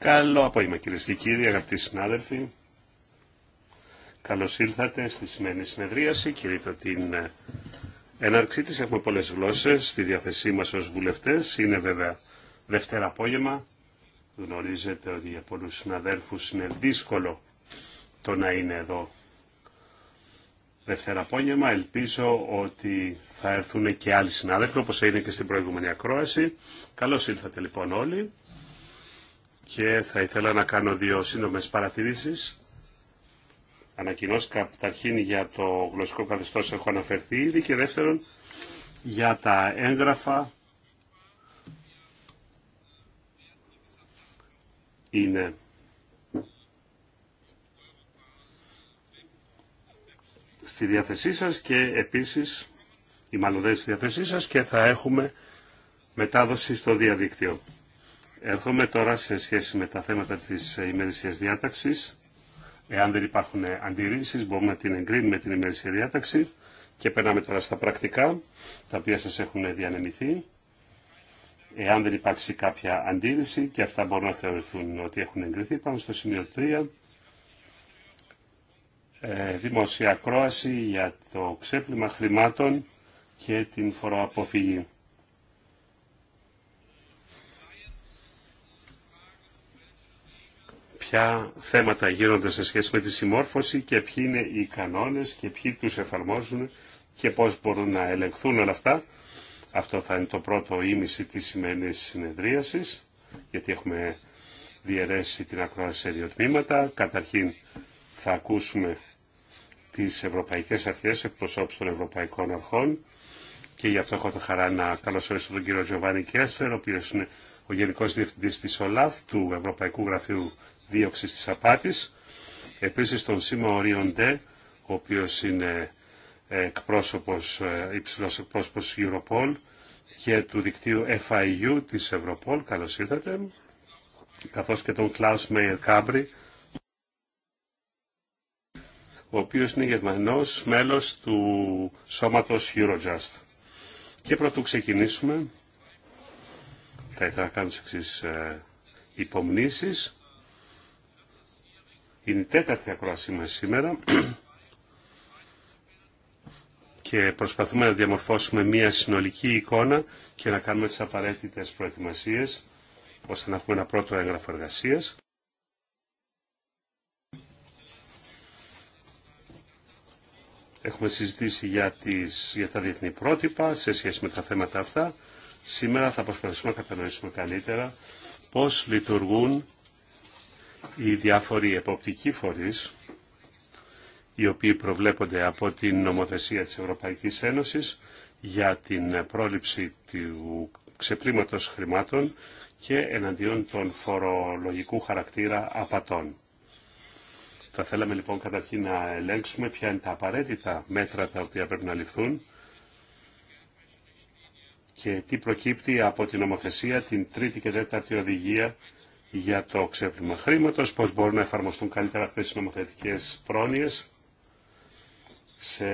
Καλό απόγευμα κυρίε και κύριοι, αγαπητοί συνάδελφοι. Καλώς ήλθατε στη σημερινή συνεδρίαση. Κηρύττω την ε, έναρξή της. Έχουμε πολλές γλώσσες στη διάθεσή μας ως βουλευτές. Είναι βέβαια Δευτέρα απόγευμα. Γνωρίζετε ότι για πολλούς συναδέλφους είναι δύσκολο το να είναι εδώ Δευτέρα απόγευμα. Ελπίζω ότι θα έρθουν και άλλοι συνάδελφοι, όπως έγινε και στην προηγούμενη ακρόαση. Καλώς ήλθατε λοιπόν όλοι και θα ήθελα να κάνω δύο σύντομες παρατηρήσεις. Ανακοινώσει καταρχήν για το γλωσσικό καθεστώς έχω αναφερθεί ήδη και δεύτερον για τα έγγραφα είναι στη διάθεσή σας και επίσης η μαλλοντές στη διάθεσή σας και θα έχουμε μετάδοση στο διαδίκτυο. Έρχομαι τώρα σε σχέση με τα θέματα της ημερησίας διάταξης. Εάν δεν υπάρχουν αντιρρήσεις μπορούμε να την εγκρίνουμε την ημερησία διάταξη και περνάμε τώρα στα πρακτικά τα οποία σας έχουν διανεμηθεί. Εάν δεν υπάρξει κάποια αντίρρηση και αυτά μπορούν να θεωρηθούν ότι έχουν εγκριθεί, Πάνω στο σημείο 3 ε, δημόσια ακρόαση για το ξέπλυμα χρημάτων και την φοροαποφυγή. Ποια θέματα γίνονται σε σχέση με τη συμμόρφωση και ποιοι είναι οι κανόνες και ποιοι τους εφαρμόζουν και πώς μπορούν να ελεγχθούν όλα αυτά. Αυτό θα είναι το πρώτο ήμιση της σημερινής συνεδρίασης, γιατί έχουμε διαιρέσει την ακρόαση σε δύο Καταρχήν θα ακούσουμε τις ευρωπαϊκές αρχές, εκπροσώπους των ευρωπαϊκών αρχών και γι' αυτό έχω το χαρά να καλωσορίσω τον κύριο Τζοβάνι Κέσλερ, ο οποίο είναι ο Γενικός Διευθυντής της ΟΛΑΒ, του Ευρωπαϊκού Γραφείου Δίωξης της Απάτης. Επίσης τον Σίμα Ορίοντε, ο οποίος είναι ε, εκπρόσωπος, εκπρόσωπο εκπρόσωπος Europol και του δικτύου FIU της Europol. καλώ ήρθατε. Καθώς και τον Κλάου Μέιερ Κάμπρι, ο οποίος είναι Γερμανός μέλος του σώματος Eurojust. Και πρωτού ξεκινήσουμε, θα ήθελα να κάνω τις ε, υπομνήσεις. Είναι η τέταρτη ακρόασή μας σήμερα και προσπαθούμε να διαμορφώσουμε μια συνολική εικόνα και να κάνουμε τις απαραίτητες προετοιμασίες ώστε να έχουμε ένα πρώτο έγγραφο εργασίας. Έχουμε συζητήσει για, τις, για τα διεθνή πρότυπα σε σχέση με τα θέματα αυτά. Σήμερα θα προσπαθήσουμε να κατανοήσουμε καλύτερα πώς λειτουργούν οι διάφοροι εποπτικοί φορείς οι οποίοι προβλέπονται από την νομοθεσία της Ευρωπαϊκής Ένωσης για την πρόληψη του ξεπλήματος χρημάτων και εναντίον των φορολογικού χαρακτήρα απατών. Θα θέλαμε λοιπόν καταρχήν να ελέγξουμε ποια είναι τα απαραίτητα μέτρα τα οποία πρέπει να ληφθούν και τι προκύπτει από την νομοθεσία, την τρίτη και τέταρτη οδηγία για το ξέπλυμα χρήματος, πώς μπορούν να εφαρμοστούν καλύτερα αυτές οι νομοθετικές πρόνοιες σε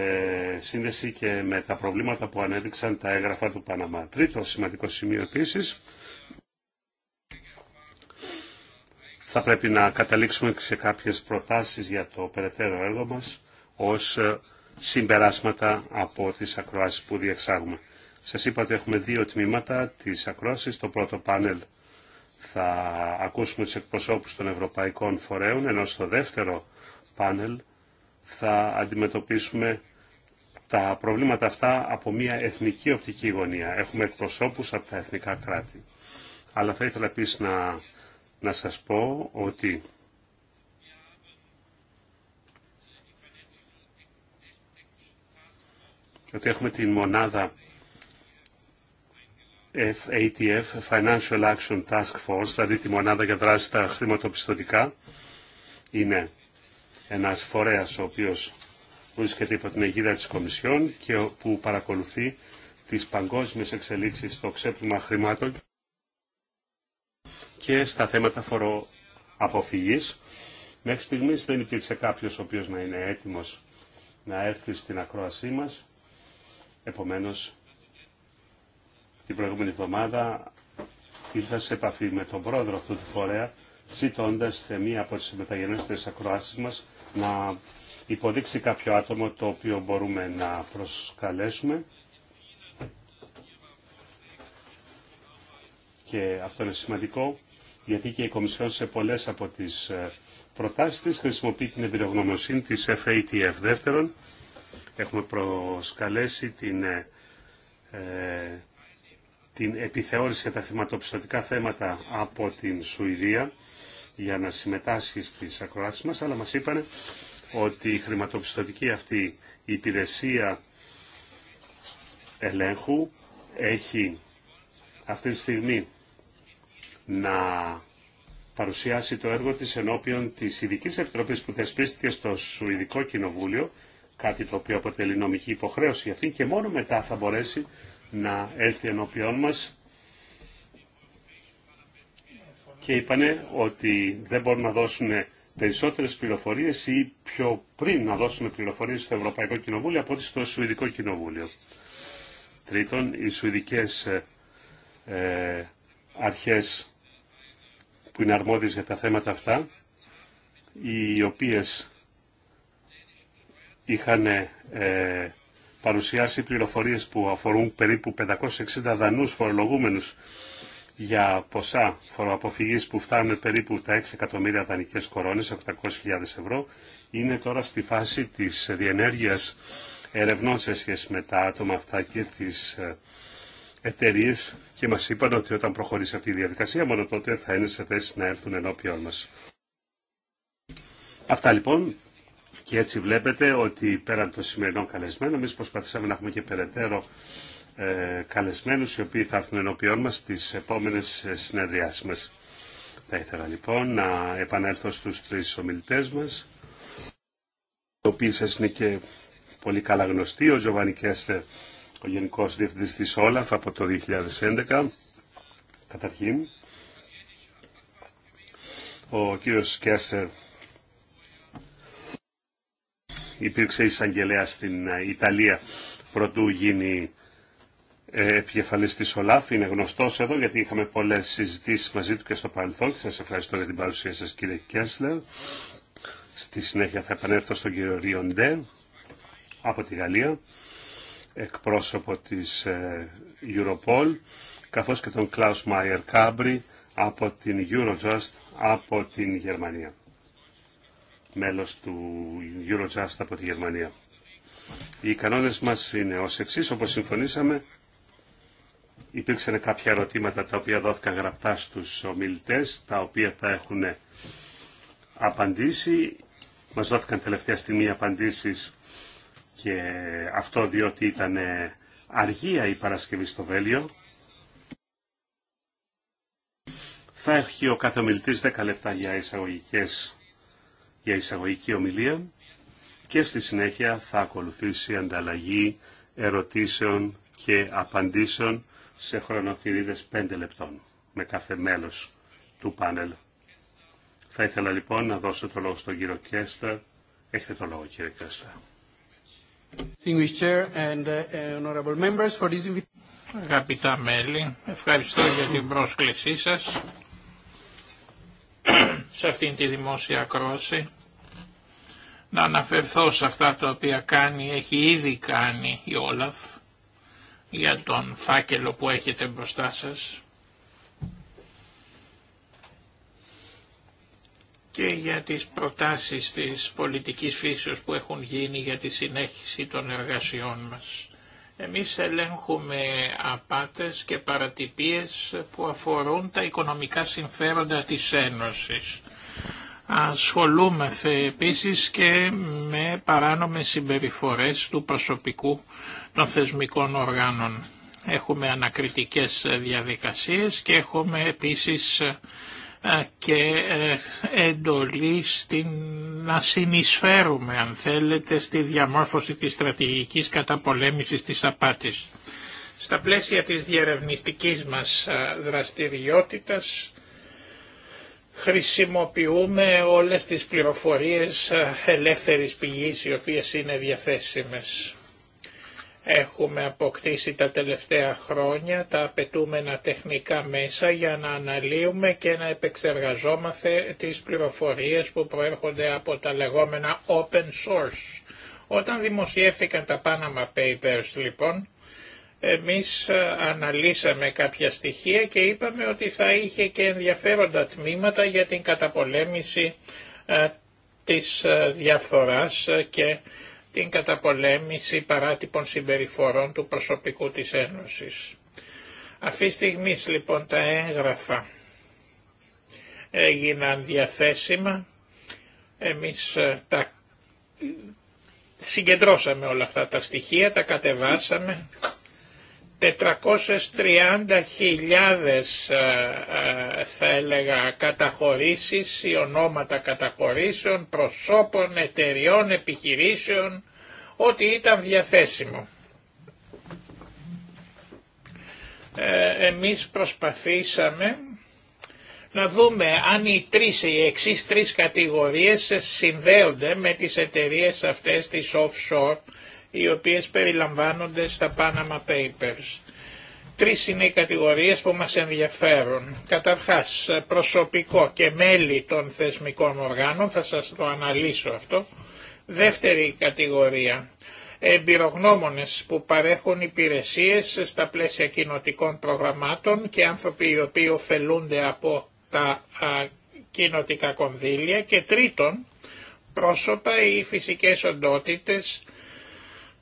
σύνδεση και με τα προβλήματα που ανέδειξαν τα έγγραφα του Παναμά. Τρίτο σημαντικό σημείο επίσης θα πρέπει να καταλήξουμε σε κάποιες προτάσεις για το περαιτέρω έργο μας ως ε, συμπεράσματα από τις ακροάσεις που διεξάγουμε. Σας είπα ότι έχουμε δύο τμήματα της ακρόασης. Το πρώτο πάνελ θα ακούσουμε τις εκπροσώπους των Ευρωπαϊκών Φορέων, ενώ στο δεύτερο πάνελ θα αντιμετωπίσουμε τα προβλήματα αυτά από μια εθνική οπτική γωνία. Έχουμε εκπροσώπους από τα εθνικά κράτη. Αλλά θα ήθελα επίσης να να σας πω ότι ότι έχουμε την μονάδα FATF, Financial Action Task Force, δηλαδή τη μονάδα για δράση στα χρηματοπιστωτικά. Είναι ένας φορέας ο οποίος βρίσκεται υπό την αιγίδα της Κομισιόν και που παρακολουθεί τις παγκόσμιες εξελίξεις στο ξέπλυμα χρημάτων και στα θέματα φοροαποφυγής. Μέχρι στιγμής δεν υπήρξε κάποιος ο οποίος να είναι έτοιμος να έρθει στην ακρόασή μας. Επομένως, την προηγούμενη εβδομάδα ήρθα σε επαφή με τον πρόεδρο αυτού του φορέα, ζητώντα σε μία από τις μεταγενέστερες ακροάσεις μας να υποδείξει κάποιο άτομο το οποίο μπορούμε να προσκαλέσουμε. Και αυτό είναι σημαντικό γιατί και η Κομισιόν σε πολλές από τις ε, προτάσεις της χρησιμοποιεί την εμπειρογνωμοσύνη της FATF. Δεύτερον, έχουμε προσκαλέσει την, ε, ε, την επιθεώρηση για τα χρηματοπιστωτικά θέματα από την Σουηδία για να συμμετάσχει στις ακροάσεις μας, αλλά μας είπαν ότι η χρηματοπιστωτική αυτή υπηρεσία ελέγχου έχει αυτή τη στιγμή να παρουσιάσει το έργο της ενώπιον της ειδική Επιτροπής που θεσπίστηκε στο Σουηδικό Κοινοβούλιο, κάτι το οποίο αποτελεί νομική υποχρέωση αυτή και μόνο μετά θα μπορέσει να έλθει ενώπιον μας και είπανε ότι δεν μπορούν να δώσουν περισσότερες πληροφορίες ή πιο πριν να δώσουν πληροφορίες στο Ευρωπαϊκό Κοινοβούλιο από ό,τι στο Σουηδικό Κοινοβούλιο. Τρίτον, οι Σουηδικές ε, αρχές που είναι αρμόδιες για τα θέματα αυτά, οι οποίες είχαν ε, παρουσιάσει πληροφορίες που αφορούν περίπου 560 δανούς φορολογούμενους για ποσά φοροαποφυγής που φτάνουν περίπου τα 6 εκατομμύρια δανεικές κορώνες, 800.000 ευρώ, είναι τώρα στη φάση της διενέργειας ερευνών σε σχέση με τα άτομα αυτά και τις ε, εταιρείε και μας είπαν ότι όταν προχωρήσει αυτή η διαδικασία μόνο τότε θα είναι σε θέση να έρθουν ενώπιόν μας. Αυτά λοιπόν και έτσι βλέπετε ότι πέραν των σημερινών καλεσμένων Εμεί προσπαθήσαμε να έχουμε και περαιτέρω ε, καλεσμένους οι οποίοι θα έρθουν ενώπιόν μας στι επόμενες ε, συνεδριάσεις μα. Θα ήθελα λοιπόν να επανέλθω στου τρει ομιλητέ μα. οι οποίοι σα είναι και πολύ καλά γνωστοί, ο Τζοβάνι Κέστερ ο Γενικός Διευθυντής της Όλαφ από το 2011. Καταρχήν, ο κύριος Κέσσερ υπήρξε εισαγγελέα στην Ιταλία προτού γίνει ε, επικεφαλής τη ΟΛΑΦ. Είναι καταρχην ο κύριο εδώ γιατί είχαμε πολλές συζητήσεις μαζί του και στο παρελθόν και σας ευχαριστώ για την παρουσία σας κύριε Κέσλερ. Στη συνέχεια θα επανέλθω στον κύριο Ριοντέ από τη Γαλλία εκπρόσωπο της ε, Europol, καθώς και τον Κλάους Μάιερ Κάμπρι από την Eurojust από την Γερμανία. Μέλος του Eurojust από τη Γερμανία. Οι κανόνες μας είναι ως εξής, όπως συμφωνήσαμε. Υπήρξαν κάποια ερωτήματα τα οποία δόθηκαν γραπτά στους ομιλητές, τα οποία τα έχουν απαντήσει. Μας δόθηκαν τελευταία στιγμή απαντήσεις και αυτό διότι ήταν αργία η Παρασκευή στο Βέλιο. Θα έχει ο κάθε ομιλητής 10 λεπτά για, εισαγωγικές, για εισαγωγική ομιλία και στη συνέχεια θα ακολουθήσει ανταλλαγή ερωτήσεων και απαντήσεων σε χρονοθυρίδες 5 λεπτών με κάθε μέλος του πάνελ. Θα ήθελα λοιπόν να δώσω το λόγο στον κύριο Κέστα. Έχετε το λόγο κύριε Κέστα. Uh, Αγαπητά μέλη, ευχαριστώ για την πρόσκλησή σας σε αυτήν τη δημόσια ακρόαση. Να αναφερθώ σε αυτά τα οποία κάνει, έχει ήδη κάνει η Όλαφ για τον φάκελο που έχετε μπροστά σας. και για τις προτάσεις της πολιτικής φύσεως που έχουν γίνει για τη συνέχιση των εργασιών μας. Εμείς ελέγχουμε απάτες και παρατυπίες που αφορούν τα οικονομικά συμφέροντα της Ένωσης. Ασχολούμαστε επίσης και με παράνομες συμπεριφορές του προσωπικού των θεσμικών οργάνων. Έχουμε ανακριτικές διαδικασίες και έχουμε επίσης και ε, εντολή στην, να συνεισφέρουμε αν θέλετε στη διαμόρφωση της στρατηγικής καταπολέμησης της απάτης. Στα πλαίσια της διερευνητικής μας δραστηριότητας χρησιμοποιούμε όλες τις πληροφορίες ελεύθερης πηγής οι οποίες είναι διαθέσιμες. Έχουμε αποκτήσει τα τελευταία χρόνια τα απαιτούμενα τεχνικά μέσα για να αναλύουμε και να επεξεργαζόμαστε τις πληροφορίες που προέρχονται από τα λεγόμενα open source. Όταν δημοσιεύθηκαν τα Panama Papers λοιπόν, εμείς ε, αναλύσαμε κάποια στοιχεία και είπαμε ότι θα είχε και ενδιαφέροντα τμήματα για την καταπολέμηση ε, της ε, διαφθοράς και την καταπολέμηση παράτυπων συμπεριφορών του προσωπικού της Ένωσης. Αυτή στιγμή λοιπόν τα έγγραφα έγιναν διαθέσιμα. Εμείς ε, τα συγκεντρώσαμε όλα αυτά τα στοιχεία, τα κατεβάσαμε 430.000 ε, ε, θα έλεγα καταχωρήσεις ή ονόματα καταχωρήσεων, προσώπων, εταιριών, επιχειρήσεων, ό,τι ήταν διαθέσιμο. Ε, εμείς προσπαθήσαμε να δούμε αν οι, τρεις, οι εξής τρεις κατηγορίες συνδέονται με τις εταιρείες αυτές τις offshore οι οποίες περιλαμβάνονται στα Panama Papers. Τρεις είναι οι κατηγορίες που μας ενδιαφέρουν. Καταρχάς, προσωπικό και μέλη των θεσμικών οργάνων, θα σας το αναλύσω αυτό. Δεύτερη κατηγορία, εμπειρογνώμονες που παρέχουν υπηρεσίες στα πλαίσια κοινοτικών προγραμμάτων και άνθρωποι οι οποίοι ωφελούνται από τα κοινοτικά κονδύλια. Και τρίτον, πρόσωπα ή φυσικές οντότητες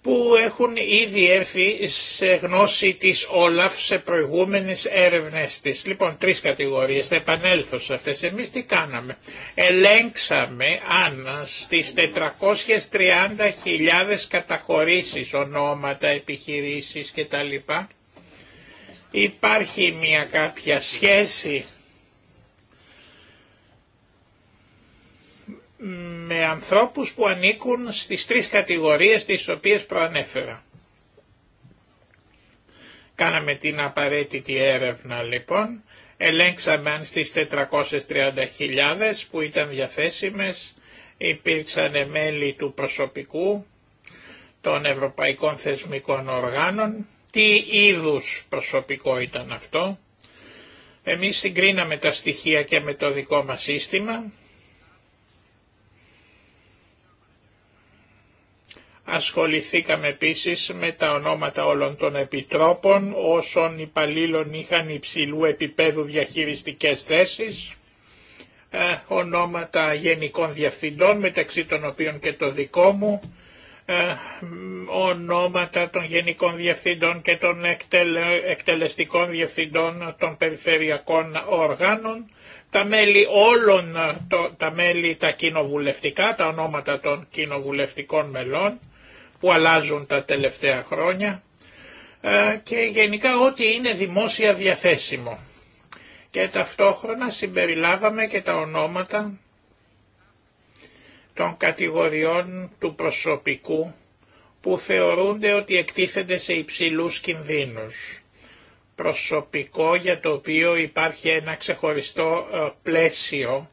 που έχουν ήδη έρθει σε γνώση της Όλαφ σε προηγούμενες έρευνες της. Λοιπόν, τρεις κατηγορίες, θα επανέλθω σε αυτές. Εμείς τι κάναμε. Ελέγξαμε αν στις 430.000 καταχωρήσεις, ονόματα, επιχειρήσεις κτλ. Υπάρχει μια κάποια σχέση με ανθρώπους που ανήκουν στις τρεις κατηγορίες τις οποίες προανέφερα. Κάναμε την απαραίτητη έρευνα λοιπόν, ελέγξαμε αν στις 430.000 που ήταν διαθέσιμες υπήρξαν μέλη του προσωπικού των Ευρωπαϊκών Θεσμικών Οργάνων, τι είδους προσωπικό ήταν αυτό. Εμείς συγκρίναμε τα στοιχεία και με το δικό μας σύστημα Ασχοληθήκαμε επίσης με τα ονόματα όλων των επιτρόπων, όσων υπαλλήλων είχαν υψηλού επίπεδου διαχειριστικές θέσεις, ε, ονόματα γενικών διευθυντών, μεταξύ των οποίων και το δικό μου, ε, ονόματα των γενικών διευθυντών και των εκτελεστικών διευθυντών των περιφερειακών οργάνων, τα μέλη όλων, ε, τα μέλη τα κοινοβουλευτικά, τα ονόματα των κοινοβουλευτικών μελών, που αλλάζουν τα τελευταία χρόνια ε, και γενικά ό,τι είναι δημόσια διαθέσιμο. Και ταυτόχρονα συμπεριλάβαμε και τα ονόματα των κατηγοριών του προσωπικού που θεωρούνται ότι εκτίθενται σε υψηλούς κινδύνους. Προσωπικό για το οποίο υπάρχει ένα ξεχωριστό ε, πλαίσιο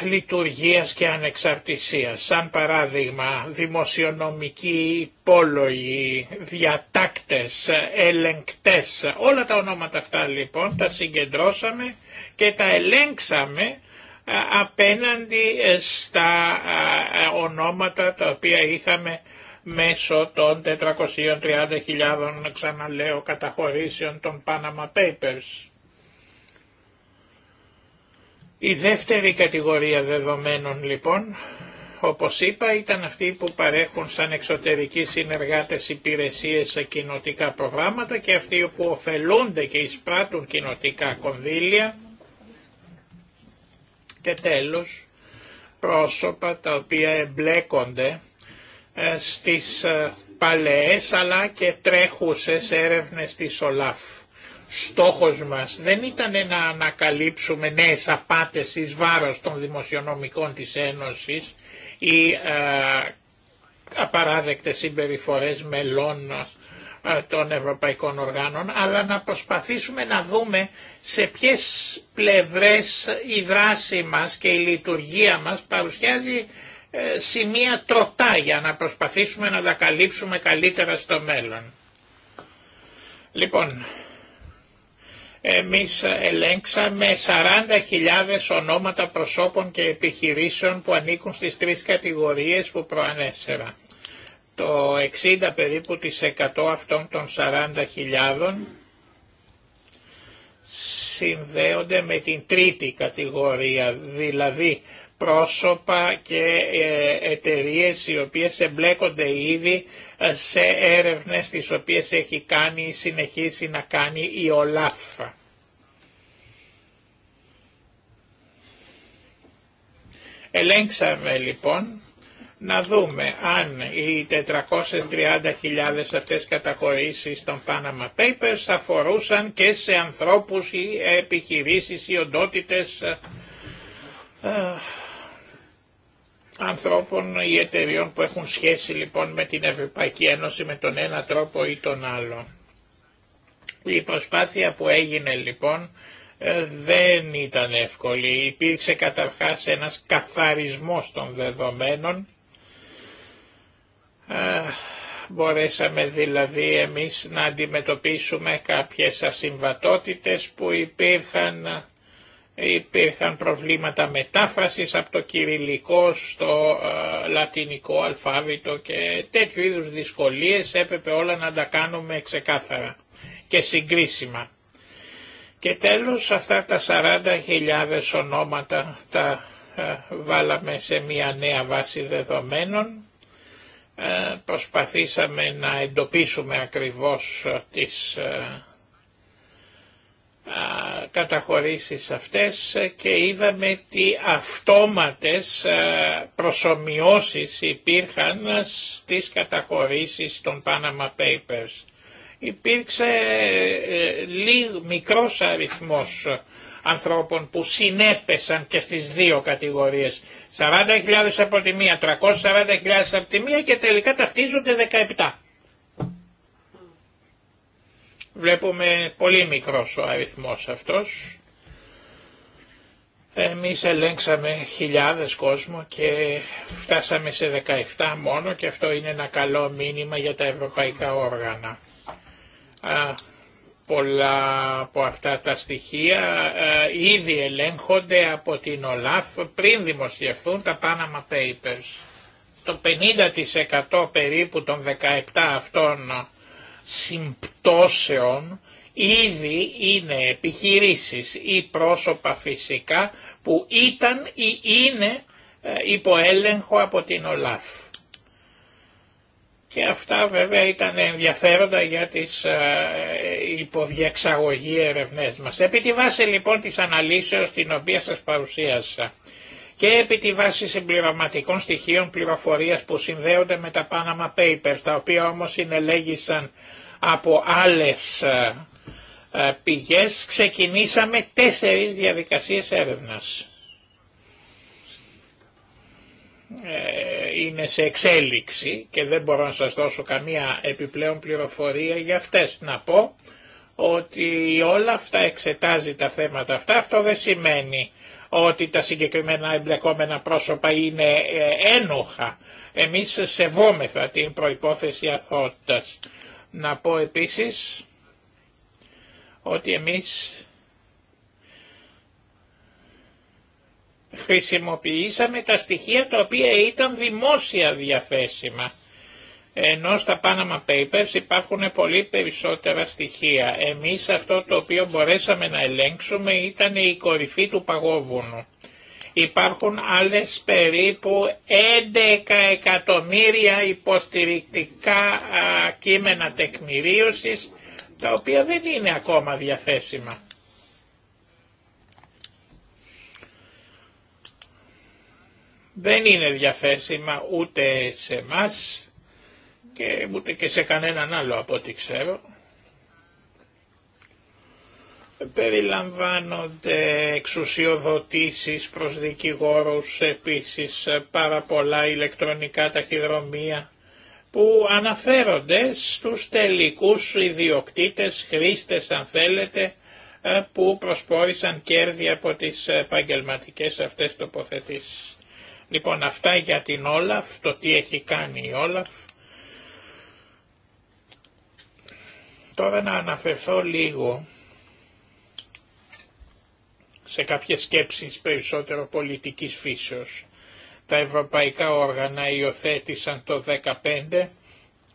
λειτουργίας και ανεξαρτησίας. Σαν παράδειγμα, δημοσιονομικοί υπόλογοι, διατάκτες, ελεγκτές, όλα τα ονόματα αυτά λοιπόν τα συγκεντρώσαμε και τα ελέγξαμε απέναντι στα ονόματα τα οποία είχαμε μέσω των 430.000 ξαναλέω καταχωρήσεων των Panama Papers. Η δεύτερη κατηγορία δεδομένων λοιπόν, όπως είπα, ήταν αυτοί που παρέχουν σαν εξωτερικοί συνεργάτες υπηρεσίες σε κοινοτικά προγράμματα και αυτοί που ωφελούνται και εισπράττουν κοινοτικά κονδύλια. Και τέλος, πρόσωπα τα οποία εμπλέκονται ε, στις ε, παλαιές αλλά και τρέχουσες έρευνες της ΟΛΑΦ στόχος μας δεν ήταν να ανακαλύψουμε νέες απάτες εις βάρος των δημοσιονομικών της Ένωσης ή ε, απαράδεκτες συμπεριφορές μελών ε, των ευρωπαϊκών οργάνων, αλλά να προσπαθήσουμε να δούμε σε ποιες πλευρές η δράση μας και η λειτουργία μας παρουσιάζει ε, σημεία τροτά για να προσπαθήσουμε να τα καλύψουμε καλύτερα στο μέλλον. Λοιπόν, εμείς ελέγξαμε 40.000 ονόματα προσώπων και επιχειρήσεων που ανήκουν στις τρεις κατηγορίες που προανέφερα. Το 60 περίπου 100 αυτών των 40.000 συνδέονται με την τρίτη κατηγορία, δηλαδή πρόσωπα και ε, εταιρείες οι οποίες εμπλέκονται ήδη ε, σε έρευνες τις οποίες έχει κάνει ή συνεχίσει να κάνει η ΟΛΑΦ. Ελέγξαμε λοιπόν να δούμε αν οι 430.000 αυτές καταχωρήσεις των Panama Papers αφορούσαν και σε ανθρώπους ή επιχειρήσεις ή οντότητες ε, ανθρώπων ή εταιριών που έχουν σχέση λοιπόν με την Ευρωπαϊκή Ένωση με τον ένα τρόπο ή τον άλλο. Η προσπάθεια που έγινε λοιπόν ε, δεν ήταν εύκολη. Υπήρξε καταρχάς ένας καθαρισμός των δεδομένων. Ε, μπορέσαμε δηλαδή εμείς να αντιμετωπίσουμε κάποιες ασυμβατότητες που υπήρχαν υπήρχαν προβλήματα μετάφρασης από το κυριλικό στο ε, λατινικό αλφάβητο και τέτοιου είδους δυσκολίες έπρεπε όλα να τα κάνουμε ξεκάθαρα και συγκρίσιμα. Και τέλος αυτά τα 40.000 ονόματα τα ε, βάλαμε σε μια νέα βάση δεδομένων. Ε, προσπαθήσαμε να εντοπίσουμε ακριβώς τις καταχωρήσεις αυτές και είδαμε τι αυτόματες προσωμιώσεις υπήρχαν στις καταχωρήσεις των Panama Papers. Υπήρξε ε, λίγο μικρός αριθμός ανθρώπων που συνέπεσαν και στις δύο κατηγορίες. 40.000 από τη μία, 340.000 από τη μία και τελικά ταυτίζονται 17. Βλέπουμε πολύ μικρός ο αριθμός αυτός. Εμείς ελέγξαμε χιλιάδες κόσμο και φτάσαμε σε 17 μόνο και αυτό είναι ένα καλό μήνυμα για τα ευρωπαϊκά όργανα. πολλά από αυτά τα στοιχεία α, ήδη ελέγχονται από την ΟΛΑΦ πριν δημοσιευθούν τα Panama Papers. Το 50% περίπου των 17 αυτών συμπτώσεων ήδη είναι επιχειρήσεις ή πρόσωπα φυσικά που ήταν ή είναι ε, υπό έλεγχο από την ΟΛΑΦ. Και αυτά βέβαια ήταν ενδιαφέροντα για τις ε, υποδιαξαγωγή ερευνές μας. Επί τη βάση λοιπόν της αναλύσεως την οποία σας παρουσίασα και επί τη βάση συμπληρωματικών στοιχείων πληροφορίας που συνδέονται με τα Panama Papers, τα οποία όμως συνελέγησαν από άλλες ε, ε, πηγές, ξεκινήσαμε τέσσερις διαδικασίες έρευνας. Ε, είναι σε εξέλιξη και δεν μπορώ να σας δώσω καμία επιπλέον πληροφορία για αυτές. Να πω ότι όλα αυτά εξετάζει τα θέματα αυτά, αυτό δεν σημαίνει ότι τα συγκεκριμένα εμπλεκόμενα πρόσωπα είναι ε, ένοχα. Εμείς σεβόμεθα την προϋπόθεση αθότητας. Να πω επίσης ότι εμείς χρησιμοποιήσαμε τα στοιχεία τα οποία ήταν δημόσια διαθέσιμα ενώ στα Panama Papers υπάρχουν πολύ περισσότερα στοιχεία. Εμείς αυτό το οποίο μπορέσαμε να ελέγξουμε ήταν η κορυφή του παγόβουνου. Υπάρχουν άλλες περίπου 11 εκατομμύρια υποστηρικτικά κείμενα τεκμηρίωσης, τα οποία δεν είναι ακόμα διαθέσιμα. Δεν είναι διαθέσιμα ούτε σε μας και ούτε και σε κανέναν άλλο από ό,τι ξέρω περιλαμβάνονται εξουσιοδοτήσεις προς δικηγόρους, επίσης πάρα πολλά ηλεκτρονικά ταχυδρομεία που αναφέρονται στους τελικούς ιδιοκτήτες, χρήστες αν θέλετε, ε, που προσπόρησαν κέρδη από τις επαγγελματικέ αυτές τοποθετήσεις. Λοιπόν αυτά για την Όλαφ, το τι έχει κάνει η Όλαφ. Τώρα να αναφερθώ λίγο σε κάποιες σκέψεις περισσότερο πολιτικής φύσεως. Τα ευρωπαϊκά όργανα υιοθέτησαν το 2015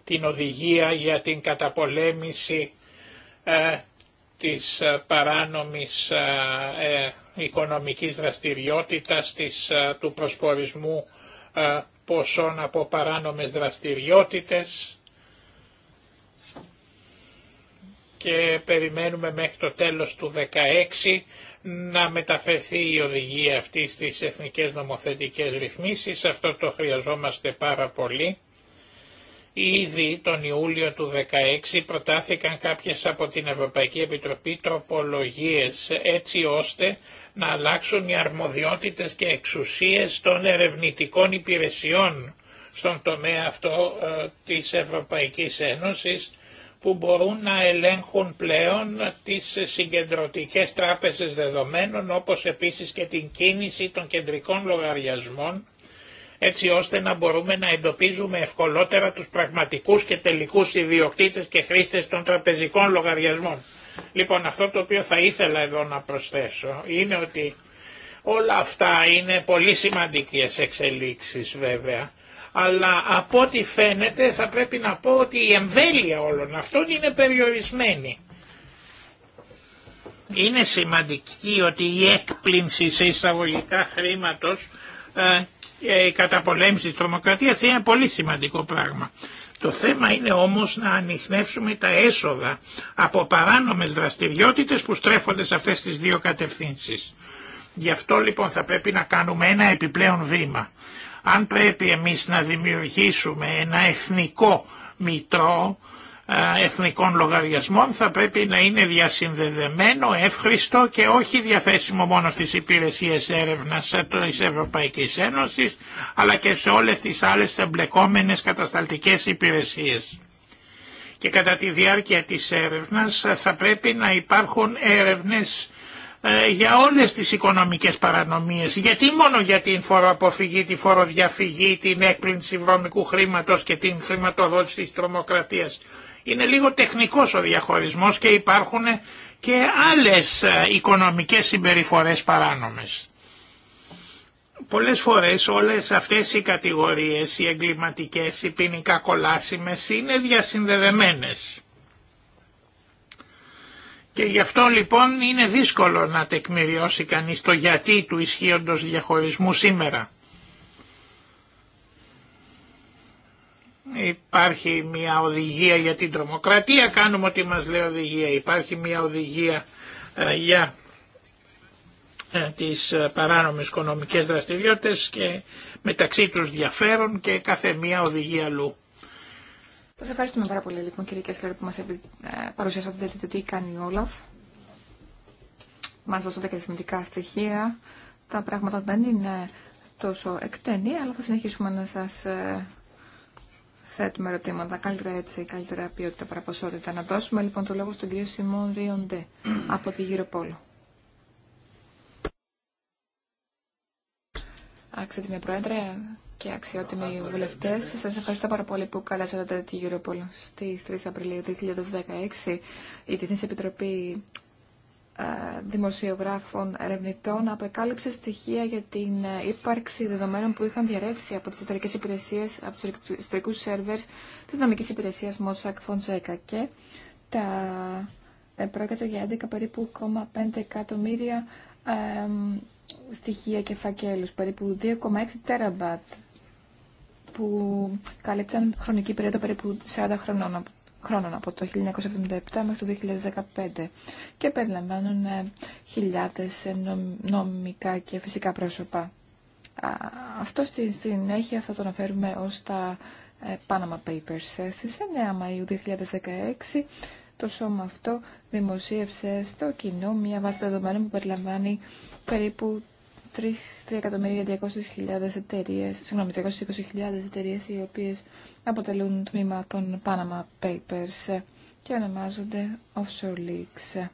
την οδηγία για την καταπολέμηση ε, της ε, παράνομης ε, οικονομικής δραστηριότητας, της, του προσπορισμού ε, ποσών από παράνομες δραστηριότητες και περιμένουμε μέχρι το τέλος του 2016 να μεταφερθεί η οδηγία αυτή στις εθνικές νομοθετικές ρυθμίσεις. Αυτό το χρειαζόμαστε πάρα πολύ. Ήδη τον Ιούλιο του 2016 προτάθηκαν κάποιες από την Ευρωπαϊκή Επιτροπή τροπολογίες έτσι ώστε να αλλάξουν οι αρμοδιότητες και εξουσίες των ερευνητικών υπηρεσιών στον τομέα αυτό ε, της Ευρωπαϊκής Ένωσης που μπορούν να ελέγχουν πλέον τις συγκεντρωτικές τράπεζες δεδομένων όπως επίσης και την κίνηση των κεντρικών λογαριασμών έτσι ώστε να μπορούμε να εντοπίζουμε ευκολότερα τους πραγματικούς και τελικούς ιδιοκτήτες και χρήστες των τραπεζικών λογαριασμών. Λοιπόν αυτό το οποίο θα ήθελα εδώ να προσθέσω είναι ότι όλα αυτά είναι πολύ σημαντικές εξελίξεις βέβαια αλλά από ό,τι φαίνεται θα πρέπει να πω ότι η εμβέλεια όλων αυτών είναι περιορισμένη. Είναι σημαντική ότι η έκπλυνση σε εισαγωγικά χρήματος ε, και η καταπολέμηση της τρομοκρατίας είναι πολύ σημαντικό πράγμα. Το θέμα είναι όμως να ανοιχνεύσουμε τα έσοδα από παράνομες δραστηριότητες που στρέφονται σε αυτές τις δύο κατευθύνσεις. Γι' αυτό λοιπόν θα πρέπει να κάνουμε ένα επιπλέον βήμα. Αν πρέπει εμείς να δημιουργήσουμε ένα εθνικό μητρό εθνικών λογαριασμών θα πρέπει να είναι διασυνδεδεμένο, εύχριστο και όχι διαθέσιμο μόνο στις υπηρεσίες έρευνας της Ευρωπαϊκής Ένωσης αλλά και σε όλες τις άλλες εμπλεκόμενες κατασταλτικές υπηρεσίες. Και κατά τη διάρκεια της έρευνας θα πρέπει να υπάρχουν έρευνες ε, για όλες τις οικονομικές παρανομίες. Γιατί μόνο για την φοροαποφυγή, τη φοροδιαφυγή, την έκπληνση βρώμικου χρήματος και την χρηματοδότηση της τρομοκρατίας. Είναι λίγο τεχνικός ο διαχωρισμός και υπάρχουν και άλλες ε, οικονομικές συμπεριφορές παράνομες. Πολλές φορές όλες αυτές οι κατηγορίες, οι εγκληματικές, οι ποινικά κολάσιμες είναι διασυνδεδεμένες. Και γι' αυτό λοιπόν είναι δύσκολο να τεκμηριώσει κανείς το γιατί του ισχύοντος διαχωρισμού σήμερα. Υπάρχει μια οδηγία για την τρομοκρατία, κάνουμε ότι μας λέει οδηγία. Υπάρχει μια οδηγία ε, για ε, τις ε, παράνομες οικονομικές δραστηριότητες και μεταξύ τους διαφέρουν και κάθε μία οδηγία αλλού. Σας ευχαριστούμε πάρα πολύ λοιπόν κύριε Κέσλερ που μας ε, παρουσιάσατε το τι κάνει η Όλαφ. Μας δώσατε και αριθμητικά στοιχεία. Τα πράγματα δεν είναι τόσο εκτενή, αλλά θα συνεχίσουμε να σας ε, θέτουμε ερωτήματα. Καλύτερα έτσι, καλύτερα ποιότητα παραποσότητα. Να δώσουμε λοιπόν το λόγο στον κύριο Σιμών Ριοντέ από τη Πόλο. Άξιτε με Πρόεδρε, και αξιότιμοι βουλευτέ. Σα ευχαριστώ πάρα πολύ που καλέσατε τη Europol στι 3 Απριλίου 2016. Η Διεθνή Επιτροπή ε, Δημοσιογράφων Ερευνητών απεκάλυψε στοιχεία για την ε, ύπαρξη δεδομένων που είχαν διαρρεύσει από τι ιστορικέ υπηρεσίε, από του ιστορικού σερβέρ τη νομική υπηρεσία Mossack Fonseca. Και τα ε, πρόκειται για 11 περίπου 5 εκατομμύρια στοιχεία και φακέλους, περίπου 2,6 τεραμπάτ που καλύπταν χρονική περίοδο περίπου 40 χρονών, χρόνων από το 1977 μέχρι το 2015 και περιλαμβάνουν ε, χιλιάδες ε, νομικά και φυσικά πρόσωπα. Αυτό στην συνέχεια θα το αναφέρουμε ως τα ε, Panama Papers. Στις 9 Μαΐου 2016 το σώμα αυτό δημοσίευσε στο κοινό μια βάση δεδομένων που περιλαμβάνει περίπου 3.200.000 εταιρείε, συγγνώμη, 320.000 εταιρείε οι οποίε αποτελούν τμήμα των Panama Papers και ονομάζονται Offshore Leaks.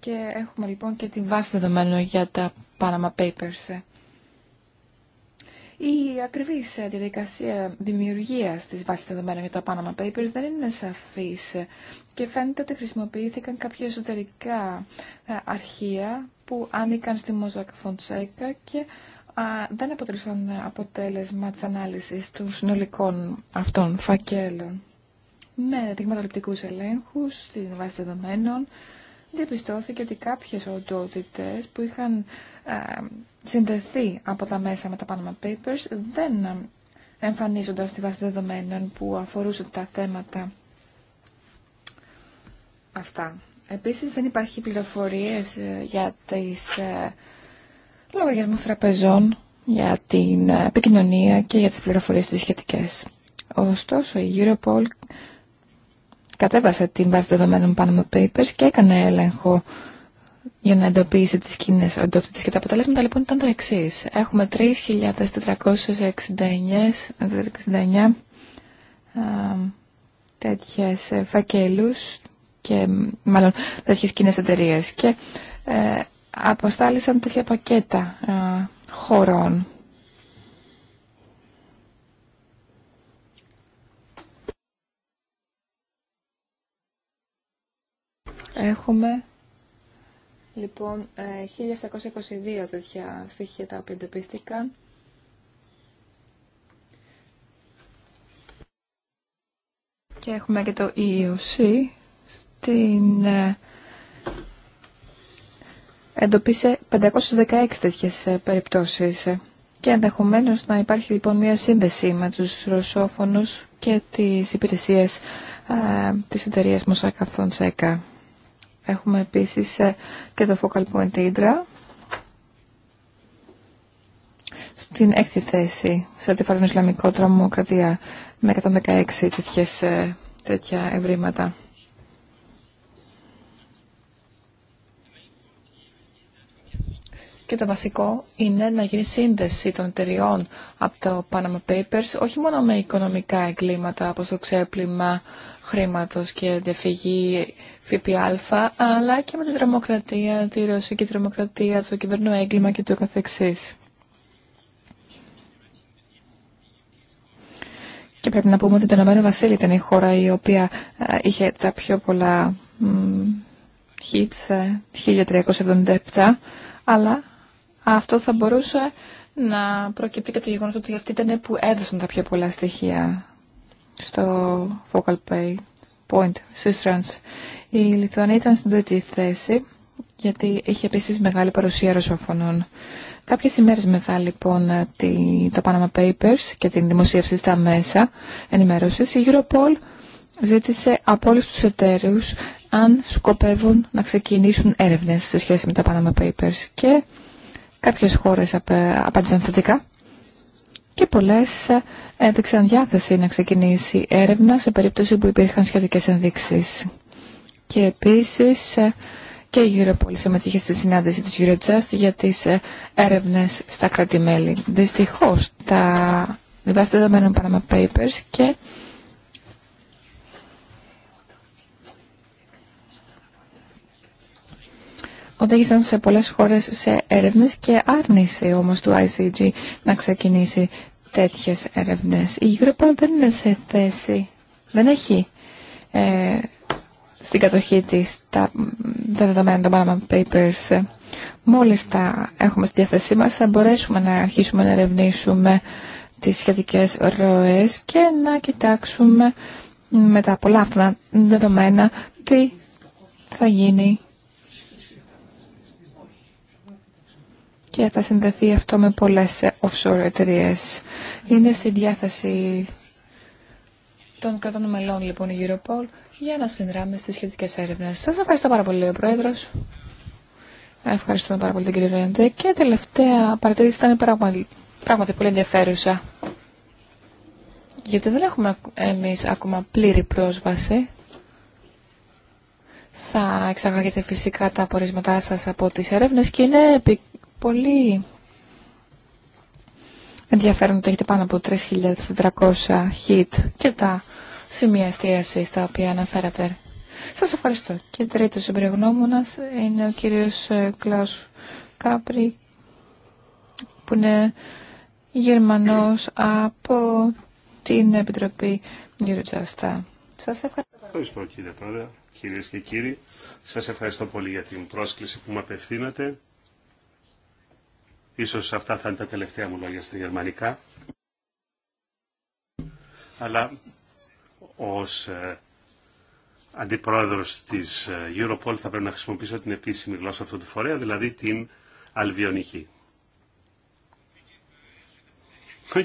Και έχουμε λοιπόν και τη βάση δεδομένων για τα Panama Papers. Η ακριβή ε, διαδικασία δημιουργία τη βάση δεδομένων για τα Panama Papers δεν είναι σαφή και φαίνεται ότι χρησιμοποιήθηκαν κάποια εσωτερικά ε, αρχεία που ανήκαν στη Μόζακ Φοντσέκα και δεν αποτελούσαν αποτέλεσμα τη ανάλυση των συνολικών αυτών φακέλων. Με δειγματοληπτικού ελέγχου, στην βάση δεδομένων, διαπιστώθηκε ότι κάποιες οντότητες που είχαν ε, συνδεθεί από τα μέσα με τα Panama Papers δεν ε, εμφανίζονταν στη βάση δεδομένων που αφορούσαν τα θέματα αυτά. Επίσης δεν υπάρχει πληροφορίες ε, για τις ε, λογαριασμούς τραπεζών, για την ε, επικοινωνία και για τις πληροφορίες τις σχετικές. Ωστόσο, η Europol κατέβασε την βάση δεδομένων Panama Papers και έκανε έλεγχο για να εντοπίσει τις κοινέ οντότητες και τα αποτελέσματα λοιπόν ήταν τα εξή. Έχουμε 3.469 τέτοιες ε, φακέλους και μάλλον τέτοιες κοινέ εταιρείε και ε, αποστάλησαν τέτοια πακέτα χωρών. Έχουμε λοιπόν 1722 ε, τέτοια στοιχεία τα οποία εντοπίστηκαν. Και έχουμε και το EOC στην ε, εντοπίσε 516 τέτοιες ε, περιπτώσεις και ενδεχομένως να υπάρχει λοιπόν μια σύνδεση με τους ρωσόφωνους και τις υπηρεσίες ε, της εταιρείας Μοσάκα Έχουμε επίσης ε, και το focal point Indra στην έκτη θέση σε ό,τι αφορά τον Ισλαμικό τρομοκρατία με 116 τέτοιες, ε, τέτοια ευρήματα. Και το βασικό είναι να γίνει σύνδεση των εταιριών από το Panama Papers, όχι μόνο με οικονομικά εγκλήματα όπως το ξέπλυμα χρήματος και διαφυγή ΦΠΑ, αλλά και με την τρομοκρατία, τη ρωσική τρομοκρατία, το κυβερνό έγκλημα και το καθεξής. Και πρέπει να πούμε ότι το Ηνωμένο Βασίλη ήταν η χώρα η οποία ε, είχε τα πιο πολλά hits, 1377, ε, αλλά αυτό θα μπορούσε να προκύπτει και από το γεγονό ότι αυτοί ήταν που έδωσαν τα πιο πολλά στοιχεία στο Focal Pay Point Sistrans. Η Λιθουανία ήταν στην τρίτη θέση γιατί είχε επίσης μεγάλη παρουσία ρωσοφωνών. Κάποιες ημέρες μετά λοιπόν τα Panama Papers και την δημοσίευση στα μέσα ενημέρωσης, η Europol ζήτησε από όλους τους εταίρους αν σκοπεύουν να ξεκινήσουν έρευνες σε σχέση με τα Panama Papers και Κάποιες χώρες απάντησαν θετικά και πολλές ε, έδειξαν διάθεση να ξεκινήσει έρευνα σε περίπτωση που υπήρχαν σχετικές ενδείξεις. Και επίσης ε, και η Europol συμμετείχε στη συνάντηση της Eurojust για τις ε, έρευνες στα κράτη-μέλη. Δυστυχώς, τα βάση δεδομένων Panama Papers και οδήγησαν σε πολλές χώρες σε έρευνες και άρνηση όμως του ICG να ξεκινήσει τέτοιες έρευνες. Η Europol δεν είναι σε θέση, δεν έχει ε, στην κατοχή της τα δεδομένα των Panama Papers. Μόλις τα έχουμε στη διάθεσή μας θα μπορέσουμε να αρχίσουμε να ερευνήσουμε τις σχετικές ροές και να κοιτάξουμε με τα πολλά αυτά δεδομένα τι θα γίνει και θα συνδεθεί αυτό με πολλές ε, offshore εταιρείε. Είναι στη διάθεση των κρατών μελών λοιπόν η Europol για να συνδράμε στις σχετικές έρευνες. Σας ευχαριστώ πάρα πολύ ο Πρόεδρος. Ευχαριστούμε πάρα πολύ την κυρία Ρέντε. Και τελευταία παρατήρηση ήταν πράγματι, πράγματι πολύ ενδιαφέρουσα. Γιατί δεν έχουμε εμείς ακόμα πλήρη πρόσβαση. Θα εξαγάγετε φυσικά τα απορίσματά σας από τις έρευνες και είναι επικίνδυνο πολύ ενδιαφέρον ότι έχετε πάνω από 3.400 hit και τα σημεία εστίαση τα οποία αναφέρατε. Σας ευχαριστώ. Και τρίτος εμπειρογνώμονα είναι ο κύριος ε, Κλάου Κάπρι, που είναι Γερμανός από την Επιτροπή Eurojust. Σας ευχαριστώ. Ευχαριστώ κύριε Πρόεδρε, κυρίες και κύριοι. Σας ευχαριστώ πολύ για την πρόσκληση που μου απευθύνατε. Ίσως αυτά θα είναι τα τελευταία μου λόγια στα γερμανικά. Αλλά ως ε, αντιπρόεδρος της ε, Europol θα πρέπει να χρησιμοποιήσω την επίσημη γλώσσα αυτού του φορέα, δηλαδή την αλβιονική.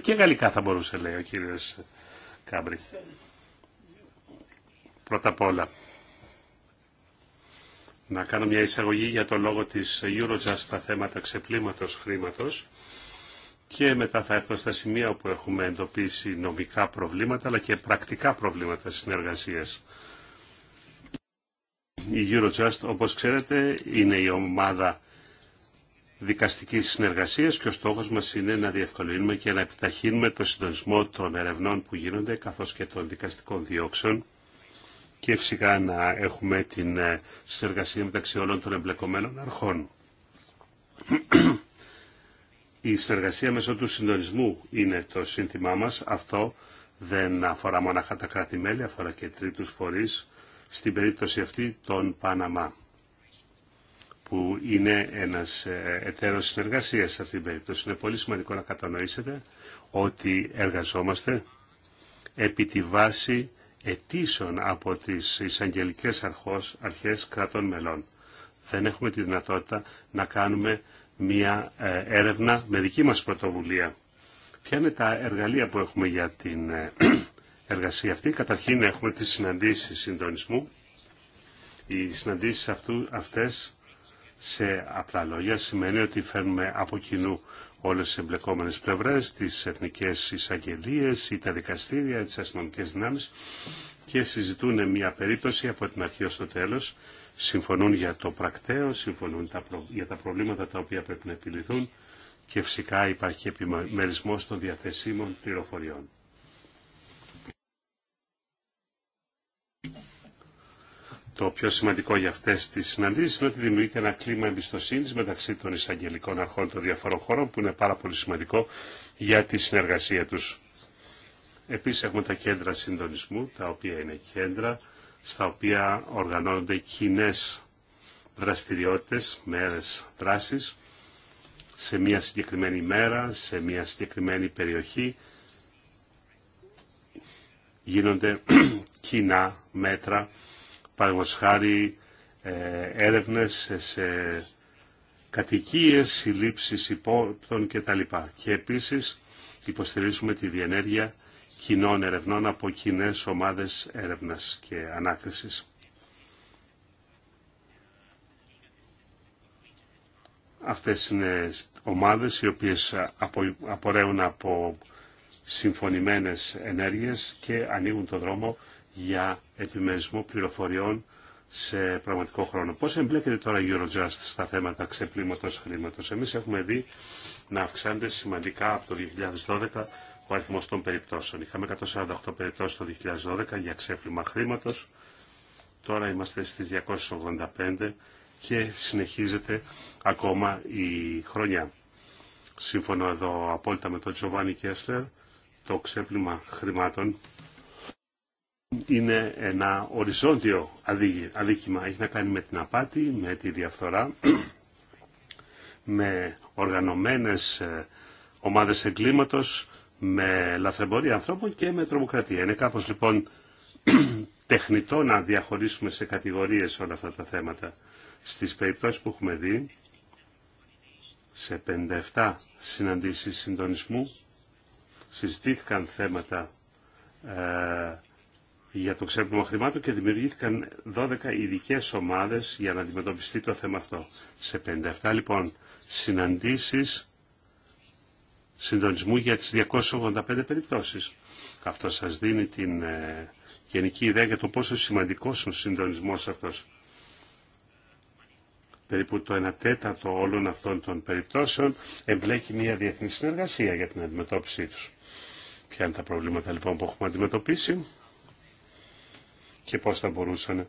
Και γαλλικά θα μπορούσε, λέει ο κύριος Κάμπρη. Πρώτα απ' όλα, να κάνω μια εισαγωγή για τον λόγο της Eurojust στα θέματα ξεπλήματος χρήματος και μετά θα έρθω στα σημεία όπου έχουμε εντοπίσει νομικά προβλήματα αλλά και πρακτικά προβλήματα συνεργασίας. Η Eurojust, όπως ξέρετε, είναι η ομάδα δικαστικής συνεργασίας και ο στόχος μας είναι να διευκολύνουμε και να επιταχύνουμε το συντονισμό των ερευνών που γίνονται καθώς και των δικαστικών διώξεων και φυσικά να έχουμε την ε, συνεργασία μεταξύ όλων των εμπλεκομένων αρχών. Η συνεργασία μέσω του συντονισμού είναι το σύνθημά μας. Αυτό δεν αφορά μονάχα τα κράτη-μέλη, αφορά και τρίτους φορείς, στην περίπτωση αυτή τον Παναμά, που είναι ένας ε, εταίρος συνεργασίας σε αυτήν την περίπτωση. Είναι πολύ σημαντικό να κατανοήσετε ότι εργαζόμαστε επί τη βάση αιτήσεων από τις εισαγγελικέ αρχές κρατών μελών. Δεν έχουμε τη δυνατότητα να κάνουμε μία ε, έρευνα με δική μας πρωτοβουλία. Ποια είναι τα εργαλεία που έχουμε για την ε, εργασία αυτή. Καταρχήν έχουμε τις συναντήσεις συντονισμού. Οι συναντήσεις αυτού, αυτές σε απλά λόγια σημαίνει ότι φέρνουμε από κοινού όλες τις εμπλεκόμενες πλευρές, τις εθνικές εισαγγελίες ή τα δικαστήρια, τις αστυνομικές δυνάμεις και συζητούν μια περίπτωση από την αρχή ως το τέλος. Συμφωνούν για το πρακτέο, συμφωνούν για τα προβλήματα τα οποία πρέπει να επιληθούν και φυσικά υπάρχει επιμερισμός των διαθεσίμων πληροφοριών. Το πιο σημαντικό για αυτέ τι συναντήσει είναι ότι δημιουργείται ένα κλίμα εμπιστοσύνη μεταξύ των εισαγγελικών αρχών των διαφορών χωρών που είναι πάρα πολύ σημαντικό για τη συνεργασία του. Επίση έχουμε τα κέντρα συντονισμού, τα οποία είναι κέντρα στα οποία οργανώνονται κοινέ δραστηριότητε, μέρε δράση σε μια συγκεκριμένη μέρα, σε μια συγκεκριμένη περιοχή γίνονται κοινά μέτρα παραγωγός χάρη ε, έρευνες σε κατοικίες, συλλήψεις υπόπτων κτλ. Και επίσης υποστηρίζουμε τη διενέργεια κοινών ερευνών από κοινέ ομάδες έρευνας και ανάκρισης. Αυτές είναι ομάδες οι οποίες απορρέουν από συμφωνημένες ενέργειες και ανοίγουν το δρόμο για επιμερισμό πληροφοριών σε πραγματικό χρόνο. Πώς εμπλέκεται τώρα η Eurojust στα θέματα ξεπλήματος χρήματος. Εμείς έχουμε δει να αυξάνεται σημαντικά από το 2012 ο αριθμό των περιπτώσεων. Είχαμε 148 περιπτώσεις το 2012 για ξέπλυμα χρήματος. Τώρα είμαστε στις 285 και συνεχίζεται ακόμα η χρονιά. Σύμφωνα εδώ απόλυτα με τον Τζοβάνι Κέσλερ, το ξέπλυμα χρημάτων είναι ένα οριζόντιο αδίκημα. Έχει να κάνει με την απάτη, με τη διαφθορά, με οργανωμένες ε, ομάδες εγκλήματος, με λαθρεμπορία ανθρώπων και με τρομοκρατία. Είναι κάπως λοιπόν τεχνητό να διαχωρίσουμε σε κατηγορίες όλα αυτά τα θέματα. Στις περιπτώσεις που έχουμε δει, σε 57 συναντήσεις συντονισμού, συζητήθηκαν θέματα ε, για το ξέπλυμα χρημάτων και δημιουργήθηκαν 12 ειδικέ ομάδες για να αντιμετωπιστεί το θέμα αυτό. Σε 57 λοιπόν συναντήσεις συντονισμού για τις 285 περιπτώσεις. Αυτό σας δίνει την ε, γενική ιδέα για το πόσο σημαντικός είναι ο συντονισμό αυτός. Περίπου το 1 τέταρτο όλων αυτών των περιπτώσεων εμπλέκει μια διεθνή συνεργασία για την αντιμετώπιση του. Ποια είναι τα προβλήματα λοιπόν που έχουμε αντιμετωπίσει και πώς θα μπορούσαν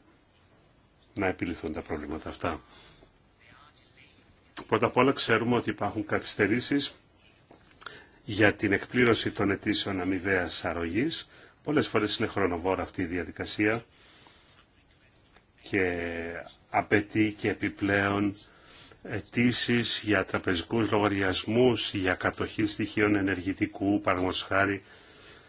να επιληθούν τα προβλήματα αυτά. Πρώτα απ' όλα ξέρουμε ότι υπάρχουν καθυστερήσεις για την εκπλήρωση των αιτήσεων αμοιβαία αρρωγής. Πολλές φορές είναι χρονοβόρα αυτή η διαδικασία και απαιτεί και επιπλέον αιτήσει για τραπεζικούς λογαριασμούς, για κατοχή στοιχείων ενεργητικού, παραγωγός χάρη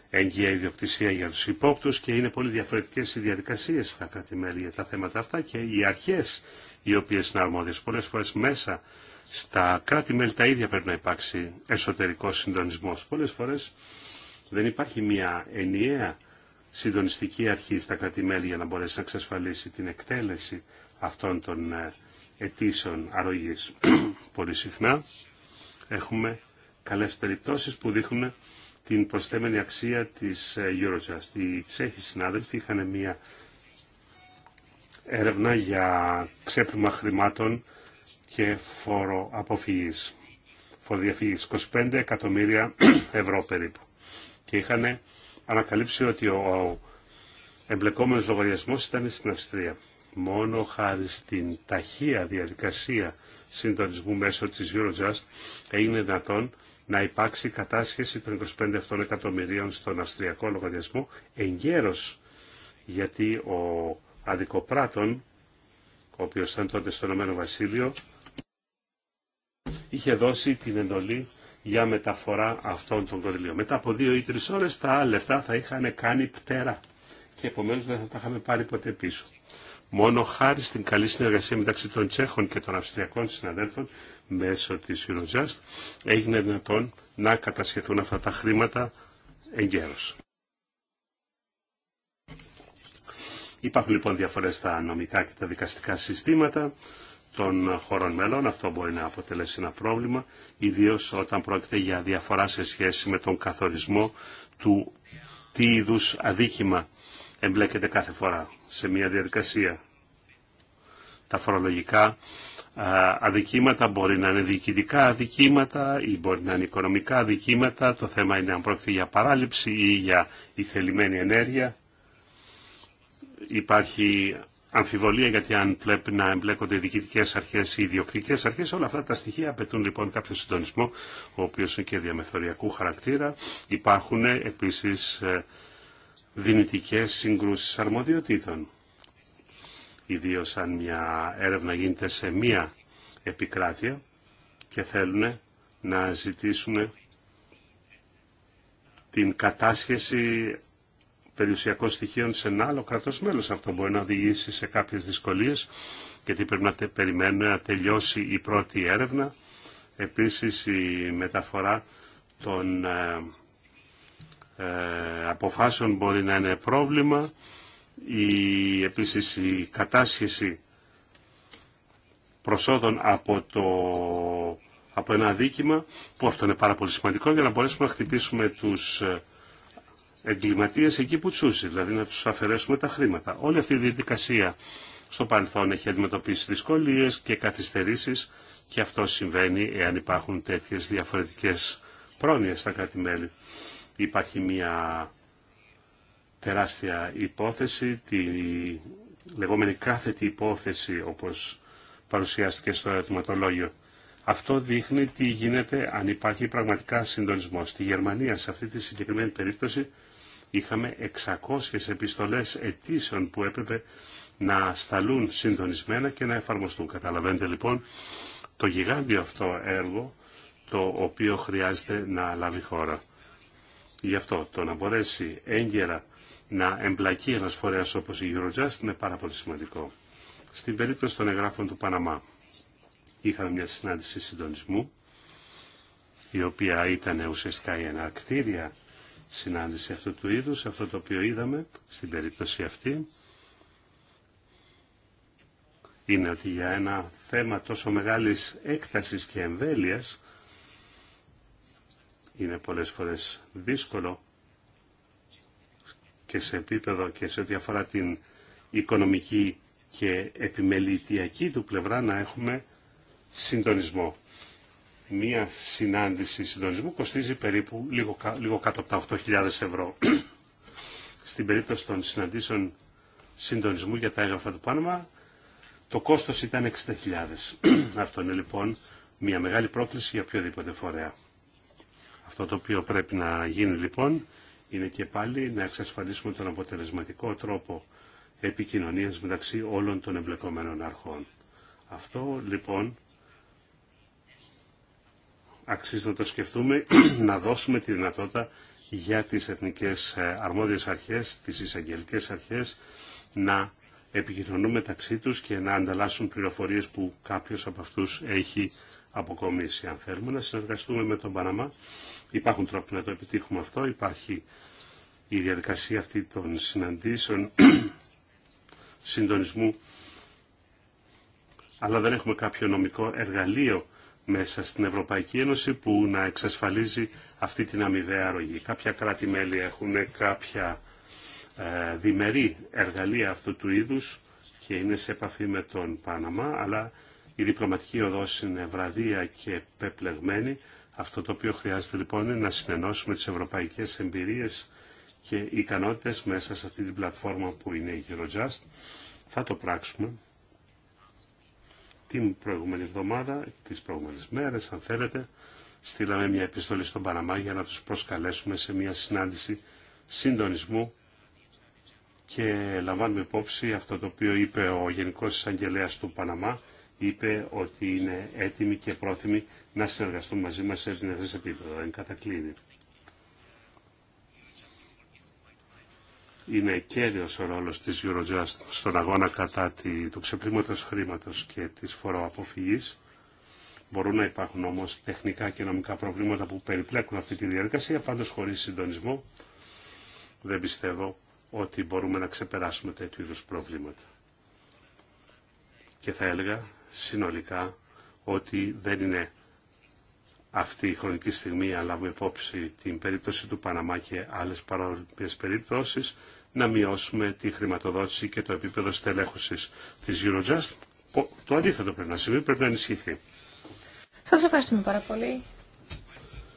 εγγύα ιδιοκτησία για τους υπόπτους και είναι πολύ διαφορετικές οι διαδικασίες στα κράτη-μέλη για τα θέματα αυτά και οι αρχές οι οποίες είναι αρμόδιες. Πολλές φορές μέσα στα κράτη-μέλη τα ίδια πρέπει να υπάρξει εσωτερικός συντονισμός. Πολλές φορές δεν υπάρχει μια ενιαία συντονιστική αρχή στα κράτη-μέλη για να μπορέσει να εξασφαλίσει την εκτέλεση αυτών των ε, αιτήσεων αρρωγής. πολύ συχνά έχουμε καλές περιπτώσεις που δείχνουν την προσθέμενη αξία της ε, Eurojust. Οι Τσέχοι συνάδελφοι είχαν μια έρευνα για ξέπλυμα χρημάτων και φόρο φοροδιαφυγής, 25 εκατομμύρια ευρώ περίπου. Και είχαν ανακαλύψει ότι ο εμπλεκόμενος λογαριασμός ήταν στην Αυστρία. Μόνο χάρη στην ταχεία διαδικασία συντονισμού μέσω της Eurojust έγινε δυνατόν να υπάρξει κατάσχεση των 25 εκατομμυρίων στον αυστριακό λογαριασμό εγκαίρως, γιατί ο αδικοπράτων, ο οποίος ήταν τότε στο Ηνωμένο Βασίλειο, είχε δώσει την εντολή για μεταφορά αυτών των κονδυλίων. Μετά από δύο ή τρεις ώρες τα λεφτά θα είχαν κάνει πτέρα και επομένως δεν θα τα είχαμε πάρει ποτέ πίσω. Μόνο χάρη στην καλή συνεργασία μεταξύ των Τσέχων και των Αυστριακών συναδέλφων μέσω της Eurojust έγινε δυνατόν να κατασχεθούν αυτά τα χρήματα εγκαίρως. Υπάρχουν λοιπόν διαφορές στα νομικά και τα δικαστικά συστήματα των χωρών μελών. Αυτό μπορεί να αποτελέσει ένα πρόβλημα, ιδίως όταν πρόκειται για διαφορά σε σχέση με τον καθορισμό του τι είδου αδίκημα εμπλέκεται κάθε φορά σε μια διαδικασία. Τα φορολογικά αδικήματα μπορεί να είναι διοικητικά αδικήματα ή μπορεί να είναι οικονομικά αδικήματα. Το θέμα είναι αν πρόκειται για παράληψη ή για ηθελημένη ενέργεια. Υπάρχει αμφιβολία γιατί αν πρέπει να εμπλέκονται οι διοικητικέ αρχέ ή οι ιδιοκτικέ αρχέ, όλα αυτά τα στοιχεία απαιτούν λοιπόν κάποιο συντονισμό, ο οποίο είναι και διαμεθοριακού χαρακτήρα. Υπάρχουν επίση ε, δυνητικές συγκρούσεις αρμοδιοτήτων. Ιδίως αν μια έρευνα γίνεται σε μία επικράτεια και θέλουν να ζητήσουν την κατάσχεση περιουσιακών στοιχείων σε ένα άλλο κρατός μέλος. Αυτό μπορεί να οδηγήσει σε κάποιες δυσκολίες γιατί πρέπει να περιμένουν να τελειώσει η πρώτη έρευνα. Επίσης η μεταφορά των ε, ε, αποφάσεων μπορεί να είναι πρόβλημα. Η, επίσης η κατάσχεση προσόδων από, το, από ένα δίκημα, που αυτό είναι πάρα πολύ σημαντικό για να μπορέσουμε να χτυπήσουμε τους ε, εγκληματίες εκεί που τσούζει, δηλαδή να τους αφαιρέσουμε τα χρήματα. Όλη αυτή η διαδικασία στο παρελθόν έχει αντιμετωπίσει δυσκολίες και καθυστερήσεις και αυτό συμβαίνει εάν υπάρχουν τέτοιες διαφορετικές πρόνοιες στα κράτη-μέλη. Υπάρχει μια τεράστια υπόθεση, τη λεγόμενη κάθετη υπόθεση όπως παρουσιάστηκε στο ερωτηματολόγιο. Αυτό δείχνει τι γίνεται αν υπάρχει πραγματικά συντονισμός. Στη Γερμανία σε αυτή τη συγκεκριμένη περίπτωση είχαμε 600 επιστολές αιτήσεων που έπρεπε να σταλούν συντονισμένα και να εφαρμοστούν. Καταλαβαίνετε λοιπόν το γιγάντιο αυτό έργο το οποίο χρειάζεται να λάβει χώρα. Γι' αυτό το να μπορέσει έγκαιρα να εμπλακεί ένας φορέας όπως η Eurojust είναι πάρα πολύ σημαντικό. Στην περίπτωση των εγγράφων του Παναμά είχαμε μια συνάντηση συντονισμού η οποία ήταν ουσιαστικά η ανακτήρια συνάντηση αυτού του είδους, αυτό το οποίο είδαμε στην περίπτωση αυτή είναι ότι για ένα θέμα τόσο μεγάλης έκτασης και εμβέλειας είναι πολλές φορές δύσκολο και σε επίπεδο και σε ό,τι αφορά την οικονομική και επιμελητιακή του πλευρά να έχουμε συντονισμό. Μία συνάντηση συντονισμού κοστίζει περίπου λίγο, λίγο κάτω από τα 8.000 ευρώ. Στην περίπτωση των συναντήσεων συντονισμού για τα έγγραφα του Πάνωμα, το κόστος ήταν 60.000. Αυτό είναι λοιπόν μια μεγάλη πρόκληση για οποιοδήποτε φορέα. Αυτό το οποίο πρέπει να γίνει λοιπόν είναι και πάλι να εξασφαλίσουμε τον αποτελεσματικό τρόπο επικοινωνίας μεταξύ όλων των εμπλεκόμενων αρχών. Αυτό λοιπόν αξίζει να το σκεφτούμε, να δώσουμε τη δυνατότητα για τις εθνικές ε, αρμόδιες αρχές, τις εισαγγελικές αρχές, να επικοινωνούν μεταξύ τους και να ανταλλάσσουν πληροφορίες που κάποιος από αυτούς έχει αποκομίσει. Αν θέλουμε να συνεργαστούμε με τον Παναμά, Υπάρχουν τρόποι να το επιτύχουμε αυτό. Υπάρχει η διαδικασία αυτή των συναντήσεων συντονισμού αλλά δεν έχουμε κάποιο νομικό εργαλείο μέσα στην Ευρωπαϊκή Ένωση που να εξασφαλίζει αυτή την αμοιβαία αρρωγή. Κάποια κράτη-μέλη έχουν κάποια ε, διμερή εργαλεία αυτού του είδους και είναι σε επαφή με τον Πάναμα, αλλά η διπλωματική οδός είναι βραδία και πεπλεγμένη. Αυτό το οποίο χρειάζεται λοιπόν είναι να συνενώσουμε τις ευρωπαϊκές εμπειρίες και ικανότητες μέσα σε αυτή την πλατφόρμα που είναι η Eurojust. Θα το πράξουμε την προηγούμενη εβδομάδα, τις προηγούμενες μέρες αν θέλετε, στείλαμε μια επιστολή στον Παναμά για να τους προσκαλέσουμε σε μια συνάντηση συντονισμού και λαμβάνουμε υπόψη αυτό το οποίο είπε ο Γενικός Εισαγγελέας του Παναμά είπε ότι είναι έτοιμοι και πρόθυμοι να συνεργαστούν μαζί μας σε δυνατές επίπεδο. Εν κατακλείδη. Είναι κέριος ο ρόλος της Eurojust στον αγώνα κατά του ξεπλήματος χρήματος και της φοροαποφυγής. Μπορούν να υπάρχουν όμως τεχνικά και νομικά προβλήματα που περιπλέκουν αυτή τη διαδικασία, πάντως χωρίς συντονισμό δεν πιστεύω ότι μπορούμε να ξεπεράσουμε τέτοιου είδους προβλήματα. Και θα έλεγα συνολικά ότι δεν είναι αυτή η χρονική στιγμή, αλλά με υπόψη την περίπτωση του Παναμά και άλλες παρόμοιες περιπτώσεις, να μειώσουμε τη χρηματοδότηση και το επίπεδο στελέχωσης της Eurojust. Το αντίθετο πρέπει να συμβεί, πρέπει να ενισχυθεί. Σας ευχαριστούμε πάρα πολύ,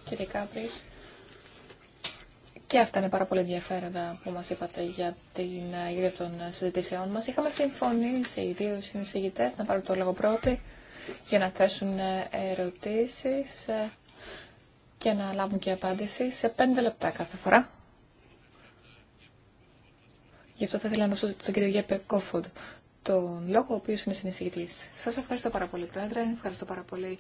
κύριε και αυτά είναι πάρα πολύ ενδιαφέροντα που μας είπατε για την ίδια ε, των ε, συζητήσεών μας. Είχαμε συμφωνήσει οι δύο συνεισηγητές να πάρουν το λόγο πρώτοι για να θέσουν ε, ερωτήσεις και να λάβουν και απάντηση σε πέντε λεπτά κάθε φορά. Γι' αυτό θα ήθελα να δώσω τον κύριο Γέπε Κόφοντ, τον λόγο ο οποίος είναι συνεισηγητής. Σας ευχαριστώ πάρα πολύ, Πρόεδρε. Ευχαριστώ πάρα πολύ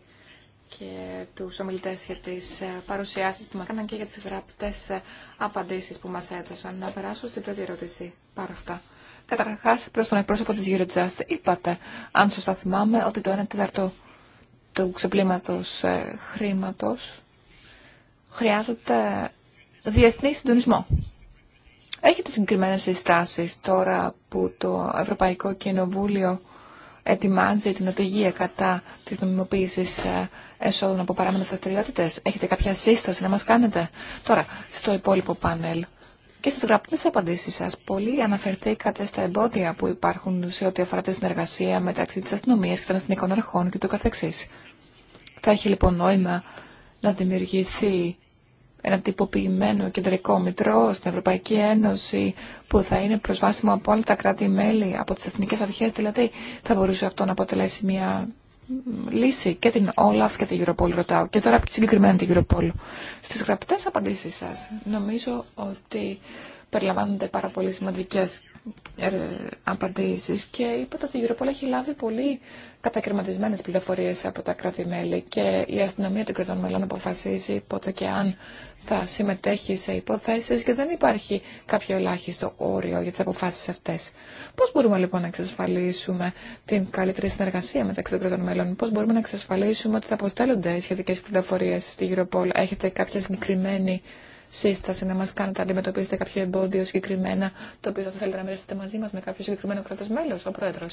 και τους ομιλητές για τις ε, παρουσιάσεις που μας έκαναν και για τις γραπτές ε, απαντήσεις που μας έδωσαν. Να περάσω στην πρώτη ερώτηση πάρα αυτά. Καταρχά, προ τον εκπρόσωπο τη Eurojust, είπατε, αν σωστά θυμάμαι, ότι το 1 τέταρτο του ξεπλήματος ε, χρήματο χρειάζεται διεθνή συντονισμό. Έχετε συγκεκριμένε συστάσει τώρα που το Ευρωπαϊκό Κοινοβούλιο ετοιμάζει την οδηγία κατά της νομιμοποίησης εσόδων από παράμένες δραστηριότητε. Έχετε κάποια σύσταση να μας κάνετε. Τώρα, στο υπόλοιπο πάνελ και στις γραπτές απαντήσεις σας, πολύ αναφερθήκατε στα εμπόδια που υπάρχουν σε ό,τι αφορά τη συνεργασία μεταξύ της αστυνομία και των εθνικών αρχών και το καθεξής. Θα έχει λοιπόν νόημα να δημιουργηθεί ένα τυποποιημένο κεντρικό μητρό στην Ευρωπαϊκή Ένωση που θα είναι προσβάσιμο από όλα τα κράτη-μέλη, από τις εθνικές αρχές δηλαδή, θα μπορούσε αυτό να αποτελέσει μια λύσει και την Όλαφ και την Europol ρωτάω και τώρα συγκεκριμένα την Europol. Στις γραπτές απαντήσεις σας νομίζω ότι περιλαμβάνονται πάρα πολύ σημαντικές ε, απαντήσεις και είπατε ότι η Europol έχει λάβει πολύ κατακριματισμένες πληροφορίες από τα κράτη-μέλη και η αστυνομία των κρατών μελών αποφασίζει πότε και αν θα συμμετέχει σε υποθέσει και δεν υπάρχει κάποιο ελάχιστο όριο για τι αποφάσει αυτέ. Πώ μπορούμε λοιπόν να εξασφαλίσουμε την καλύτερη συνεργασία μεταξύ των κρατών μέλων, Πώ μπορούμε να εξασφαλίσουμε ότι θα αποστέλλονται οι σχετικέ πληροφορίε στη Europol, έχετε κάποια συγκεκριμένη σύσταση να μα κάνετε, αντιμετωπίσετε κάποιο εμπόδιο συγκεκριμένα, το οποίο θα θέλετε να μοιραστείτε μαζί μα με κάποιο συγκεκριμένο κράτος μέλος, ο Πρόεδρο.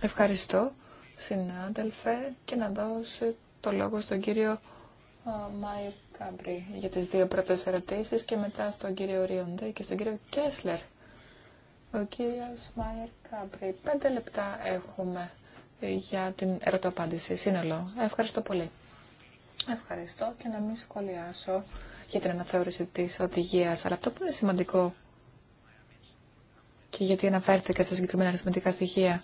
Ευχαριστώ, συνάδελφε, και να δώσω το λόγο στον κύριο My... Κάμπρι για τις δύο πρώτες ερωτήσεις και μετά στον κύριο Ριοντέ και στον κύριο Κέσλερ. Ο κύριος Μάιερ Κάμπρη. Πέντε λεπτά έχουμε για την ερωτοαπάντηση. Σύνολο. Ευχαριστώ πολύ. Ευχαριστώ και να μην σχολιάσω για την αναθεώρηση της οδηγίας. Αλλά αυτό που είναι σημαντικό και γιατί αναφέρθηκα στα συγκεκριμένα αριθμητικά στοιχεία.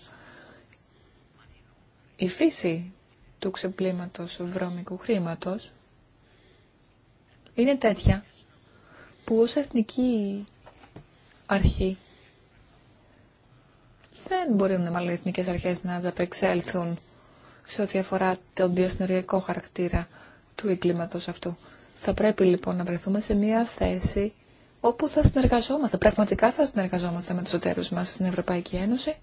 Η φύση του ξεπλήματος βρώμικου χρήματος είναι τέτοια που ως εθνική αρχή δεν μπορούν μάλλον οι εθνικές αρχές να ανταπεξέλθουν σε ό,τι αφορά τον διασυνοριακό χαρακτήρα του εγκλήματος αυτού. Θα πρέπει λοιπόν να βρεθούμε σε μια θέση όπου θα συνεργαζόμαστε, πραγματικά θα συνεργαζόμαστε με τους εταίρους μας στην Ευρωπαϊκή Ένωση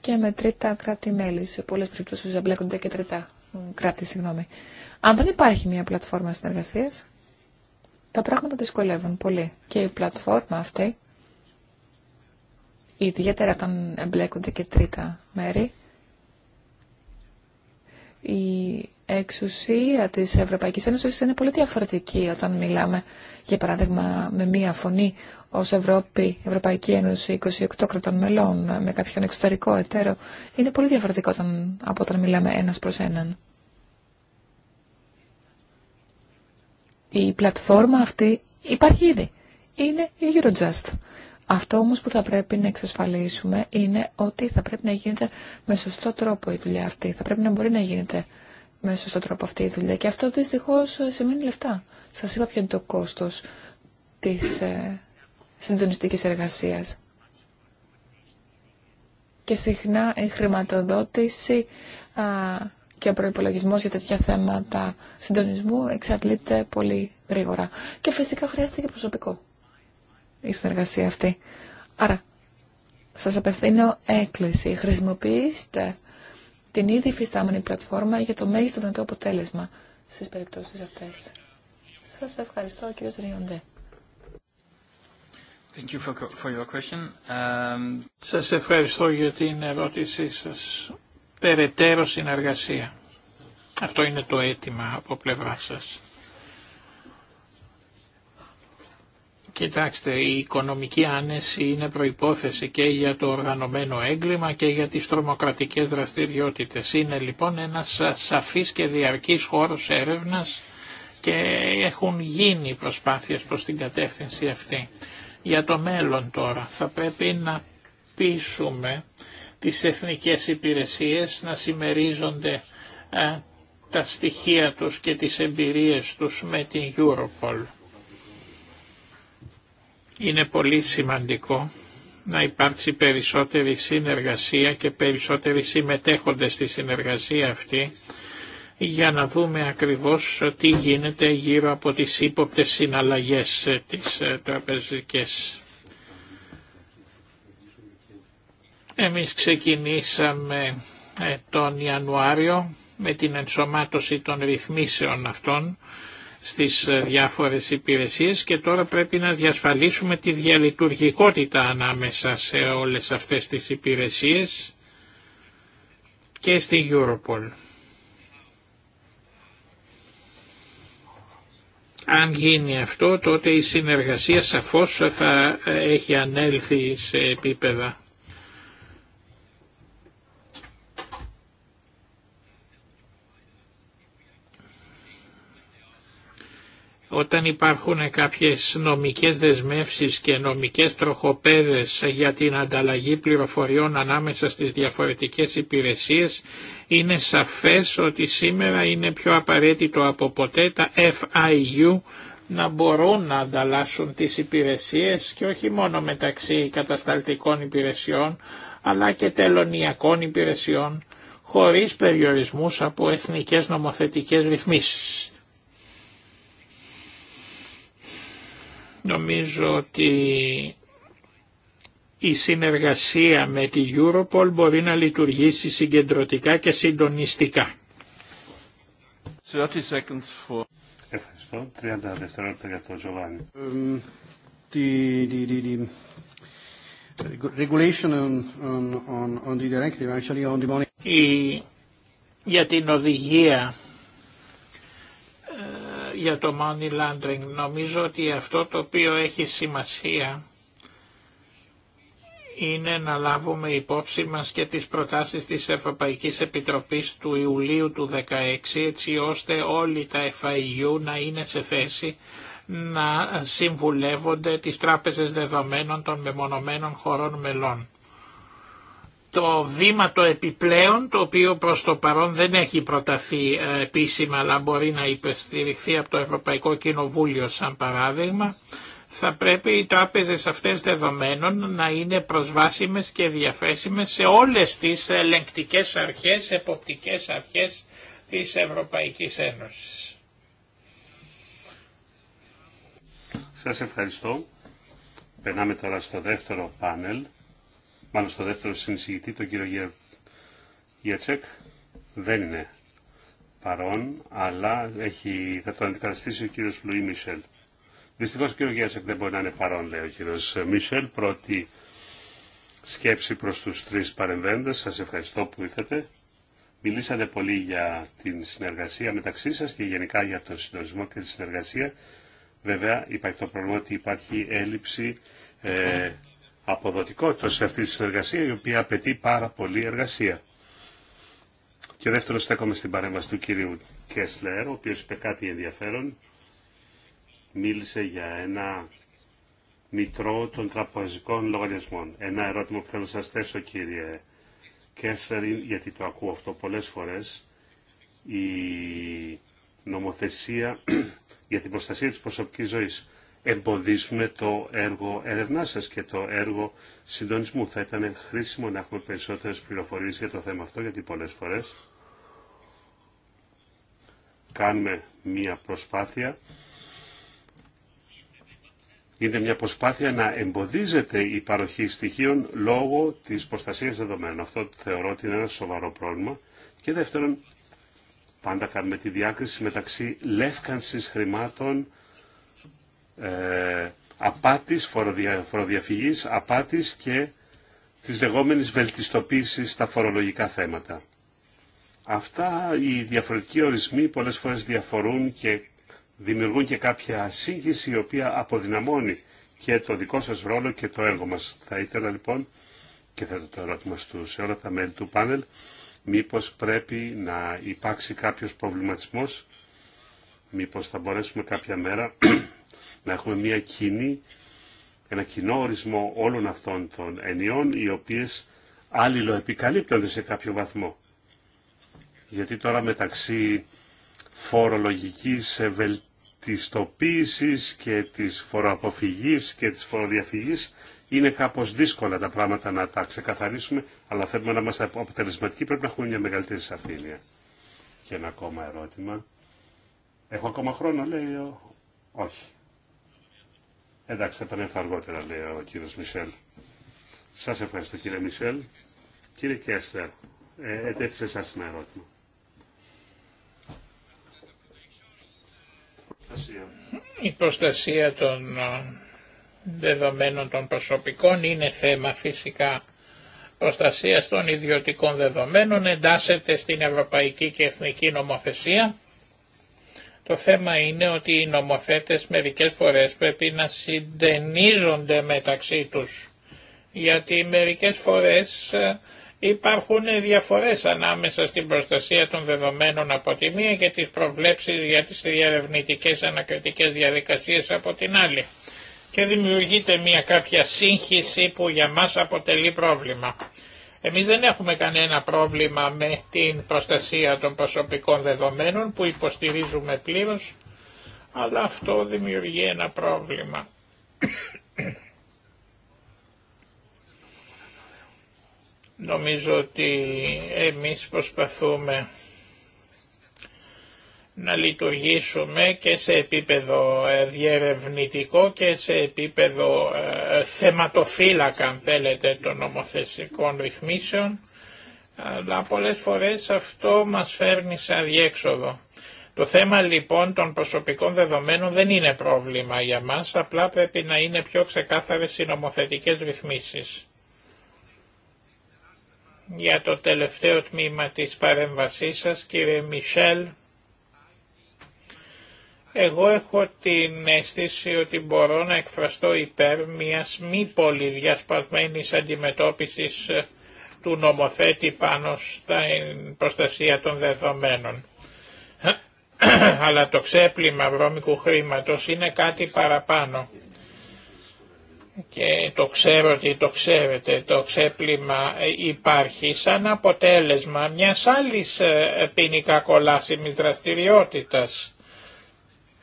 και με τρίτα κράτη-μέλη. Σε πολλές περιπτώσεις εμπλέκονται και τριτά αν δεν υπάρχει μια πλατφόρμα συνεργασία, τα πράγματα δυσκολεύουν πολύ. Και η πλατφόρμα αυτή, ιδιαίτερα όταν εμπλέκονται και τρίτα μέρη, η εξουσία της Ευρωπαϊκής Ένωσης είναι πολύ διαφορετική όταν μιλάμε, για παράδειγμα, με μία φωνή ως Ευρώπη, Ευρωπαϊκή Ένωση 28 κρατών μελών με κάποιον εξωτερικό εταίρο. Είναι πολύ διαφορετικό από όταν μιλάμε ένας προς έναν. Η πλατφόρμα αυτή υπάρχει ήδη. Είναι η Eurojust. Αυτό όμως που θα πρέπει να εξασφαλίσουμε είναι ότι θα πρέπει να γίνεται με σωστό τρόπο η δουλειά αυτή. Θα πρέπει να μπορεί να γίνεται με σωστό τρόπο αυτή η δουλειά. Και αυτό δυστυχώς σημαίνει λεφτά. Σας είπα ποιο είναι το κόστος της ε, συντονιστικής εργασίας. Και συχνά η χρηματοδότηση και ο προπολογισμό για τέτοια θέματα συντονισμού εξατλείται πολύ γρήγορα. Και φυσικά χρειάζεται και προσωπικό η συνεργασία αυτή. Άρα, σας απευθύνω έκκληση. Χρησιμοποιήστε την ήδη φυστάμενη πλατφόρμα για το μέγιστο δυνατό αποτέλεσμα στις περιπτώσεις αυτές. Σας ευχαριστώ, κύριε Ριοντέ. Thank you for your question. Um, ευχαριστώ για την ερώτησή σας περαιτέρω συνεργασία. Αυτό είναι το αίτημα από πλευρά σας. Κοιτάξτε, η οικονομική άνεση είναι προϋπόθεση και για το οργανωμένο έγκλημα και για τις τρομοκρατικές δραστηριότητες. Είναι λοιπόν ένας σαφής και διαρκής χώρος έρευνας και έχουν γίνει προσπάθειες προς την κατεύθυνση αυτή. Για το μέλλον τώρα θα πρέπει να πείσουμε τις εθνικές υπηρεσίες να συμμερίζονται ε, τα στοιχεία τους και τις εμπειρίες τους με την Europol. Είναι πολύ σημαντικό να υπάρξει περισσότερη συνεργασία και περισσότεροι συμμετέχοντες στη συνεργασία αυτή για να δούμε ακριβώς τι γίνεται γύρω από τις ύποπτες συναλλαγές ε, της ε, τραπεζικές. Εμείς ξεκινήσαμε ε, τον Ιανουάριο με την ενσωμάτωση των ρυθμίσεων αυτών στις ε, διάφορες υπηρεσίες και τώρα πρέπει να διασφαλίσουμε τη διαλειτουργικότητα ανάμεσα σε όλες αυτές τις υπηρεσίες και στην Europol. Αν γίνει αυτό τότε η συνεργασία σαφώς θα ε, έχει ανέλθει σε επίπεδα όταν υπάρχουν κάποιες νομικές δεσμεύσεις και νομικές τροχοπέδες για την ανταλλαγή πληροφοριών ανάμεσα στις διαφορετικές υπηρεσίες, είναι σαφές ότι σήμερα είναι πιο απαραίτητο από ποτέ τα FIU να μπορούν να ανταλλάσσουν τις υπηρεσίες και όχι μόνο μεταξύ κατασταλτικών υπηρεσιών, αλλά και τελωνιακών υπηρεσιών, χωρίς περιορισμούς από εθνικές νομοθετικές ρυθμίσεις. νομίζω ότι η συνεργασία με τη Europol μπορεί να λειτουργήσει συγκεντρωτικά και συντονιστικά. 30 seconds for... Ευχαριστώ. 30 δευτερόλεπτα για το Ζωβάνι. Τι... τι... Regulation on, the directive, actually on the money. Η, για την οδηγία για το money laundering. Νομίζω ότι αυτό το οποίο έχει σημασία είναι να λάβουμε υπόψη μας και τις προτάσεις της Ευρωπαϊκής Επιτροπής του Ιουλίου του 2016 έτσι ώστε όλοι τα FIU να είναι σε θέση να συμβουλεύονται τις τράπεζες δεδομένων των μεμονωμένων χωρών μελών το βήμα το επιπλέον, το οποίο προς το παρόν δεν έχει προταθεί ε, επίσημα, αλλά μπορεί να υπεστηριχθεί από το Ευρωπαϊκό Κοινοβούλιο σαν παράδειγμα, θα πρέπει οι τράπεζες αυτές δεδομένων να είναι προσβάσιμες και διαθέσιμες σε όλες τις ελεγκτικές αρχές, εποπτικές αρχές της Ευρωπαϊκής Ένωσης. Σας ευχαριστώ. Περνάμε τώρα στο δεύτερο πάνελ μάλλον στο δεύτερο συνεισηγητή, τον κύριο Γετσέκ, δεν είναι παρόν, αλλά έχει, θα το αντικαταστήσει ο κύριος Λουί Μισελ. Δυστυχώς ο κύριος Γετσέκ δεν μπορεί να είναι παρόν, λέει ο κύριος Μισελ. Πρώτη σκέψη προς τους τρεις παρεμβαίνοντες. Σας ευχαριστώ που ήρθατε. Μιλήσατε πολύ για την συνεργασία μεταξύ σας και γενικά για τον συντονισμό και τη συνεργασία. Βέβαια υπάρχει το πρόβλημα ότι υπάρχει έλλειψη ε, αποδοτικότητα σε αυτή τη συνεργασία η οποία απαιτεί πάρα πολλή εργασία. Και δεύτερον στέκομαι στην παρέμβαση του κύριου Κέσλερ, ο οποίος είπε κάτι ενδιαφέρον. Μίλησε για ένα μητρό των τραπεζικών λογαριασμών. Ένα ερώτημα που θέλω να σας θέσω κύριε Κέσλερ, γιατί το ακούω αυτό πολλές φορές, η νομοθεσία για την προστασία της προσωπικής ζωής εμποδίσουμε το έργο έρευνά σα και το έργο συντονισμού. Θα ήταν χρήσιμο να έχουμε περισσότερες πληροφορίες για το θέμα αυτό, γιατί πολλές φορές κάνουμε μία προσπάθεια είναι μια προσπάθεια να εμποδίζεται η παροχή στοιχείων λόγω της προστασίας δεδομένων. Αυτό θεωρώ ότι είναι ένα σοβαρό πρόβλημα. Και δεύτερον, πάντα κάνουμε τη διάκριση μεταξύ λεύκανσης χρημάτων ε, απάτης, φοροδια, φοροδιαφυγής, απάτης και της λεγόμενης βελτιστοποίησης στα φορολογικά θέματα. Αυτά οι διαφορετικοί ορισμοί πολλές φορές διαφορούν και δημιουργούν και κάποια σύγχυση η οποία αποδυναμώνει και το δικό σας ρόλο και το έργο μας. Θα ήθελα λοιπόν και θέτω το ερώτημα στους, σε όλα τα μέλη του πάνελ μήπως πρέπει να υπάρξει κάποιος προβληματισμός μήπως θα μπορέσουμε κάποια μέρα να έχουμε μια κοινή, ένα κοινό ορισμό όλων αυτών των ενιών, οι οποίες επικαλύπτονται σε κάποιο βαθμό. Γιατί τώρα μεταξύ φορολογικής ευελτιστοποίησης και της φοροαποφυγής και της φοροδιαφυγής είναι κάπως δύσκολα τα πράγματα να τα ξεκαθαρίσουμε, αλλά θέλουμε να είμαστε αποτελεσματικοί, πρέπει να έχουμε μια μεγαλύτερη σαφήνεια. Και ένα ακόμα ερώτημα. Έχω ακόμα χρόνο, λέει, όχι. Εντάξει, θα επανέλθω αργότερα, λέει ο κύριος Μισελ. Σας ευχαριστώ κύριε Μισελ. Κύριε Κέσλερ, ε, ετέθησε ένα ερώτημα. Η προστασία των ε, δεδομένων των προσωπικών είναι θέμα φυσικά Προστασία των ιδιωτικών δεδομένων, εντάσσεται στην Ευρωπαϊκή και Εθνική Νομοθεσία το θέμα είναι ότι οι νομοθέτες μερικές φορές πρέπει να συντενίζονται μεταξύ τους, γιατί μερικές φορές ε, υπάρχουν διαφορές ανάμεσα στην προστασία των δεδομένων από τη μία και τις προβλέψεις για τις διαρευνητικές ανακριτικές διαδικασίες από την άλλη και δημιουργείται μια κάποια σύγχυση που για μας αποτελεί πρόβλημα. Εμείς δεν έχουμε κανένα πρόβλημα με την προστασία των προσωπικών δεδομένων που υποστηρίζουμε πλήρως, αλλά αυτό δημιουργεί ένα πρόβλημα. Νομίζω ότι εμείς προσπαθούμε να λειτουργήσουμε και σε επίπεδο ε, διερευνητικό και σε επίπεδο ε, θεματοφύλακα, αν θέλετε, των νομοθεσικών ρυθμίσεων, αλλά πολλές φορές αυτό μας φέρνει σε αδιέξοδο. Το θέμα λοιπόν των προσωπικών δεδομένων δεν είναι πρόβλημα για μας, απλά πρέπει να είναι πιο ξεκάθαρες οι νομοθετικές ρυθμίσεις. Για το τελευταίο τμήμα της παρέμβασής σας, κύριε Μισελ, εγώ έχω την αίσθηση ότι μπορώ να εκφραστώ υπέρ μιας μη πολύ διασπασμένης αντιμετώπισης ε, του νομοθέτη πάνω στην ε, προστασία των δεδομένων. Αλλά το ξέπλυμα βρώμικου χρήματος είναι κάτι παραπάνω. Και το ξέρω ότι το ξέρετε, το ξέπλυμα ε, υπάρχει σαν αποτέλεσμα μιας άλλης ποινικά κολάσιμης δραστηριότητας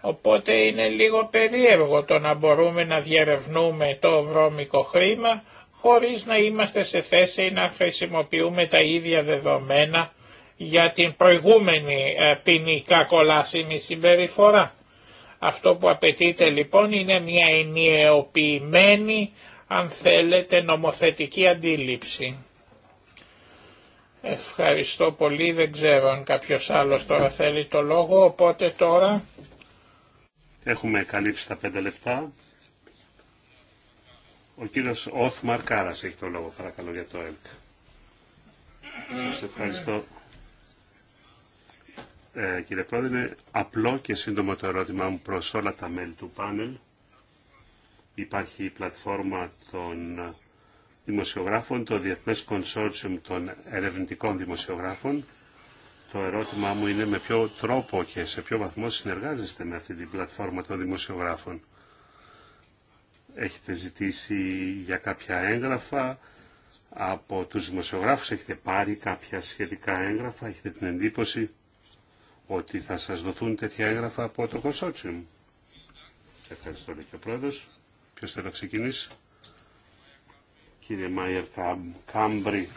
Οπότε είναι λίγο περίεργο το να μπορούμε να διερευνούμε το βρώμικο χρήμα χωρίς να είμαστε σε θέση να χρησιμοποιούμε τα ίδια δεδομένα για την προηγούμενη ε, ποινικά κολάσιμη συμπεριφορά. Αυτό που απαιτείται λοιπόν είναι μια ενιαιοποιημένη, αν θέλετε, νομοθετική αντίληψη. Ευχαριστώ πολύ, δεν ξέρω αν κάποιος άλλος τώρα θέλει το λόγο, οπότε τώρα Έχουμε καλύψει τα πέντε λεπτά. Ο κύριος Όθμαρ Κάρας έχει το λόγο, παρακαλώ, για το ΕΛΚ. Σας ευχαριστώ. Ε, κύριε Πρόεδρε, είναι απλό και σύντομο το ερώτημά μου προς όλα τα μέλη του πάνελ. Υπάρχει η πλατφόρμα των δημοσιογράφων, το Διεθνές Consortium των Ερευνητικών Δημοσιογράφων το ερώτημά μου είναι με ποιο τρόπο και σε ποιο βαθμό συνεργάζεστε με αυτή την πλατφόρμα των δημοσιογράφων. Έχετε ζητήσει για κάποια έγγραφα από τους δημοσιογράφους, έχετε πάρει κάποια σχετικά έγγραφα, έχετε την εντύπωση ότι θα σας δοθούν τέτοια έγγραφα από το Consortium. Ευχαριστώ λέει και ο πρόεδρος. Ποιος θέλει να ξεκινήσει. Κύριε Μάιερ Κάμπρι.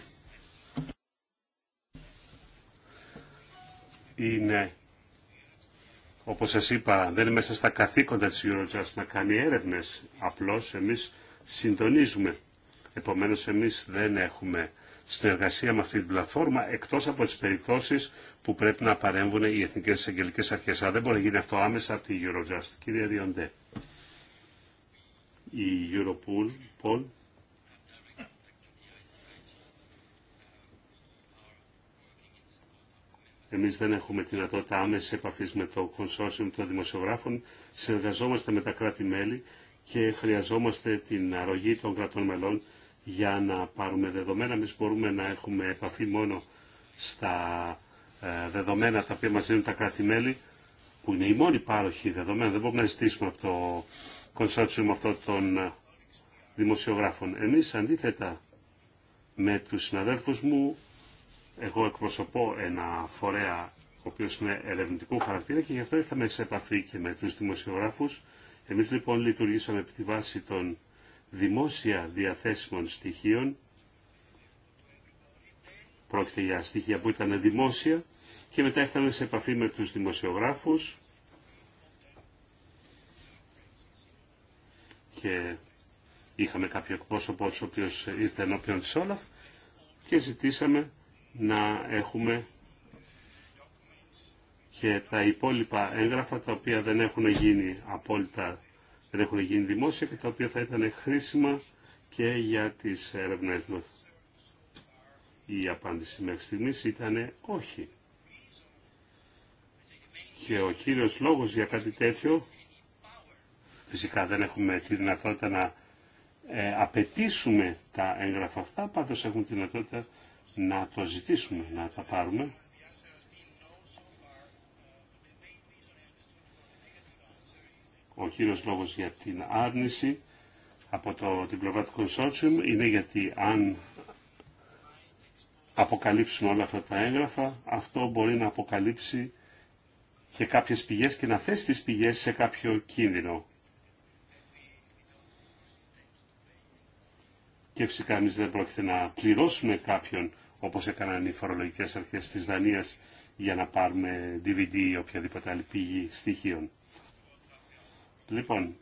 είναι, όπως σας είπα, δεν είναι μέσα στα καθήκοντα της Eurojust να κάνει έρευνες. Απλώς εμείς συντονίζουμε. Επομένως εμείς δεν έχουμε συνεργασία με αυτή την πλατφόρμα, εκτός από τις περιπτώσεις που πρέπει να παρέμβουν οι εθνικές εισαγγελικές αρχές. Αλλά δεν μπορεί να γίνει αυτό άμεσα από τη Eurojust. Κύριε Ριοντέ, η Europol Εμείς δεν έχουμε τη δυνατότητα άμεση επαφή με το consortium των δημοσιογράφων. Συνεργαζόμαστε με τα κράτη-μέλη και χρειαζόμαστε την αρρωγή των κρατών μελών για να πάρουμε δεδομένα. Εμεί μπορούμε να έχουμε επαφή μόνο στα ε, δεδομένα τα οποία μας δίνουν τα κράτη-μέλη, που είναι η μόνη πάροχη δεδομένα. Δεν μπορούμε να ζητήσουμε από το consortium αυτό των ε, δημοσιογράφων. Εμείς αντίθετα με τους συναδέλφους μου εγώ εκπροσωπώ ένα φορέα ο οποίος είναι ερευνητικού χαρακτήρα και γι' αυτό ήρθαμε σε επαφή και με τους δημοσιογράφους. Εμείς λοιπόν λειτουργήσαμε επί τη βάση των δημόσια διαθέσιμων στοιχείων. Πρόκειται για στοιχεία που ήταν δημόσια και μετά ήρθαμε σε επαφή με τους δημοσιογράφους και είχαμε κάποιο εκπρόσωπο ο οποίος ήρθε ενώπιον της Όλαφ και ζητήσαμε να έχουμε και τα υπόλοιπα έγγραφα τα οποία δεν έχουν γίνει απόλυτα, δεν έχουν γίνει δημόσια και τα οποία θα ήταν χρήσιμα και για τις έρευνες μας. Η απάντηση μέχρι στιγμής ήταν όχι. Και ο κύριος λόγος για κάτι τέτοιο, φυσικά δεν έχουμε τη δυνατότητα να ε, απαιτήσουμε τα έγγραφα αυτά, πάντως έχουν τη δυνατότητα να το ζητήσουμε, να τα πάρουμε. Ο κύριος λόγος για την άρνηση από το, την Consortium είναι γιατί αν αποκαλύψουν όλα αυτά τα έγγραφα, αυτό μπορεί να αποκαλύψει και κάποιες πηγές και να θέσει τις πηγές σε κάποιο κίνδυνο. Και φυσικά εμείς δεν πρόκειται να πληρώσουμε κάποιον όπως έκαναν οι φορολογικές αρχές της Δανίας για να πάρουμε DVD ή οποιαδήποτε άλλη πηγή στοιχείων. Λοιπόν,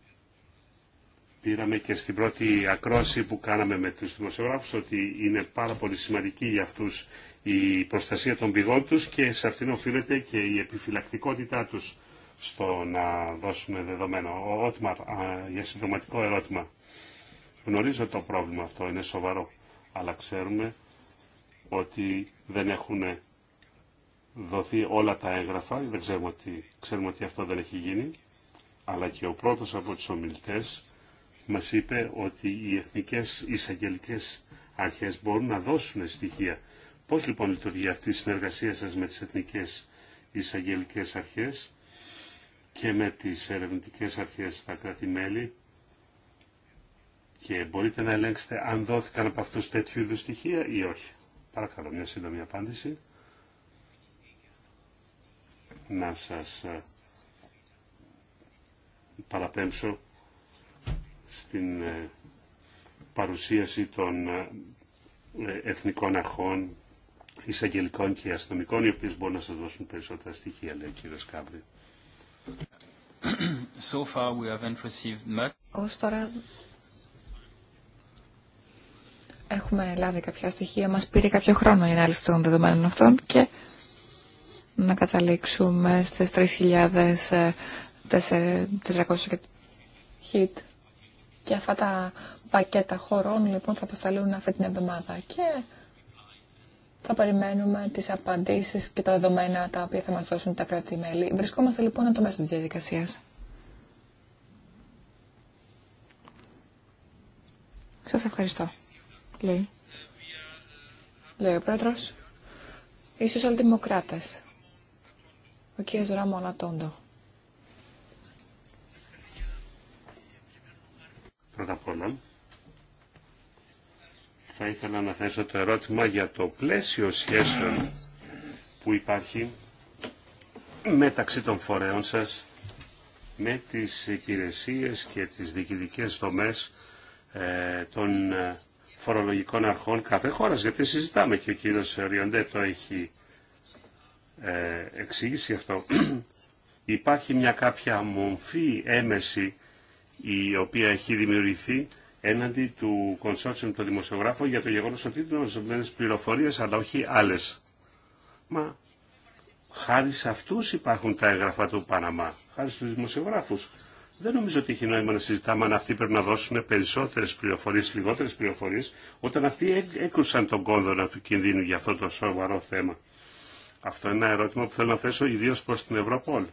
πήραμε και στην πρώτη ακρόση που κάναμε με τους δημοσιογράφους ότι είναι πάρα πολύ σημαντική για αυτούς η προστασία των πηγών τους και σε αυτήν οφείλεται και η επιφυλακτικότητά τους στο να δώσουμε δεδομένο. Ο για συντοματικό ερώτημα. Γνωρίζω το πρόβλημα αυτό, είναι σοβαρό, αλλά ξέρουμε ότι δεν έχουν δοθεί όλα τα έγγραφα, δεν ξέρουμε ότι, ξέρουμε ότι αυτό δεν έχει γίνει, αλλά και ο πρώτος από τους ομιλητές μας είπε ότι οι εθνικές εισαγγελικές αρχές μπορούν να δώσουν στοιχεία. Πώς λοιπόν λειτουργεί αυτή η συνεργασία σας με τις εθνικές εισαγγελικές αρχές και με τις ερευνητικές αρχές στα κράτη-μέλη και μπορείτε να ελέγξετε αν δόθηκαν από αυτούς τέτοιου είδους στοιχεία ή όχι. Παρακαλώ μια σύντομη απάντηση. Να σας ε, παραπέμψω στην ε, παρουσίαση των ε, εθνικών αρχών, εισαγγελικών και αστυνομικών, οι οποίες μπορούν να σας δώσουν περισσότερα στοιχεία, λέει ο κύριος Κάμπρη. So far we haven't received much. Ως τώρα Έχουμε λάβει κάποια στοιχεία, μας πήρε κάποιο χρόνο η ανάλυση των δεδομένων αυτών και να καταλήξουμε στις 3.400 hit. Ε, και αυτά τα πακέτα χωρών λοιπόν θα αποσταλούν αυτή την εβδομάδα και θα περιμένουμε τις απαντήσεις και τα δεδομένα τα οποία θα μας δώσουν τα κράτη-μέλη. Βρισκόμαστε λοιπόν το μέσο της διαδικασίας. Σας ευχαριστώ λέει, λέει ο Πέτρος, οι σοσιαλδημοκράτες, ο κ. Ράμο Ανατόντο. Πρώτα απ' όλα, θα ήθελα να θέσω το ερώτημα για το πλαίσιο σχέσεων που υπάρχει μεταξύ των φορέων σας με τις υπηρεσίες και τις διοικητικές δομές ε, των ε, φορολογικών αρχών κάθε χώρας, γιατί συζητάμε και ο κύριος Ριοντέ το έχει ε, εξήγηση αυτό. Υπάρχει μια κάποια μομφή έμεση η οποία έχει δημιουργηθεί έναντι του consortium των δημοσιογράφων για το γεγονός ότι είναι ορισμένες πληροφορίες αλλά όχι άλλες. Μα χάρη σε αυτούς υπάρχουν τα έγγραφα του Παναμά, χάρη στους δημοσιογράφους. Δεν νομίζω ότι έχει νόημα να συζητάμε αν αυτοί πρέπει να δώσουν περισσότερε πληροφορίε, λιγότερε πληροφορίε, όταν αυτοί έκρουσαν τον κόνδωνα του κινδύνου για αυτό το σοβαρό θέμα. Αυτό είναι ένα ερώτημα που θέλω να θέσω ιδίω προ την Ευρωπόλ.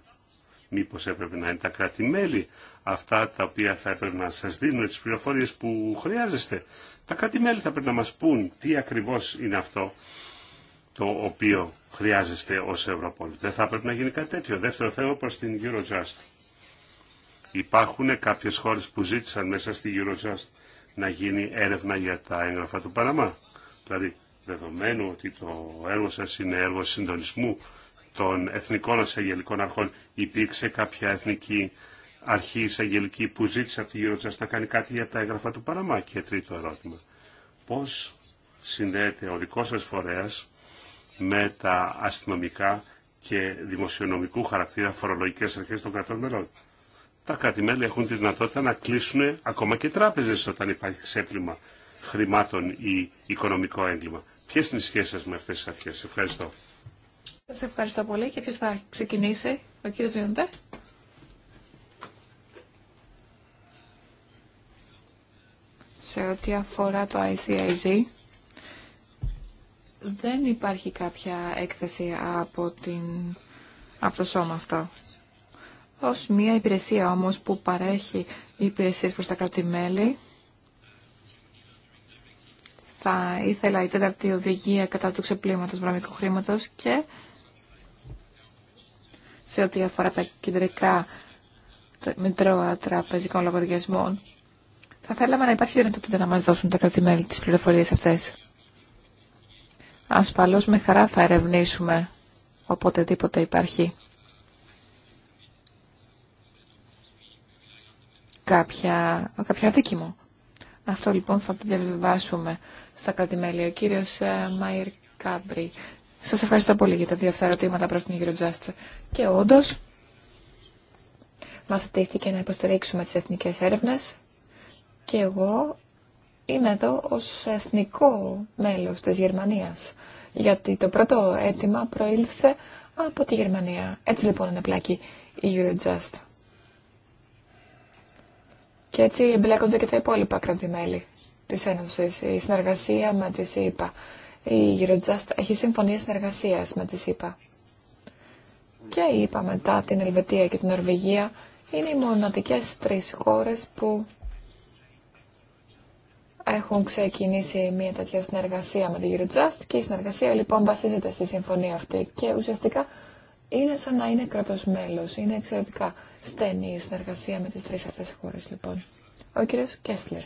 Μήπω έπρεπε να είναι τα κράτη-μέλη αυτά τα οποία θα έπρεπε να σα δίνουν τι πληροφορίε που χρειάζεστε. Τα κράτη-μέλη θα πρέπει να μα πούν τι ακριβώ είναι αυτό το οποίο χρειάζεστε ω Ευρωπόλ. Δεν θα πρέπει να γίνει κάτι τέτοιο. Δεύτερο θέμα προ την Eurojust Υπάρχουν κάποιες χώρες που ζήτησαν μέσα στη Eurojust να γίνει έρευνα για τα έγγραφα του Παναμά. Δηλαδή, δεδομένου ότι το έργο σας είναι έργο συντονισμού των εθνικών εισαγγελικών αρχών, υπήρξε κάποια εθνική αρχή εισαγγελική που ζήτησε από τη Eurojust να κάνει κάτι για τα έγγραφα του Παναμά. Και τρίτο ερώτημα. Πώς συνδέεται ο δικός σας φορέας με τα αστυνομικά και δημοσιονομικού χαρακτήρα φορολογικές αρχές των κρατών μελών τα κράτη-μέλη έχουν τη δυνατότητα να κλείσουν ακόμα και τράπεζες όταν υπάρχει ξέπλυμα χρημάτων ή οικονομικό έγκλημα. Ποιε είναι οι σχέσει με αυτέ τι αρχέ. Ευχαριστώ. Σα ευχαριστώ πολύ και ποιο θα ξεκινήσει, ο κύριος Βιοντέ. Σε ό,τι αφορά το ICIG, δεν υπάρχει κάποια έκθεση από, την... από το σώμα αυτό ως μια υπηρεσία όμως που παρέχει υπηρεσίες προς τα κράτη-μέλη. Θα ήθελα η τέταρτη οδηγία κατά του ξεπλήματος βραμικού χρήματος και σε ό,τι αφορά τα κεντρικά μητρώα τραπεζικών λογαριασμών. Θα θέλαμε να υπάρχει δυνατότητα να μας δώσουν τα κράτη-μέλη τις πληροφορίες αυτές. Ασφαλώς με χαρά θα ερευνήσουμε οποτεδήποτε υπάρχει κάποια, κάποια δίκημο. Αυτό λοιπόν θα το διαβιβάσουμε στα κρατημέλη. Ο κύριος ε, Μάιρ Κάμπρι. Σας ευχαριστώ πολύ για τα δύο αυτά ερωτήματα προς την κύριο Και όντως, μας ατήθηκε να υποστηρίξουμε τις εθνικές έρευνες και εγώ είμαι εδώ ως εθνικό μέλος της Γερμανίας. Γιατί το πρώτο αίτημα προήλθε από τη Γερμανία. Έτσι λοιπόν είναι πλάκη η Eurojust. Και έτσι εμπλέκονται και τα υπολοιπα κρατημέλη τη Ένωση. Η συνεργασία με τη ΣΥΠΑ. Η Eurojust έχει συμφωνία συνεργασία με τη ΣΥΠΑ. Και η ΕΠΑ μετά την Ελβετία και την Νορβηγία είναι οι μοναδικέ τρει χώρε που έχουν ξεκινήσει μια τέτοια συνεργασία με τη Eurojust και η συνεργασία λοιπόν βασίζεται στη συμφωνία αυτή και ουσιαστικά είναι σαν να είναι κράτο Είναι εξαιρετικά η συνεργασία με τις τρεις αυτές χώρες, λοιπόν. Ο κύριος Κέσλερ.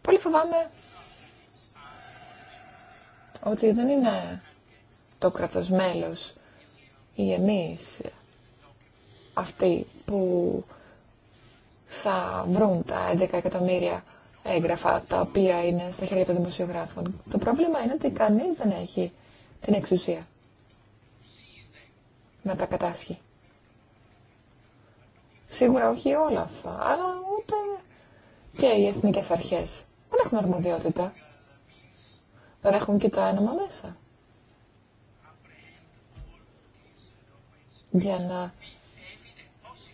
Πολύ φοβάμαι ότι δεν είναι το κράτος μέλος ή εμείς αυτοί που θα βρουν τα 11 εκατομμύρια έγγραφα τα οποία είναι στα χέρια των δημοσιογράφων. Το πρόβλημα είναι ότι κανείς δεν έχει την εξουσία να τα κατάσχει. Σίγουρα όχι όλα αυτά, αλλά ούτε και οι εθνικέ αρχέ. Δεν έχουν αρμοδιότητα. Δεν έχουν και το ένωμα μέσα. Για να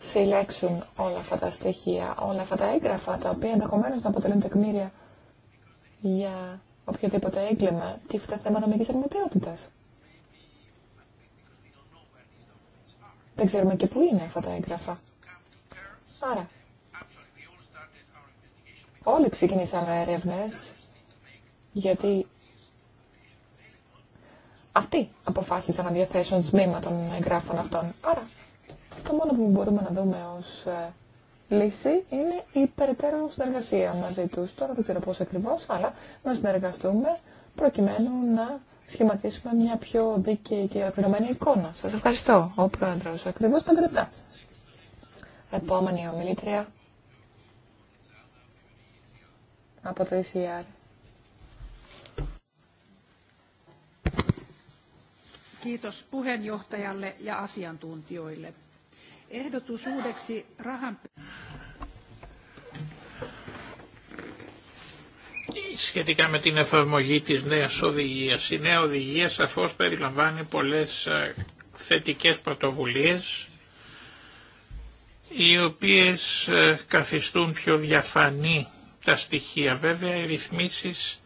συλλέξουν όλα αυτά τα στοιχεία, όλα αυτά τα έγγραφα, τα οποία ενδεχομένω να αποτελούν τεκμήρια για οποιοδήποτε έγκλημα, τίθεται θέμα νομική αρμοδιότητας. Δεν ξέρουμε και πού είναι αυτά τα έγγραφα. Άρα, όλοι ξεκινήσαμε έρευνες, γιατί αυτοί αποφάσισαν να διαθέσουν τμήμα των εγγράφων αυτών. Άρα, το μόνο που μπορούμε να δούμε ως ε, λύση είναι η περαιτέρω συνεργασία μαζί τους. Τώρα δεν ξέρω πώς ακριβώς, αλλά να συνεργαστούμε προκειμένου να σχηματίσουμε μια πιο δίκαιη και ολοκληρωμένη εικόνα. Σας ευχαριστώ, ο Πρόεδρος. Ακριβώς πέντε λεπτά. Επόμενη ομιλήτρια από το ECR. Kiitos puheenjohtajalle ja asiantuntijoille. Ehdotus uudeksi rahan... Σχετικά με την εφαρμογή της νέας οδηγίας. Η νέα οδηγία σαφώς περιλαμβάνει πολλές ε, θετικές πρωτοβουλίες οι οποίες ε, καθιστούν πιο διαφανή τα στοιχεία. Βέβαια οι ρυθμίσεις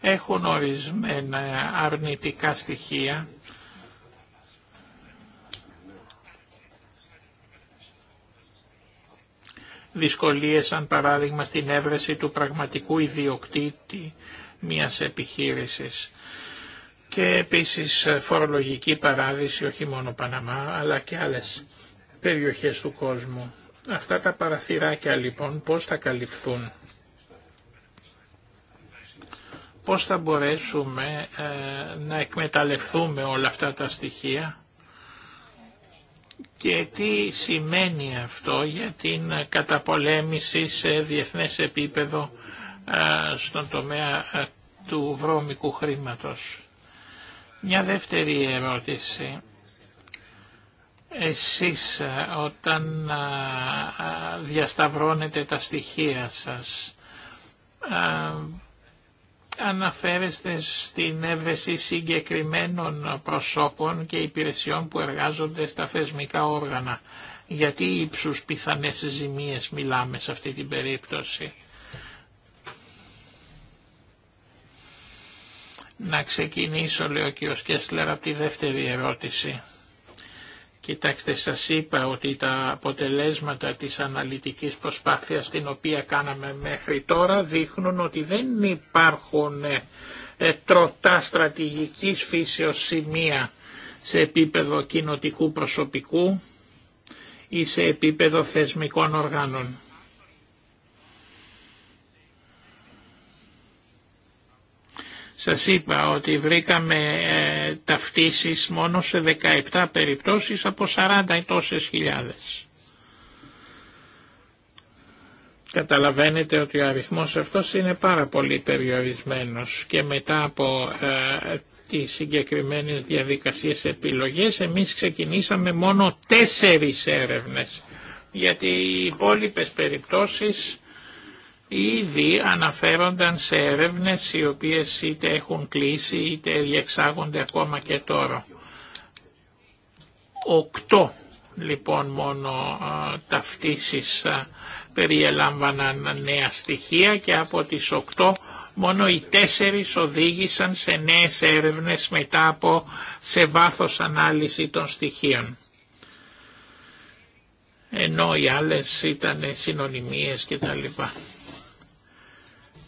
έχουν ορισμένα αρνητικά στοιχεία. Δυσκολίες, σαν παράδειγμα, στην έβρεση του πραγματικού ιδιοκτήτη μιας επιχείρησης. Και επίσης ε, φορολογική παράδειση, όχι μόνο Παναμά, αλλά και άλλες περιοχές του κόσμου. Αυτά τα παραθυράκια λοιπόν πώς θα καλυφθούν. Πώς θα μπορέσουμε ε, να εκμεταλλευτούμε όλα αυτά τα στοιχεία και τι σημαίνει αυτό για την καταπολέμηση σε διεθνές επίπεδο ε, στον τομέα ε, του βρώμικου χρήματος. Μια δεύτερη ερώτηση εσείς ε, όταν ε, ε, διασταυρώνετε τα στοιχεία σας αναφέρεστε στην έβρεση συγκεκριμένων προσώπων και υπηρεσιών που εργάζονται στα θεσμικά όργανα. Γιατί ύψους πιθανές ζημίες μιλάμε σε αυτή την περίπτωση. Να ξεκινήσω, λέει ο κ. Κέσλερ, από τη δεύτερη ερώτηση. Κοιτάξτε, σας είπα ότι τα αποτελέσματα της αναλυτικής προσπάθειας την οποία κάναμε μέχρι τώρα δείχνουν ότι δεν υπάρχουν ε, ε, τροτά στρατηγικής φύσεως σημεία σε επίπεδο κοινοτικού προσωπικού ή σε επίπεδο θεσμικών οργάνων. Σας είπα ότι βρήκαμε ε, ταυτίσεις μόνο σε 17 περιπτώσεις από 40 ή τόσες χιλιάδες. Καταλαβαίνετε ότι ο αριθμός αυτός είναι πάρα πολύ περιορισμένος και μετά από ε, τις συγκεκριμένες διαδικασίες επιλογές εμείς ξεκινήσαμε μόνο τέσσερις έρευνες γιατί οι υπόλοιπε περιπτώσεις ήδη αναφέρονταν σε έρευνες οι οποίες είτε έχουν κλείσει είτε διεξάγονται ακόμα και τώρα. Οκτώ λοιπόν μόνο ταυτίσεις περιελάμβαναν νέα στοιχεία και από τις οκτώ μόνο οι τέσσερις οδήγησαν σε νέες έρευνες μετά από σε βάθος ανάλυση των στοιχείων. Ενώ οι άλλες ήταν συνωνυμίες κτλ.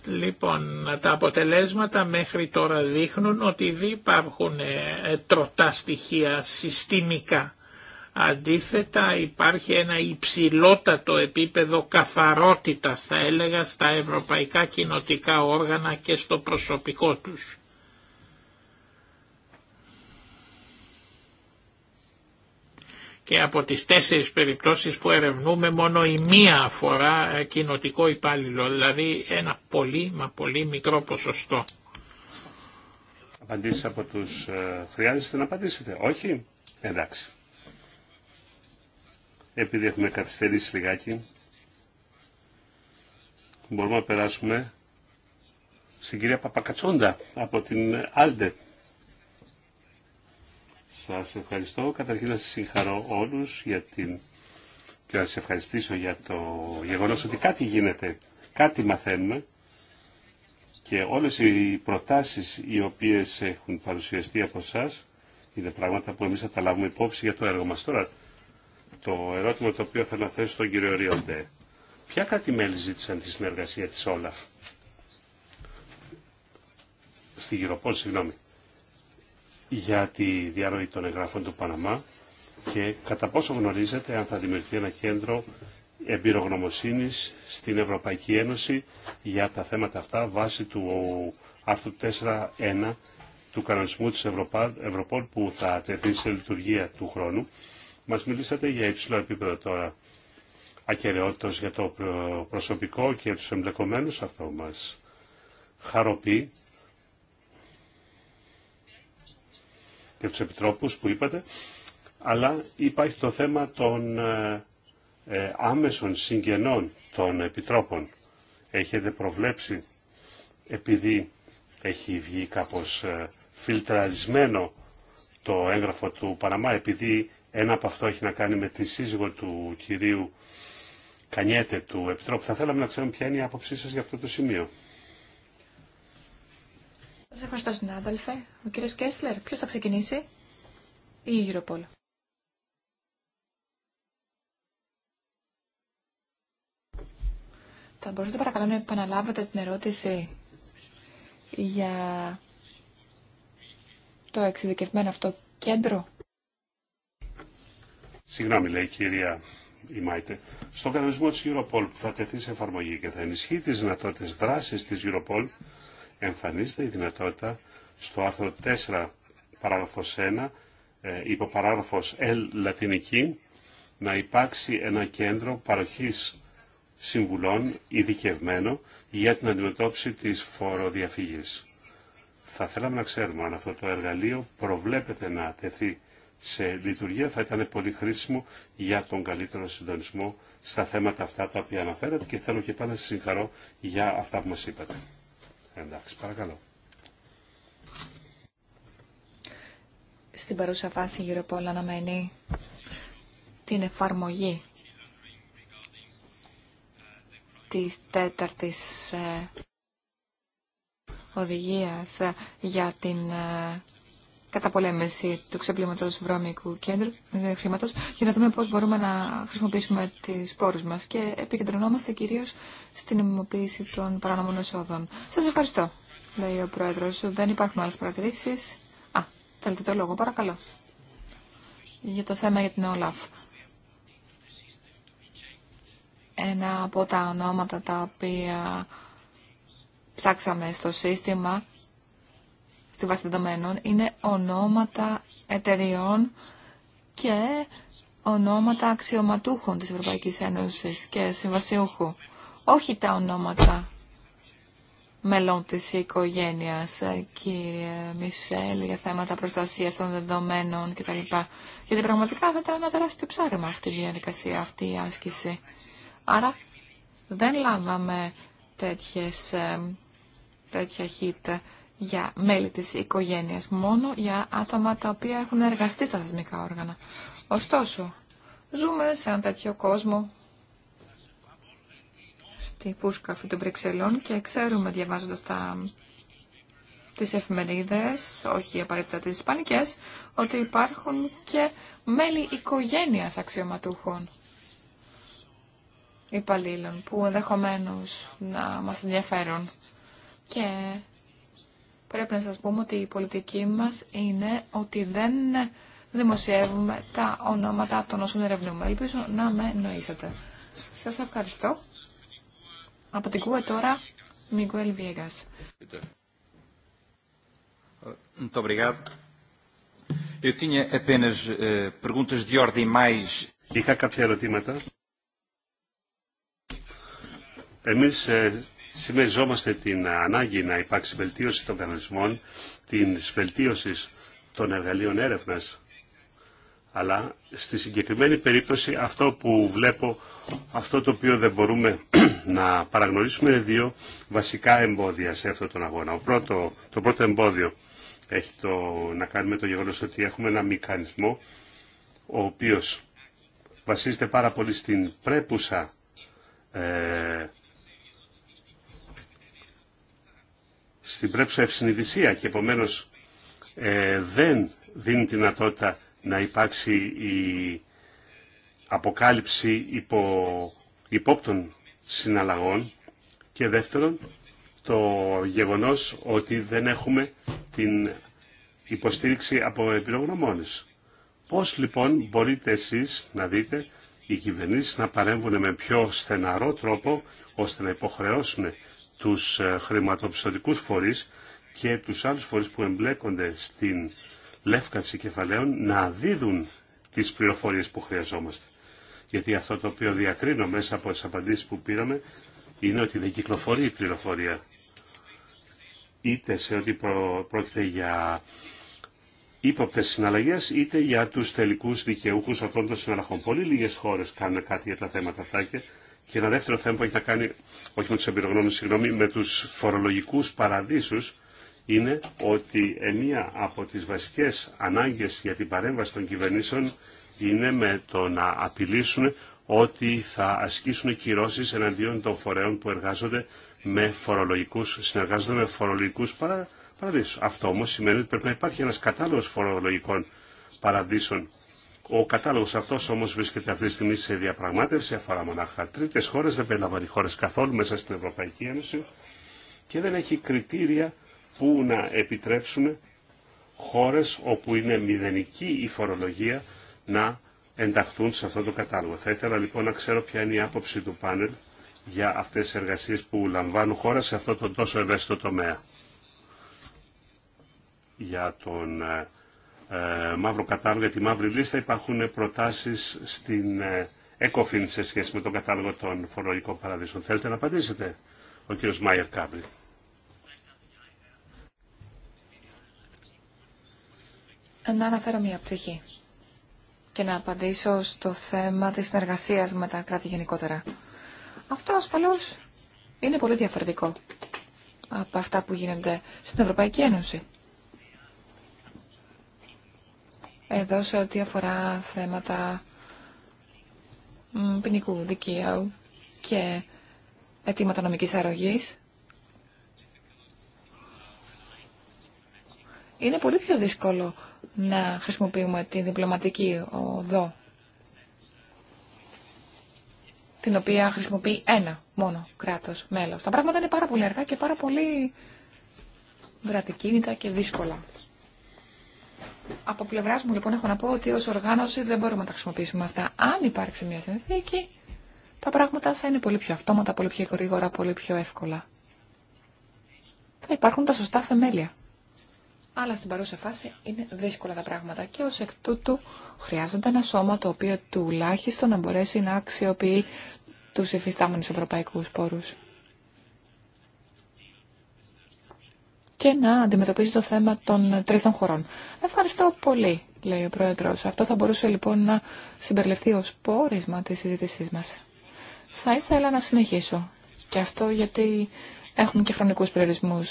Λοιπόν, τα αποτελέσματα μέχρι τώρα δείχνουν ότι δεν υπάρχουν ε, τροτά στοιχεία συστημικά. Αντίθετα υπάρχει ένα υψηλότατο επίπεδο καθαρότητας θα έλεγα στα ευρωπαϊκά κοινοτικά όργανα και στο προσωπικό τους. και από τις τέσσερις περιπτώσεις που ερευνούμε μόνο η μία αφορά ε, κοινοτικό υπάλληλο, δηλαδή ένα πολύ μα πολύ μικρό ποσοστό. Απαντήσεις από τους... Ε, χρειάζεστε να απαντήσετε, όχι? Εντάξει. Επειδή έχουμε καθυστερήσει λιγάκι, μπορούμε να περάσουμε στην κυρία Παπακατσόντα από την Άλντετ. Σας ευχαριστώ. Καταρχήν να σας συγχαρώ όλους για την... και να σας ευχαριστήσω για το γεγονός ότι κάτι γίνεται, κάτι μαθαίνουμε και όλες οι προτάσεις οι οποίες έχουν παρουσιαστεί από εσά είναι πράγματα που εμείς θα τα λάβουμε υπόψη για το έργο μας. Τώρα το ερώτημα το οποίο θέλω να θέσω στον κύριο Ριοντέ. Ποια κάτι μελη ζήτησαν τη συνεργασία της Όλαφ στη Γυροπόλ, συγγνώμη για τη διαρροή των εγγράφων του Παναμά και κατά πόσο γνωρίζετε αν θα δημιουργηθεί ένα κέντρο εμπειρογνωμοσύνης στην Ευρωπαϊκή Ένωση για τα θέματα αυτά βάσει του άρθρου 4.1 του κανονισμού της Ευρωπόλ που θα τεθεί σε λειτουργία του χρόνου. Μας μιλήσατε για υψηλό επίπεδο τώρα ακαιρεότητας για το προσωπικό και τους εμπλεκομένους. Αυτό μας χαροποιεί και τους επιτρόπους που είπατε, αλλά υπάρχει το θέμα των ε, ε, άμεσων συγγενών των επιτρόπων. Έχετε προβλέψει, επειδή έχει βγει κάπως ε, φιλτραρισμένο το έγγραφο του Παναμά, επειδή ένα από αυτό έχει να κάνει με τη σύζυγο του κυρίου Κανιέτε, του Επιτρόπου. Θα θέλαμε να ξέρουμε ποια είναι η άποψή σας για αυτό το σημείο. Σας ευχαριστώ συνάδελφε. Ο κύριος Κέσλερ, ποιος θα ξεκινήσει ή η Τα Θα μπορούσατε παρακαλώ να επαναλάβετε την ερώτηση για το εξειδικευμένο αυτό κέντρο. Συγγνώμη, λέει η κυρία η Μάιτε. Στον κανονισμό της Europol που θα τεθεί σε εφαρμογή και θα ενισχύει τις δυνατότητες δράσης της Europol, εμφανίζεται η δυνατότητα στο άρθρο 4 παράγραφος 1 ε, υπό παράγραφος L λατινική να υπάρξει ένα κέντρο παροχής συμβουλών ειδικευμένο για την αντιμετώπιση της φοροδιαφυγής. Θα θέλαμε να ξέρουμε αν αυτό το εργαλείο προβλέπεται να τεθεί σε λειτουργία θα ήταν πολύ χρήσιμο για τον καλύτερο συντονισμό στα θέματα αυτά τα οποία αναφέρατε και θέλω και πάλι να σας συγχαρώ για αυτά που μας είπατε. Εντάξει, παρακαλώ. Στην παρούσα φάση γύρω από όλα αναμένει την εφαρμογή της τέταρτης ε, οδηγίας ε, για την ε, καταπολέμηση του ξεπλήματος βρώμικου κέντρου ε, χρήματος για να δούμε πώς μπορούμε να χρησιμοποιήσουμε τις πόρους μας και επικεντρωνόμαστε κυρίως στην νομιμοποίηση των παράνομων εσόδων. Σας ευχαριστώ, λέει ο Πρόεδρος. Δεν υπάρχουν άλλες παρατηρήσεις. Α, θέλετε το λόγο, παρακαλώ. Για το θέμα για την ΟΛΑΦ. Ένα από τα ονόματα τα οποία ψάξαμε στο σύστημα στη βάση δεδομένων είναι ονόματα εταιριών και ονόματα αξιωματούχων της Ευρωπαϊκής Ένωσης και συμβασιούχου. Όχι τα ονόματα μελών της οικογένειας, ε, κύριε Μισελ, για θέματα προστασίας των δεδομένων κτλ. Γιατί πραγματικά θα ήταν ένα τεράστιο ψάρεμα αυτή η διαδικασία, αυτή η άσκηση. Άρα δεν λάβαμε ε, τέτοια hit για μέλη της οικογένειας, μόνο για άτομα τα οποία έχουν εργαστεί στα θεσμικά όργανα. Ωστόσο, ζούμε σε ένα τέτοιο κόσμο στη φούσκα αυτή των Βρυξελών και ξέρουμε διαβάζοντας τα τις εφημερίδες, όχι απαραίτητα τις ισπανικές, ότι υπάρχουν και μέλη οικογένειας αξιωματούχων υπαλλήλων που ενδεχομένω να μας ενδιαφέρουν. Και πρέπει να σας πούμε ότι η πολιτική μας είναι ότι δεν δημοσιεύουμε τα ονόματα των όσων ερευνούμε. Ελπίζω να με νοήσετε. Σας ευχαριστώ. Από την ΚΟΕ τώρα, Μιγκουέλ Βιέγκας. Eh, Είχα κάποια ερωτήματα. Εμείς ε, Συμμεριζόμαστε την ανάγκη να υπάρξει βελτίωση των κανονισμών, την βελτίωση των εργαλείων έρευνας, αλλά στη συγκεκριμένη περίπτωση αυτό που βλέπω, αυτό το οποίο δεν μπορούμε να παραγνωρίσουμε είναι δύο βασικά εμπόδια σε αυτόν τον αγώνα. Ο πρώτο, το πρώτο εμπόδιο έχει το, να κάνει με το γεγονός ότι έχουμε ένα μηχανισμό ο οποίος βασίζεται πάρα πολύ στην πρέπουσα ε, στην πρέψου ευσυνειδησία και επομένως ε, δεν δίνει τη δυνατότητα να υπάρξει η αποκάλυψη υπό, υπόπτων συναλλαγών και δεύτερον το γεγονός ότι δεν έχουμε την υποστήριξη από επιλογνωμόνες. Πώς λοιπόν μπορείτε εσείς να δείτε οι κυβερνήσεις να παρέμβουν με πιο στεναρό τρόπο ώστε να υποχρεώσουν τους ε, χρηματοπιστωτικούς φορείς και τους άλλους φορείς που εμπλέκονται στην λεύκαση κεφαλαίων να δίδουν τις πληροφορίες που χρειαζόμαστε. Γιατί αυτό το οποίο διακρίνω μέσα από τις απαντήσεις που πήραμε είναι ότι δεν κυκλοφορεί η πληροφορία. Είτε σε ό,τι πρόκειται για ύποπτε συναλλαγέ, είτε για του τελικού δικαιούχου αυτών των συναλλαγών. Πολύ λίγε χώρε κάνουν κάτι για τα θέματα αυτά και και ένα δεύτερο θέμα που έχει να κάνει, όχι με τους εμπειρογνώμου, συγγνώμη, με τους φορολογικούς παραδείσους, είναι ότι μία από τις βασικέ ανάγκες για την παρέμβαση των κυβερνήσεων είναι με το να απειλήσουν ότι θα ασκήσουν κυρώσει εναντίον των φορέων που εργάζονται με φορολογικούς, συνεργάζονται με φορολογικού παραδείσου. Αυτό όμω σημαίνει ότι πρέπει να υπάρχει ένα κατάλογο φορολογικών παραδείσων ο κατάλογος αυτός όμως βρίσκεται αυτή τη στιγμή σε διαπραγμάτευση, αφορά μονάχα Τρίτε χώρες, δεν περιλαμβάνει χώρες καθόλου μέσα στην Ευρωπαϊκή Ένωση και δεν έχει κριτήρια που να επιτρέψουν χώρες όπου είναι μηδενική η φορολογία να ενταχθούν σε αυτό το κατάλογο. Θα ήθελα λοιπόν να ξέρω ποια είναι η άποψη του πάνελ για αυτέ τι εργασίε που λαμβάνουν χώρα σε αυτό το τόσο ευαίσθητο τομέα. Για τον ε, ε, μαύρο κατάλογο για τη μαύρη λίστα υπάρχουν προτάσεις στην ΕΚΟΦΗΝ σε σχέση με τον κατάλογο των φορολογικών παραδείσων. Θέλετε να απαντήσετε, ο κύριος Μάιερ Κάμπλη. Να αναφέρω μία πτυχή και να απαντήσω στο θέμα της συνεργασίας με τα κράτη γενικότερα. Αυτό ασφαλώς είναι πολύ διαφορετικό από αυτά που γίνονται στην Ευρωπαϊκή Ένωση. εδώ σε ό,τι αφορά θέματα ποινικού δικαίου και αιτήματα νομικής αρρωγής. Είναι πολύ πιο δύσκολο να χρησιμοποιούμε τη διπλωματική οδό, την οποία χρησιμοποιεί ένα μόνο κράτος μέλος. Τα πράγματα είναι πάρα πολύ αργά και πάρα πολύ βρατικίνητα και δύσκολα. Από πλευρά μου λοιπόν έχω να πω ότι ω οργάνωση δεν μπορούμε να τα χρησιμοποιήσουμε αυτά. Αν υπάρξει μια συνθήκη, τα πράγματα θα είναι πολύ πιο αυτόματα, πολύ πιο γρήγορα, πολύ πιο εύκολα. Θα υπάρχουν τα σωστά θεμέλια. Αλλά στην παρούσα φάση είναι δύσκολα τα πράγματα και ως εκ τούτου χρειάζεται ένα σώμα το οποίο τουλάχιστον να μπορέσει να αξιοποιεί τους υφιστάμενους ευρωπαϊκούς πόρους. και να αντιμετωπίζει το θέμα των τρίτων χωρών. Ευχαριστώ πολύ, λέει ο Πρόεδρο. Αυτό θα μπορούσε λοιπόν να συμπεριληφθεί ω πόρισμα τη συζήτησή μα. Θα ήθελα να συνεχίσω. Και αυτό γιατί έχουμε και χρονικού περιορισμού.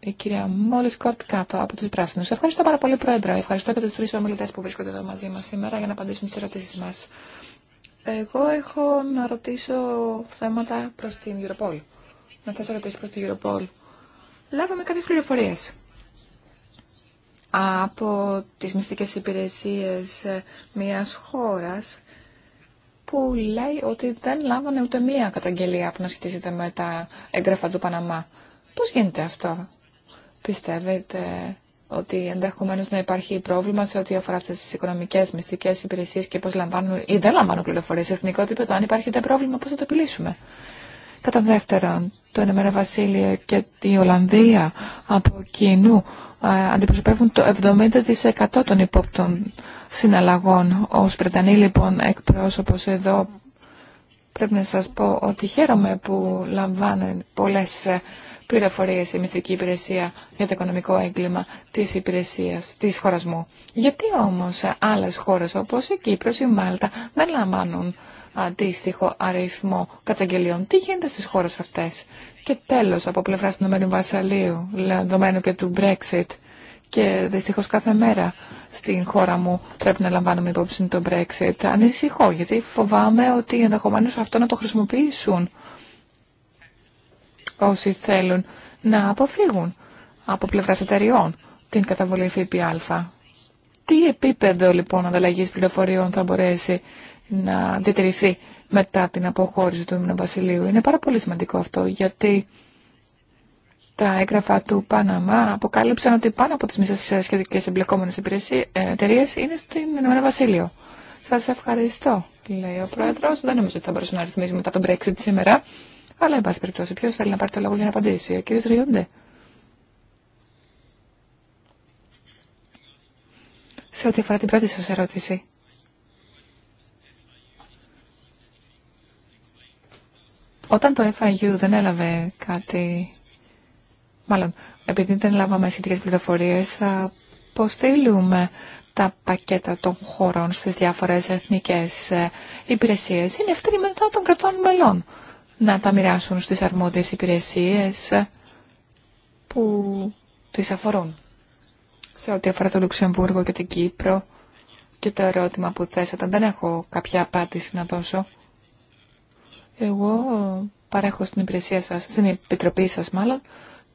Η κυρία Μόλι Κόρτ κάτω από του Πράσινου. Ευχαριστώ πάρα πολύ, Πρόεδρο. Ευχαριστώ και του τρει ομιλητέ που βρίσκονται εδώ μαζί μα σήμερα για να απαντήσουν τι ερωτήσει μα. Εγώ έχω να ρωτήσω θέματα προ την Europol. Να θέσω ερωτήσει προ την Europol λάβαμε κάποιες πληροφορίες από τις μυστικές υπηρεσίες μιας χώρας που λέει ότι δεν λάβανε ούτε μία καταγγελία που να σχετίζεται με τα έγγραφα του Παναμά. Πώς γίνεται αυτό, πιστεύετε ότι ενδεχομένως να υπάρχει πρόβλημα σε ό,τι αφορά αυτές τις οικονομικές, μυστικές υπηρεσίες και πώς λαμβάνουν ή δεν λαμβάνουν πληροφορίες σε εθνικό επίπεδο. Αν υπάρχει πρόβλημα, πώς θα το επιλύσουμε. Κατά δεύτερον, το Ηνωμένο Βασίλειο και η Ολλανδία από κοινού ε, αντιπροσωπεύουν το 70% των υπόπτων συναλλαγών. ω Βρετανή λοιπόν εκπρόσωπος εδώ πρέπει να σας πω ότι χαίρομαι που λαμβάνουν πολλές ε, πληροφορίες η μυστική υπηρεσία για το οικονομικό έγκλημα της υπηρεσίας της χώρας μου. Γιατί όμως ε, άλλες χώρες όπως η Κύπρος, η Μάλτα δεν λαμβάνουν αντίστοιχο αριθμό καταγγελιών. Τι γίνεται στις χώρες αυτές. Και τέλος, από πλευράς του Ηνωμένου Βασιλείου, δεδομένου και του Brexit, και δυστυχώς κάθε μέρα στην χώρα μου πρέπει να λαμβάνουμε υπόψη το Brexit. Ανησυχώ γιατί φοβάμαι ότι ενδεχομένω αυτό να το χρησιμοποιήσουν όσοι θέλουν να αποφύγουν από πλευράς εταιριών την καταβολή ΦΠΑ. Τι επίπεδο λοιπόν ανταλλαγής πληροφοριών θα μπορέσει να διατηρηθεί μετά την αποχώρηση του Ιμνου Βασιλείου. Είναι πάρα πολύ σημαντικό αυτό γιατί τα έγγραφα του Πάναμα αποκάλυψαν ότι πάνω από τις μισές σχετικές εμπλεκόμενες ε, εταιρείε είναι στην Ηνωμένο Βασίλειο. Σας ευχαριστώ, λέει ο Πρόεδρος. Δεν νομίζω ότι θα μπορούσαμε να ρυθμίσουμε μετά τον Brexit σήμερα. Αλλά, εν πάση περιπτώσει, ποιος θέλει να πάρει το λόγο για να απαντήσει. Ο κ. Ριόντε. Σε ό,τι αφορά την πρώτη σας ερώτηση. Όταν το FIU δεν έλαβε κάτι, μάλλον επειδή δεν λάβαμε σχετικές πληροφορίες, θα αποστείλουμε τα πακέτα των χωρών στις διάφορες εθνικές ε, υπηρεσίες. Είναι ευθύνη μετά των κρατών μελών να τα μοιράσουν στις αρμόδιες υπηρεσίες ε, που τις αφορούν. Σε ό,τι αφορά το Λουξεμβούργο και την Κύπρο και το ερώτημα που θέσατε, δεν έχω κάποια απάντηση να δώσω εγώ ε, παρέχω στην υπηρεσία σας, στην επιτροπή σας μάλλον,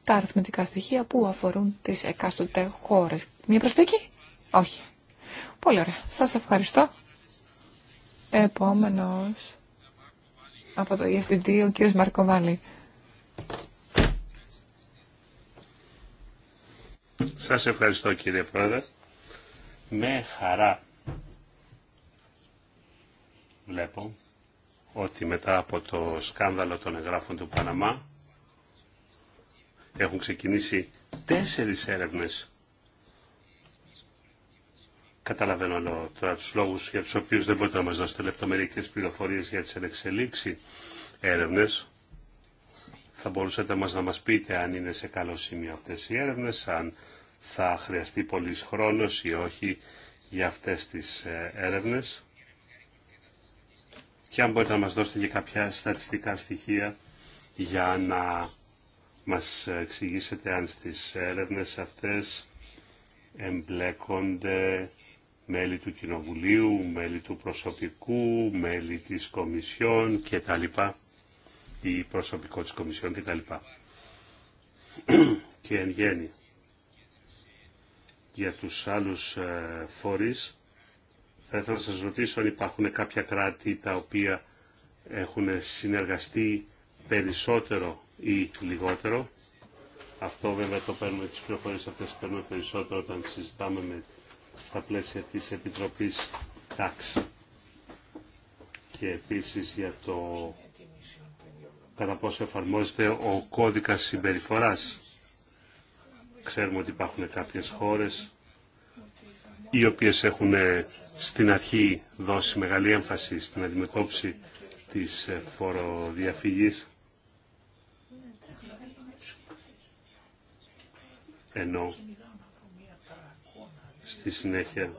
τα αριθμητικά στοιχεία που αφορούν τις εκάστοτε χώρες. Μία προσθήκη? Όχι. Πολύ ωραία. Σας ευχαριστώ. Επόμενος από το EFTD, ο κύριος Μαρκοβάλη. Σας ευχαριστώ κύριε Πρόεδρε. Με χαρά βλέπω ότι μετά από το σκάνδαλο των εγγράφων του Παναμά έχουν ξεκινήσει τέσσερις έρευνες. Καταλαβαίνω όλο τώρα τους λόγους για τους οποίους δεν μπορείτε να μας δώσετε λεπτομερικές πληροφορίες για τις εξελίξει έρευνες. Θα μπορούσατε μας να μας πείτε αν είναι σε καλό σημείο αυτές οι έρευνες, αν θα χρειαστεί πολύς χρόνος ή όχι για αυτές τις ε, έρευνες και αν μπορείτε να μας δώσετε και κάποια στατιστικά στοιχεία για να μας εξηγήσετε αν στις έρευνες αυτές εμπλέκονται μέλη του Κοινοβουλίου, μέλη του προσωπικού, μέλη της Κομισιόν κτλ. ή προσωπικό της Κομισιόν κτλ. και εν γέννη για τους άλλους ε, φορείς θα ήθελα να σας ρωτήσω αν υπάρχουν κάποια κράτη τα οποία έχουν συνεργαστεί περισσότερο ή λιγότερο. Αυτό βέβαια το παίρνουμε, τις φορές αυτές παίρνουμε περισσότερο όταν συζητάμε με, στα πλαίσια της Επιτροπής ΤΑΞ. Και επίσης για το κατά πόσο εφαρμόζεται ο κώδικας συμπεριφοράς. Ξέρουμε ότι υπάρχουν κάποιες χώρες οι οποίες έχουν ε, στην αρχή δώσει μεγάλη έμφαση στην αντιμετώπιση της ε, φοροδιαφυγής ενώ στη συνέχεια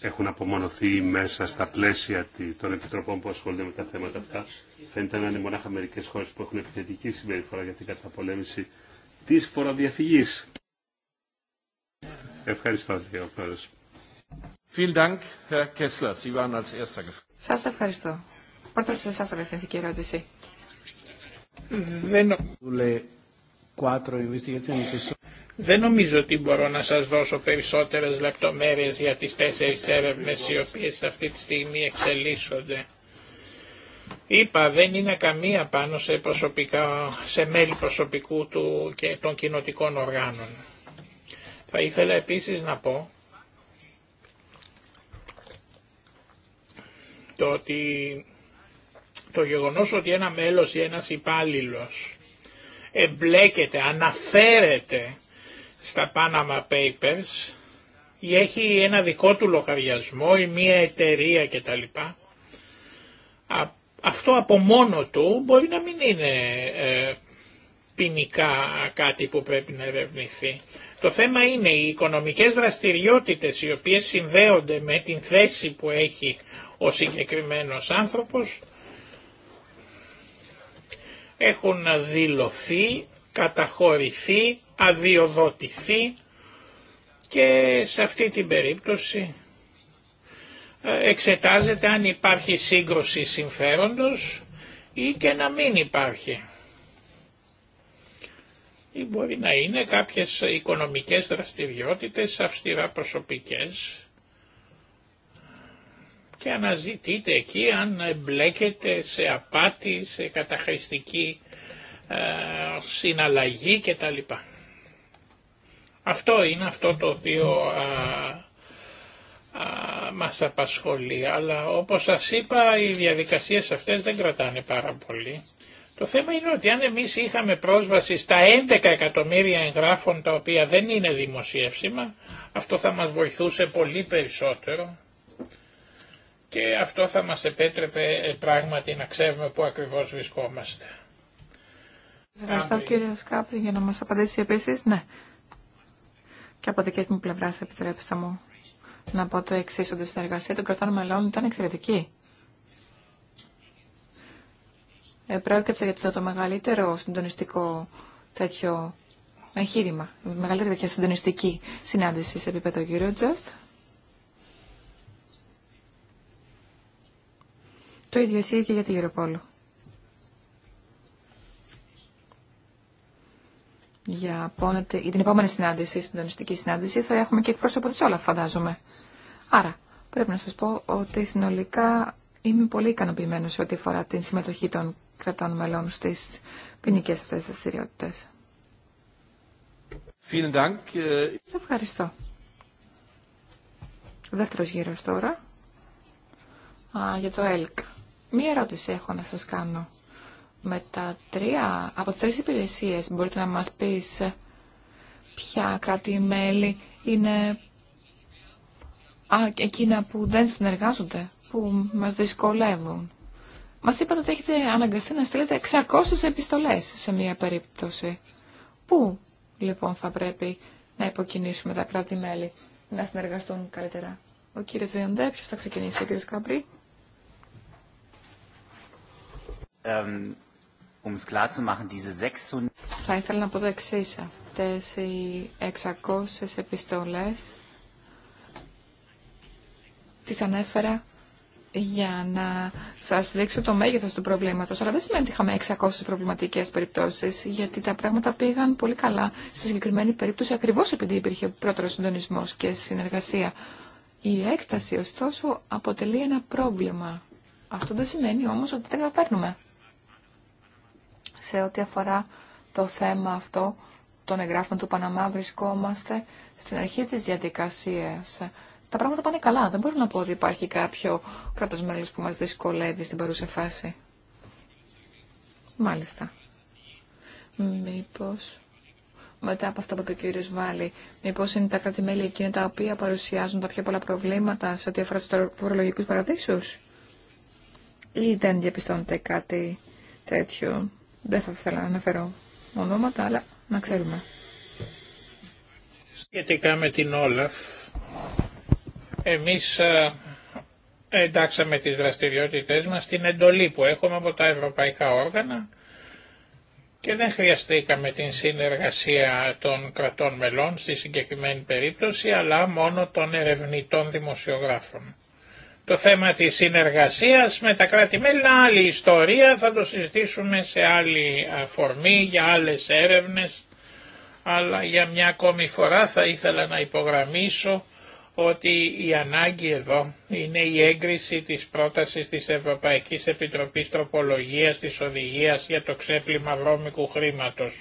έχουν απομονωθεί μέσα στα πλαίσια των επιτροπών που ασχολούνται με τα θέματα αυτά. Φαίνεται να είναι μονάχα μερικές χώρες που έχουν επιθετική συμπεριφορά για την καταπολέμηση της φοροδιαφυγής. Ευχαριστώ, κύριε Πρόεδρος. Σας ευχαριστώ. Πρώτα σε εσάς απευθυντική ερώτηση. Δεν... νομίζω ότι μπορώ να σας δώσω περισσότερες λεπτομέρειες για τις τέσσερις έρευνες οι οποίες αυτή τη στιγμή εξελίσσονται. Είπα, δεν είναι καμία πάνω σε, προσωπικά, σε μέλη προσωπικού του και των κοινοτικών οργάνων. Θα ήθελα επίσης να πω το ότι το γεγονός ότι ένα μέλος ή ένας υπάλληλος εμπλέκεται, αναφέρεται στα Panama Papers ή έχει ένα δικό του λογαριασμό ή μία εταιρεία κτλ. Αυτό από μόνο του μπορεί να μην είναι ε, ποινικά κάτι που πρέπει να ερευνηθεί. Το θέμα είναι οι οικονομικές δραστηριότητες οι οποίες συνδέονται με την θέση που έχει ο συγκεκριμένος άνθρωπος έχουν δηλωθεί, καταχωρηθεί, αδειοδοτηθεί και σε αυτή την περίπτωση ε, εξετάζεται αν υπάρχει σύγκρουση συμφέροντος ή και να μην υπάρχει ή μπορεί να είναι κάποιες οικονομικές δραστηριότητες αυστηρά προσωπικές και αναζητείτε εκεί αν μπλέκετε σε απάτη, σε καταχρηστική ε, συναλλαγή κτλ. Αυτό είναι αυτό το οποίο α, μας απασχολεί, αλλά όπως σας είπα οι διαδικασίες αυτές δεν κρατάνε πάρα πολύ το θέμα είναι ότι αν εμείς είχαμε πρόσβαση στα 11 εκατομμύρια εγγράφων τα οποία δεν είναι δημοσιεύσιμα, αυτό θα μας βοηθούσε πολύ περισσότερο και αυτό θα μας επέτρεπε ε, πράγματι να ξέρουμε πού ακριβώς βρισκόμαστε. Ευχαριστώ ευχαριστώ κύριε Σκάπρη για να μας απαντήσει επίσης. Ναι. Και από δική μου πλευρά επιτρέψτε μου να πω το εξή ότι η συνεργασία των κρατών μελών ήταν εξαιρετική. Ε, πρόκειται για το μεγαλύτερο συντονιστικό τέτοιο εγχείρημα, μεγαλύτερη τέτοια συντονιστική συνάντηση σε επίπεδο Eurojust. Το ίδιο ισχύει και για τη Γεροπόλου. Για, για την επόμενη συνάντηση, συντονιστική συνάντηση, θα έχουμε και εκπρόσωπο της όλα, φαντάζομαι. Άρα, πρέπει να σας πω ότι συνολικά είμαι πολύ ικανοποιημένο σε ό,τι αφορά την συμμετοχή των κρατών μελών στις ποινικέ αυτές δραστηριότητε. Σας ευχαριστώ. Δεύτερος γύρος τώρα. για το ΕΛΚ. Μία ερώτηση έχω να σας κάνω. Με τα τρία, από τις τρεις υπηρεσίες μπορείτε να μας πεις ποια κράτη-μέλη είναι α, εκείνα που δεν συνεργάζονται, που μας δυσκολεύουν. Μας είπατε ότι έχετε αναγκαστεί να στείλετε 600 επιστολές σε μία περίπτωση. Πού λοιπόν θα πρέπει να υποκινήσουμε τα κράτη-μέλη να συνεργαστούν καλύτερα. Ο κύριο Τριοντέ, ποιος θα ξεκινήσει, ο κύριος Καμπρί. Um, Θα ήθελα να πω το εξή. Αυτές οι 600 επιστολές τις ανέφερα για να σας δείξω το μέγεθος του προβλήματος. Αλλά δεν σημαίνει ότι είχαμε 600 προβληματικές περιπτώσεις, γιατί τα πράγματα πήγαν πολύ καλά στη συγκεκριμένη περίπτωση, ακριβώς επειδή υπήρχε πρώτερο συντονισμό και συνεργασία. Η έκταση, ωστόσο, αποτελεί ένα πρόβλημα. Αυτό δεν σημαίνει όμω ότι δεν παίρνουμε. Σε ό,τι αφορά το θέμα αυτό των εγγράφων του Παναμά, βρισκόμαστε στην αρχή τη διαδικασία τα πράγματα πάνε καλά. Δεν μπορώ να πω ότι υπάρχει κάποιο κράτο μέλο που μας δυσκολεύει στην παρούσα φάση. Μάλιστα. Μήπως μετά από αυτό που είπε ο κύριο Βάλη, μήπω είναι τα κράτη-μέλη εκείνα τα οποία παρουσιάζουν τα πιο πολλά προβλήματα σε ό,τι αφορά του φορολογικού παραδείσους ή δεν διαπιστώνεται κάτι τέτοιο. Δεν θα ήθελα να αναφέρω ονόματα, αλλά να ξέρουμε. Σχετικά με την Όλαφ, εμείς ε, εντάξαμε τις δραστηριότητες μας στην εντολή που έχουμε από τα ευρωπαϊκά όργανα και δεν χρειαστήκαμε την συνεργασία των κρατών μελών στη συγκεκριμένη περίπτωση, αλλά μόνο των ερευνητών δημοσιογράφων. Το θέμα της συνεργασίας με τα κράτη-μέλη είναι άλλη ιστορία, θα το συζητήσουμε σε άλλη αφορμή, για άλλες έρευνες, αλλά για μια ακόμη φορά θα ήθελα να υπογραμμίσω ότι η ανάγκη εδώ είναι η έγκριση της πρότασης της Ευρωπαϊκής Επιτροπής Τροπολογίας της Οδηγίας για το ξέπλυμα βρώμικου χρήματος.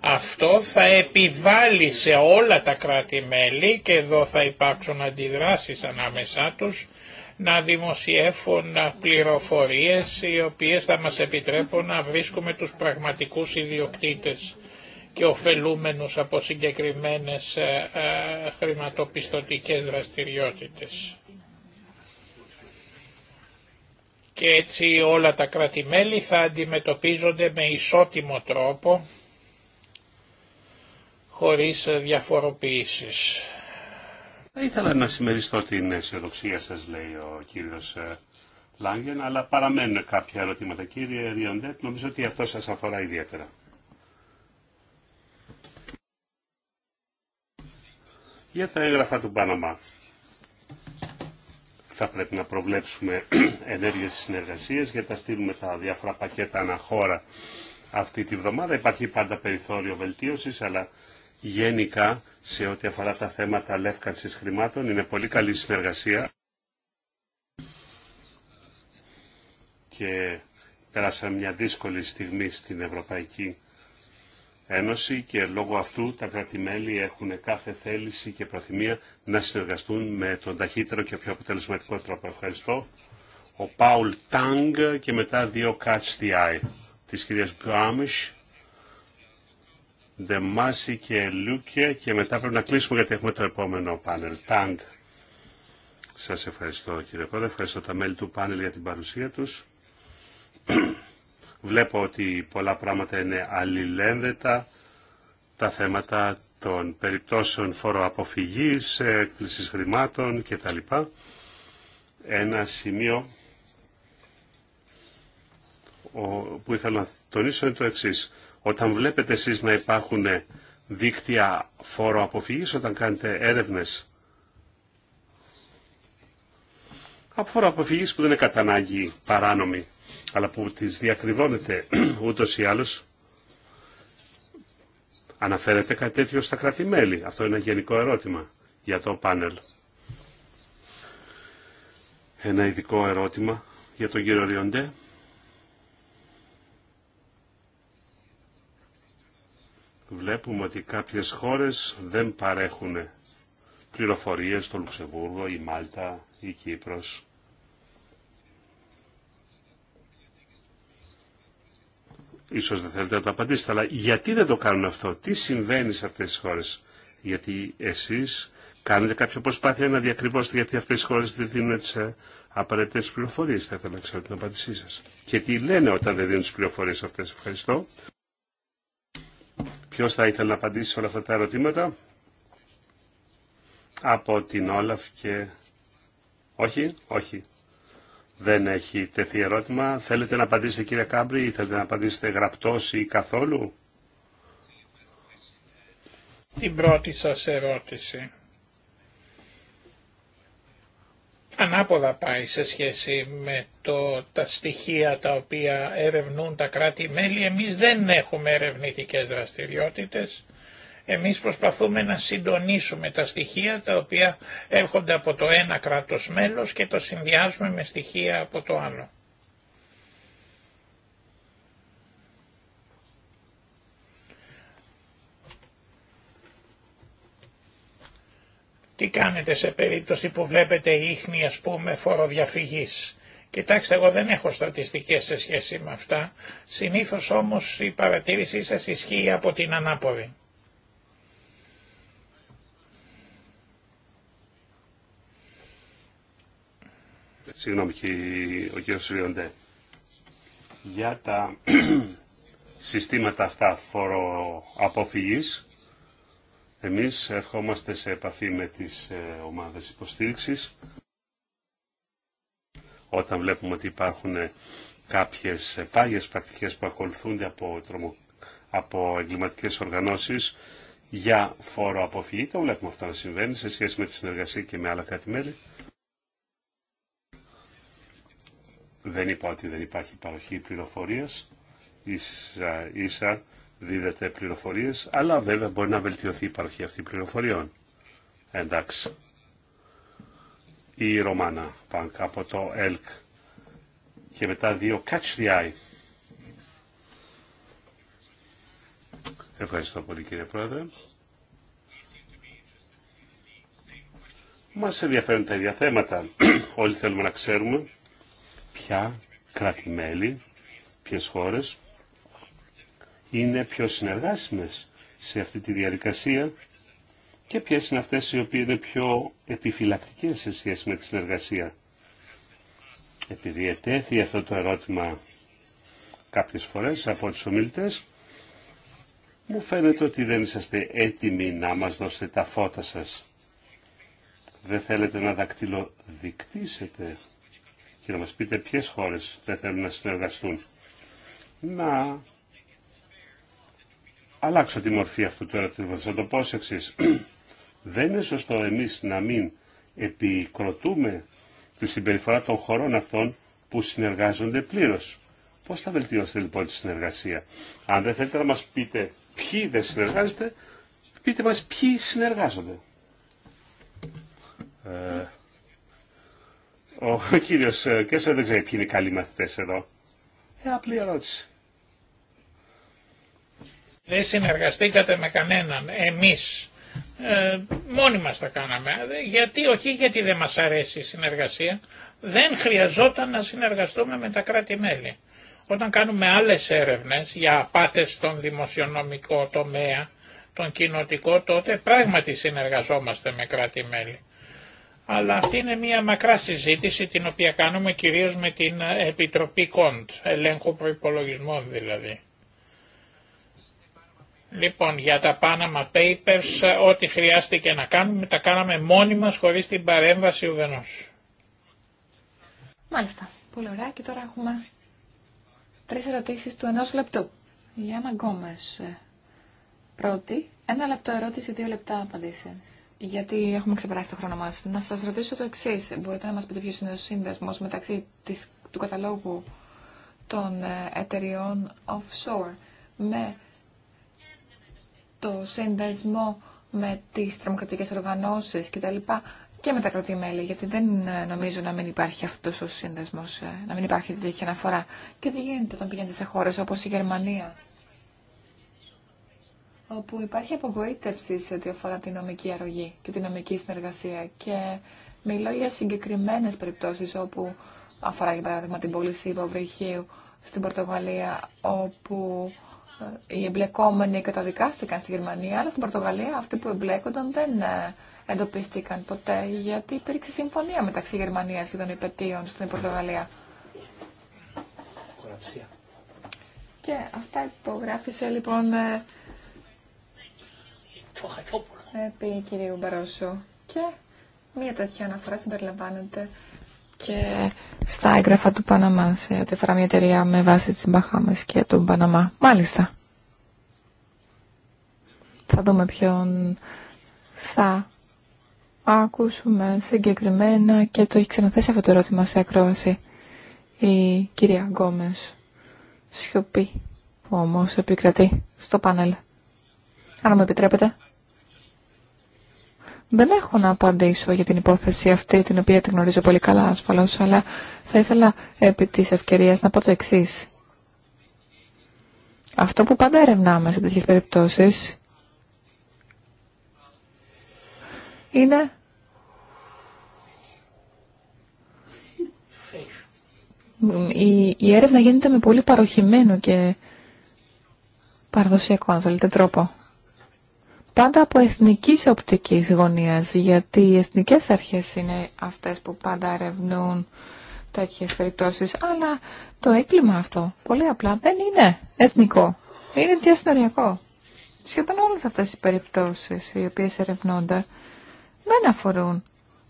Αυτό θα επιβάλλει σε όλα τα κράτη-μέλη και εδώ θα υπάρξουν αντιδράσεις ανάμεσά τους να δημοσιεύουν πληροφορίες οι οποίες θα μας επιτρέπουν να βρίσκουμε τους πραγματικούς ιδιοκτήτες και ωφελούμενους από συγκεκριμένες ε, ε, χρηματοπιστωτικές δραστηριότητες. Και έτσι όλα τα κρατημέλη θα αντιμετωπίζονται με ισότιμο τρόπο, χωρίς διαφοροποιήσεις. Θα ήθελα να συμμεριστώ την αισιοδοξία σας, λέει ο κύριος ε, Λάγγεν, αλλά παραμένουν κάποια ερωτήματα. Κύριε Ριοντέτ, νομίζω ότι αυτό σας αφορά ιδιαίτερα. Για τα έγγραφα του Παναμά. Θα πρέπει να προβλέψουμε ενέργειες συνεργασίες γιατί θα στείλουμε τα διάφορα πακέτα αναχώρα αυτή τη βδομάδα. Υπάρχει πάντα περιθώριο βελτίωσης, αλλά γενικά σε ό,τι αφορά τα θέματα λεύκανσης χρημάτων είναι πολύ καλή συνεργασία. Και πέρασα μια δύσκολη στιγμή στην Ευρωπαϊκή Ένωση και λόγω αυτού τα κράτη-μέλη έχουν κάθε θέληση και προθυμία να συνεργαστούν με τον ταχύτερο και πιο αποτελεσματικό τρόπο. Ευχαριστώ. Ο Πάουλ Τάγκ και μετά δύο Catch the Eye της κυρίας Γκάμισ, Δεμάση και Λούκια και μετά πρέπει να κλείσουμε γιατί έχουμε το επόμενο πάνελ. Τάγκ. Σας ευχαριστώ κύριε Πρόεδρε, ευχαριστώ τα μέλη του πάνελ για την παρουσία τους. Βλέπω ότι πολλά πράγματα είναι αλληλένδετα. Τα θέματα των περιπτώσεων φοροαποφυγής, έκπλησης χρημάτων κτλ. Ένα σημείο που ήθελα να τονίσω είναι το εξή. Όταν βλέπετε εσείς να υπάρχουν δίκτυα φοροαποφυγής, όταν κάνετε έρευνες από φοροαποφυγής που δεν είναι κατά παράνομη, αλλά που τις διακριβώνεται ούτως ή άλλως. Αναφέρεται κάτι τέτοιο στα κρατημέλη. Αυτό είναι ένα γενικό ερώτημα για το πάνελ. Ένα ειδικό ερώτημα για τον κύριο Ριοντέ. Βλέπουμε ότι κάποιες χώρες δεν παρέχουν πληροφορίες στο Λουξεμβούργο, η Μάλτα, η Κύπρος. ίσως δεν θέλετε να το απαντήσετε, αλλά γιατί δεν το κάνουν αυτό, τι συμβαίνει σε αυτές τις χώρες. Γιατί εσείς κάνετε κάποια προσπάθεια να διακριβώσετε γιατί αυτές οι χώρες δεν δίνουν τις ε, απαραίτητες πληροφορίες. Θα ήθελα να ξέρω την απάντησή σας. Και τι λένε όταν δεν δίνουν τις πληροφορίες αυτές. Ευχαριστώ. Ποιος θα ήθελε να απαντήσει σε όλα αυτά τα ερωτήματα. Από την Όλαφ και... Όχι, όχι. Δεν έχει τεθεί ερώτημα. Θέλετε να απαντήσετε κύριε Κάμπρη ή θέλετε να απαντήσετε γραπτός ή καθόλου. Την πρώτη σας ερώτηση. Ανάποδα πάει σε σχέση με το, τα στοιχεία τα οποία ερευνούν τα κράτη-μέλη. Εμείς δεν έχουμε ερευνητικές δραστηριότητες εμείς προσπαθούμε να συντονίσουμε τα στοιχεία τα οποία έρχονται από το ένα κράτος μέλος και το συνδυάζουμε με στοιχεία από το άλλο. Τι κάνετε σε περίπτωση που βλέπετε ίχνη ας πούμε φοροδιαφυγής. Κοιτάξτε, εγώ δεν έχω στατιστικές σε σχέση με αυτά. Συνήθως όμως η παρατήρησή σας ισχύει από την ανάποδη. συγγνώμη, ο κ. Σουριοντέ. για τα συστήματα αυτά φοροαποφυγής. Εμείς ερχόμαστε σε επαφή με τις ε, ομάδες υποστήριξης. Όταν βλέπουμε ότι υπάρχουν ε, κάποιες πάγιες πρακτικές που ακολουθούνται από, τρομο... από εγκληματικές οργανώσεις για φόρο το βλέπουμε αυτό να συμβαίνει σε σχέση με τη συνεργασία και με άλλα κράτη-μέλη. Δεν είπα ότι δεν υπάρχει παροχή πληροφορίας, ίσα, ίσα δίδεται πληροφορίες, αλλά βέβαια μπορεί να βελτιωθεί η παροχή αυτή πληροφοριών. Εντάξει. Η Ρωμάνα Πανκ από το ΕΛΚ και μετά δύο Catch the Eye. Ευχαριστώ πολύ κύριε Πρόεδρε. Μας ενδιαφέρουν τα ίδια θέματα. Όλοι θέλουμε να ξέρουμε ποια κράτη-μέλη, ποιες χώρες είναι πιο συνεργάσιμες σε αυτή τη διαδικασία και ποιες είναι αυτές οι οποίες είναι πιο επιφυλακτικές σε σχέση με τη συνεργασία. Επειδή ετέθη αυτό το ερώτημα κάποιες φορές από τους ομιλητές, μου φαίνεται ότι δεν είσαστε έτοιμοι να μας δώσετε τα φώτα σας. Δεν θέλετε να δακτυλοδεικτήσετε και να μας πείτε ποιες χώρες δεν θέλουν να συνεργαστούν. Να αλλάξω τη μορφή αυτού του ερωτήματος. Θα το πω ως εξής. δεν είναι σωστό εμείς να μην επικροτούμε τη συμπεριφορά των χωρών αυτών που συνεργάζονται πλήρως. Πώς θα βελτιώσετε λοιπόν τη συνεργασία. Αν δεν θέλετε να μας πείτε ποιοι δεν συνεργάζονται, πείτε μας ποιοι συνεργάζονται. Ε, ο κύριος ε, Κέσσερ δεν ξέρει ποιοι είναι καλοί μαθητές εδώ. Ε, απλή ερώτηση. Δεν συνεργαστήκατε με κανέναν, εμείς. Ε, μόνοι μας τα κάναμε. Ε, γιατί, όχι γιατί δεν μας αρέσει η συνεργασία. Δεν χρειαζόταν να συνεργαστούμε με τα κράτη-μέλη. Όταν κάνουμε άλλες έρευνες για απάτες στον δημοσιονομικό τομέα, τον κοινοτικό, τότε πράγματι συνεργαζόμαστε με κράτη-μέλη. Αλλά αυτή είναι μια μακρά συζήτηση την οποία κάνουμε κυρίως με την ε, Επιτροπή Κοντ, ελέγχου προϋπολογισμών δηλαδή. Λοιπόν, για τα Panama Papers, ε, ό,τι χρειάστηκε να κάνουμε, τα κάναμε μόνοι μας χωρίς την παρέμβαση ουδενός. Μάλιστα. Πολύ ωραία. Και τώρα έχουμε τρεις ερωτήσεις του ενός λεπτού. Γιάννα Γκόμες. Ε, πρώτη, ένα λεπτό ερώτηση, δύο λεπτά απαντήσεις γιατί έχουμε ξεπεράσει το χρόνο μας. Να σας ρωτήσω το εξή. Μπορείτε να μας πείτε ποιος είναι ο σύνδεσμος μεταξύ της, του καταλόγου των ε, εταιριών offshore με το σύνδεσμο με τις τρομοκρατικές οργανώσεις κτλ. και με τα κρατή-μέλη, γιατί δεν ε, νομίζω να μην υπάρχει αυτός ο σύνδεσμος, ε, να μην υπάρχει τέτοια αναφορά. Και τι γίνεται όταν πηγαίνετε σε χώρες όπως η Γερμανία όπου υπάρχει απογοήτευση σε ό,τι αφορά τη νομική αρρωγή και τη νομική συνεργασία. Και μιλώ για συγκεκριμένε περιπτώσει όπου αφορά, για παράδειγμα, την πώληση υποβρυχίου στην Πορτογαλία, όπου ε, οι εμπλεκόμενοι καταδικάστηκαν στη Γερμανία, αλλά στην Πορτογαλία αυτοί που εμπλέκονταν δεν ε, εντοπίστηκαν ποτέ, γιατί υπήρξε συμφωνία μεταξύ Γερμανίας και των υπετίων στην Πορτογαλία. Και αυτά υπογράφησε λοιπόν ε, επί ε, κυρίου Μπαρόσο. Και μία τέτοια αναφορά συμπεριλαμβάνεται και στα έγγραφα του Παναμά σε ό,τι αφορά μια εταιρεία με βάση τις Μπαχάμε και τον Παναμά. Μάλιστα. Θα δούμε ποιον θα ακούσουμε συγκεκριμένα και το έχει ξαναθέσει αυτό το ερώτημα σε ακρόαση η κυρία Γκόμε. Σιωπή που όμω επικρατεί στο πάνελ. Αν μου επιτρέπετε, δεν έχω να απαντήσω για την υπόθεση αυτή, την οποία την γνωρίζω πολύ καλά ασφαλώς, αλλά θα ήθελα επί της ευκαιρίας να πω το εξή. Αυτό που πάντα ερευνάμε σε τέτοιες περιπτώσεις είναι η, η έρευνα γίνεται με πολύ παροχημένο και παραδοσιακό, αν θέλετε, τρόπο πάντα από εθνικής οπτικής γωνίας, γιατί οι εθνικές αρχές είναι αυτές που πάντα ερευνούν τέτοιες περιπτώσεις, αλλά το έγκλημα αυτό πολύ απλά δεν είναι εθνικό, είναι διαστοριακό. Σχεδόν όλες αυτές οι περιπτώσεις οι οποίες ερευνούνται δεν αφορούν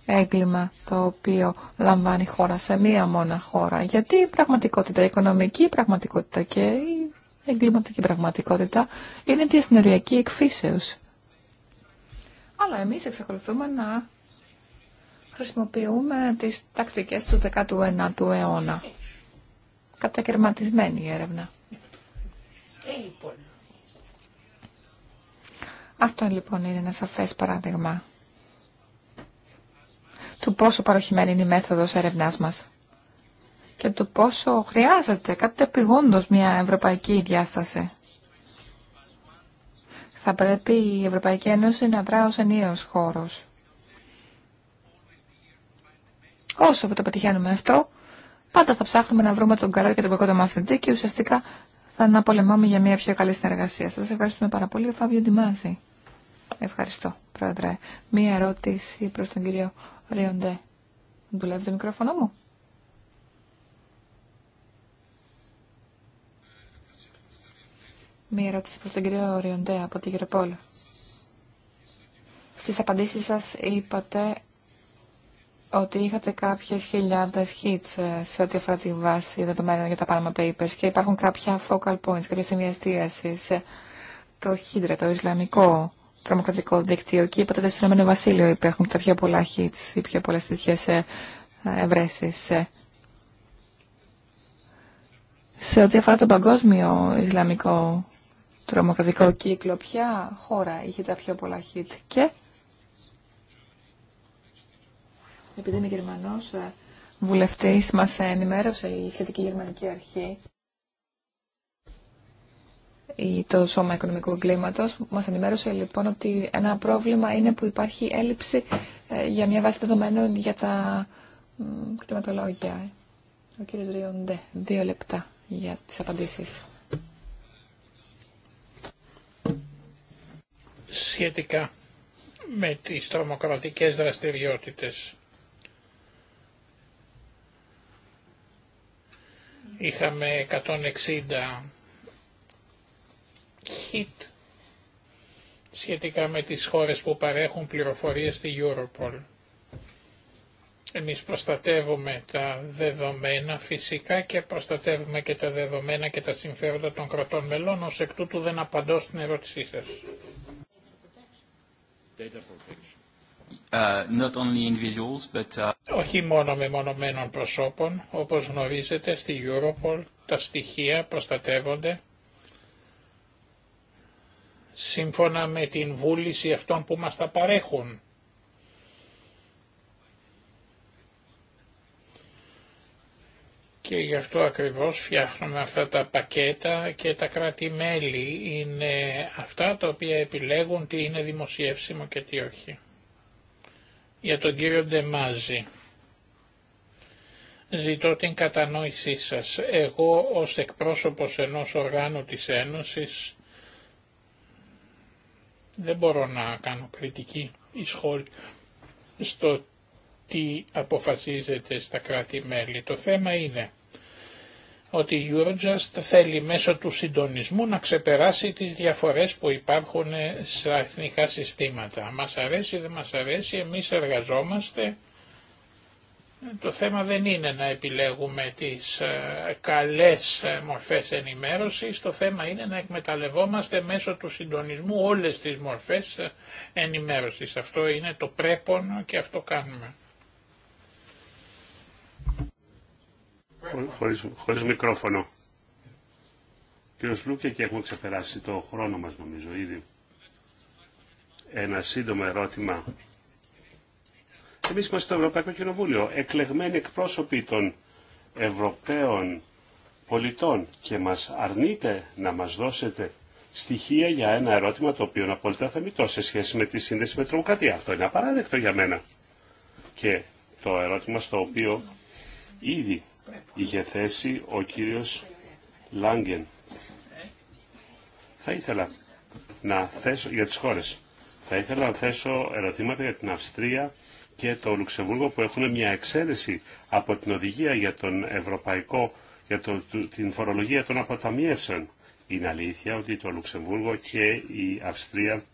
έγκλημα το οποίο λαμβάνει χώρα σε μία μόνα χώρα. Γιατί η πραγματικότητα, η οικονομική πραγματικότητα και η εγκληματική πραγματικότητα είναι διασυνοριακή εκφύσεως. Αλλά εμείς εξακολουθούμε να χρησιμοποιούμε τις τακτικές του 19ου αιώνα. Κατακαιρματισμένη η έρευνα. Αυτό λοιπόν είναι ένα σαφές παράδειγμα του πόσο παροχημένη είναι η μέθοδος έρευνάς μας και του πόσο χρειάζεται κάτι επιγόντως μια ευρωπαϊκή διάσταση. Θα πρέπει η Ευρωπαϊκή Ένωση να δρά ως ενιαίος χώρος. Όσο το πετυχαίνουμε αυτό, πάντα θα ψάχνουμε να βρούμε τον καλό και τον κακό το μαθητή και ουσιαστικά θα να για μια πιο καλή συνεργασία. Σας ευχαριστούμε πάρα πολύ, Φάβιο Ντιμάζη. Ευχαριστώ, Πρόεδρε. Μία ερώτηση προς τον κύριο Ριοντέ. Δουλεύει το μικρόφωνο μου. Μία ερώτηση προς τον κύριο Ριοντέ από τη Γερεπόλ. Στις απαντήσεις σας είπατε ότι είχατε κάποιες χιλιάδες hits ε, σε ό,τι αφορά τη βάση δεδομένων για τα Panama Papers και υπάρχουν κάποια focal points, κάποια σημεία σε Το Hydra, το Ισλαμικό τρομοκρατικό δίκτυο και είπατε ότι στο Ηνωμένο Βασίλειο υπάρχουν τα πιο πολλά hits ή πιο πολλές τέτοιες ε, ευρέσεις. Ε. Σε ό,τι αφορά τον παγκόσμιο Ισλαμικό τρομοκρατικό κύκλο, ποια χώρα είχε τα πιο πολλά hit και επειδή είμαι Γερμανός ε, βουλευτής μας ενημέρωσε η σχετική γερμανική αρχή ή το Σώμα Οικονομικού Κλίματος μας ενημέρωσε λοιπόν ότι ένα πρόβλημα είναι που υπάρχει έλλειψη ε, για μια βάση δεδομένων για τα κτηματολόγια. Ο κύριος Ριοντέ, δύο λεπτά για τις απαντήσεις. σχετικά με τις τρομοκρατικές δραστηριότητες. Είχαμε 160 hit σχετικά με τις χώρες που παρέχουν πληροφορίες στη Europol. Εμείς προστατεύουμε τα δεδομένα φυσικά και προστατεύουμε και τα δεδομένα και τα συμφέροντα των κρατών μελών, ως εκ τούτου δεν απαντώ στην ερώτησή σας data protection. Uh, uh, Όχι μόνο μονομένων προσώπων, όπως γνωρίζετε στη Europol τα στοιχεία προστατεύονται σύμφωνα με την βούληση αυτών που μας τα παρέχουν. Και γι' αυτό ακριβώς φτιάχνουμε αυτά τα πακέτα και τα κράτη-μέλη είναι αυτά τα οποία επιλέγουν τι είναι δημοσιεύσιμο και τι όχι. Για τον κύριο Ντεμάζη. Ζητώ την κατανόησή σας. Εγώ ως εκπρόσωπος ενός οργάνου της Ένωσης δεν μπορώ να κάνω κριτική ή σχόλια στο τι αποφασίζεται στα κράτη-μέλη. Το θέμα είναι ότι η Eurojust θέλει μέσω του συντονισμού να ξεπεράσει τις διαφορές που υπάρχουν στα εθνικά συστήματα. Μας αρέσει, δεν μας αρέσει, εμείς εργαζόμαστε. Το θέμα δεν είναι να επιλέγουμε τις ε, καλές ε, μορφές ενημέρωσης, το θέμα είναι να εκμεταλλευόμαστε μέσω του συντονισμού όλες τις μορφές ε, ενημέρωσης. Αυτό είναι το πρέπον και αυτό κάνουμε. Χωρίς, χωρίς μικρόφωνο. Κύριος Λούκε και έχουμε ξεπεράσει το χρόνο μας νομίζω ήδη. Ένα σύντομο ερώτημα. Εμείς είμαστε στο Ευρωπαϊκό Κοινοβούλιο, εκλεγμένοι εκπρόσωποι των Ευρωπαίων πολιτών και μας αρνείτε να μας δώσετε στοιχεία για ένα ερώτημα το οποίο είναι απόλυτα θεμητό σε σχέση με τη σύνδεση με τρομοκρατία. Αυτό είναι απαράδεκτο για μένα. Και το ερώτημα στο οποίο ήδη είχε θέσει ο κύριος Λάγκεν. Θα ήθελα να θέσω για τις χώρες. Θα ήθελα να θέσω ερωτήματα για την Αυστρία και το Λουξεμβούργο που έχουν μια εξαίρεση από την οδηγία για τον ευρωπαϊκό, για την φορολογία των αποταμιεύσεων. Είναι αλήθεια ότι το Λουξεμβούργο και η Αυστρία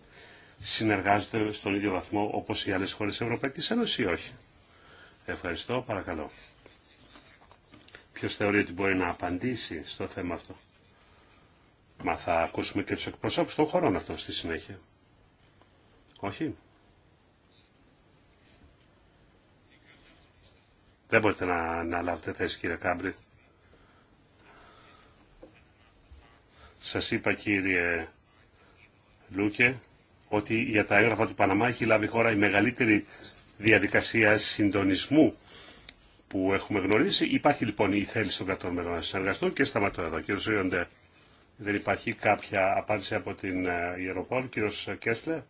συνεργάζονται στον ίδιο βαθμό όπως οι άλλες χώρες της Ευρωπαϊκής Ένωσης ή όχι. Ευχαριστώ, παρακαλώ. Ποιος θεωρεί ότι μπορεί να απαντήσει στο θέμα αυτό. Μα θα ακούσουμε και τους εκπροσώπους των χωρών αυτών στη συνέχεια. Όχι. Δεν μπορείτε να, να λάβετε θέση κύριε Κάμπρη. Σας είπα κύριε Λούκε ότι για τα έγγραφα του Παναμά έχει λάβει χώρα η μεγαλύτερη διαδικασία συντονισμού που έχουμε γνωρίσει. Υπάρχει λοιπόν η θέληση των κρατών μελών να συνεργαστούν και σταματώ εδώ. Κύριε Ζήοντε, δεν υπάρχει κάποια απάντηση από την Ιεροπόλ. Κύριο Κέσλε.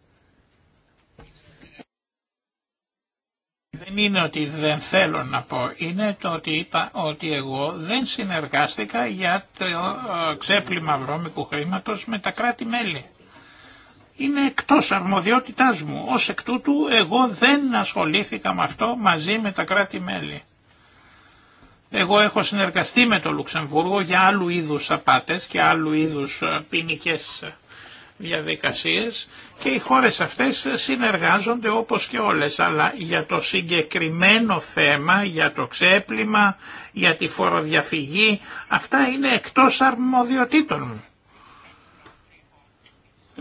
Δεν είναι ότι δεν θέλω να πω, είναι το ότι είπα ότι εγώ δεν συνεργάστηκα για το ε, ξέπλυμα βρώμικου χρήματος με τα κράτη-μέλη. Είναι εκτός αρμοδιότητάς μου. Ως εκ τούτου εγώ δεν ασχολήθηκα με αυτό μαζί με τα κράτη-μέλη. Εγώ έχω συνεργαστεί με το Λουξεμβούργο για άλλου είδους απάτες και άλλου είδους ε, ποινικέ ε, διαδικασίες και οι χώρες αυτές συνεργάζονται όπως και όλες, αλλά για το συγκεκριμένο θέμα, για το ξέπλυμα, για τη φοροδιαφυγή, αυτά είναι εκτός αρμοδιοτήτων μου.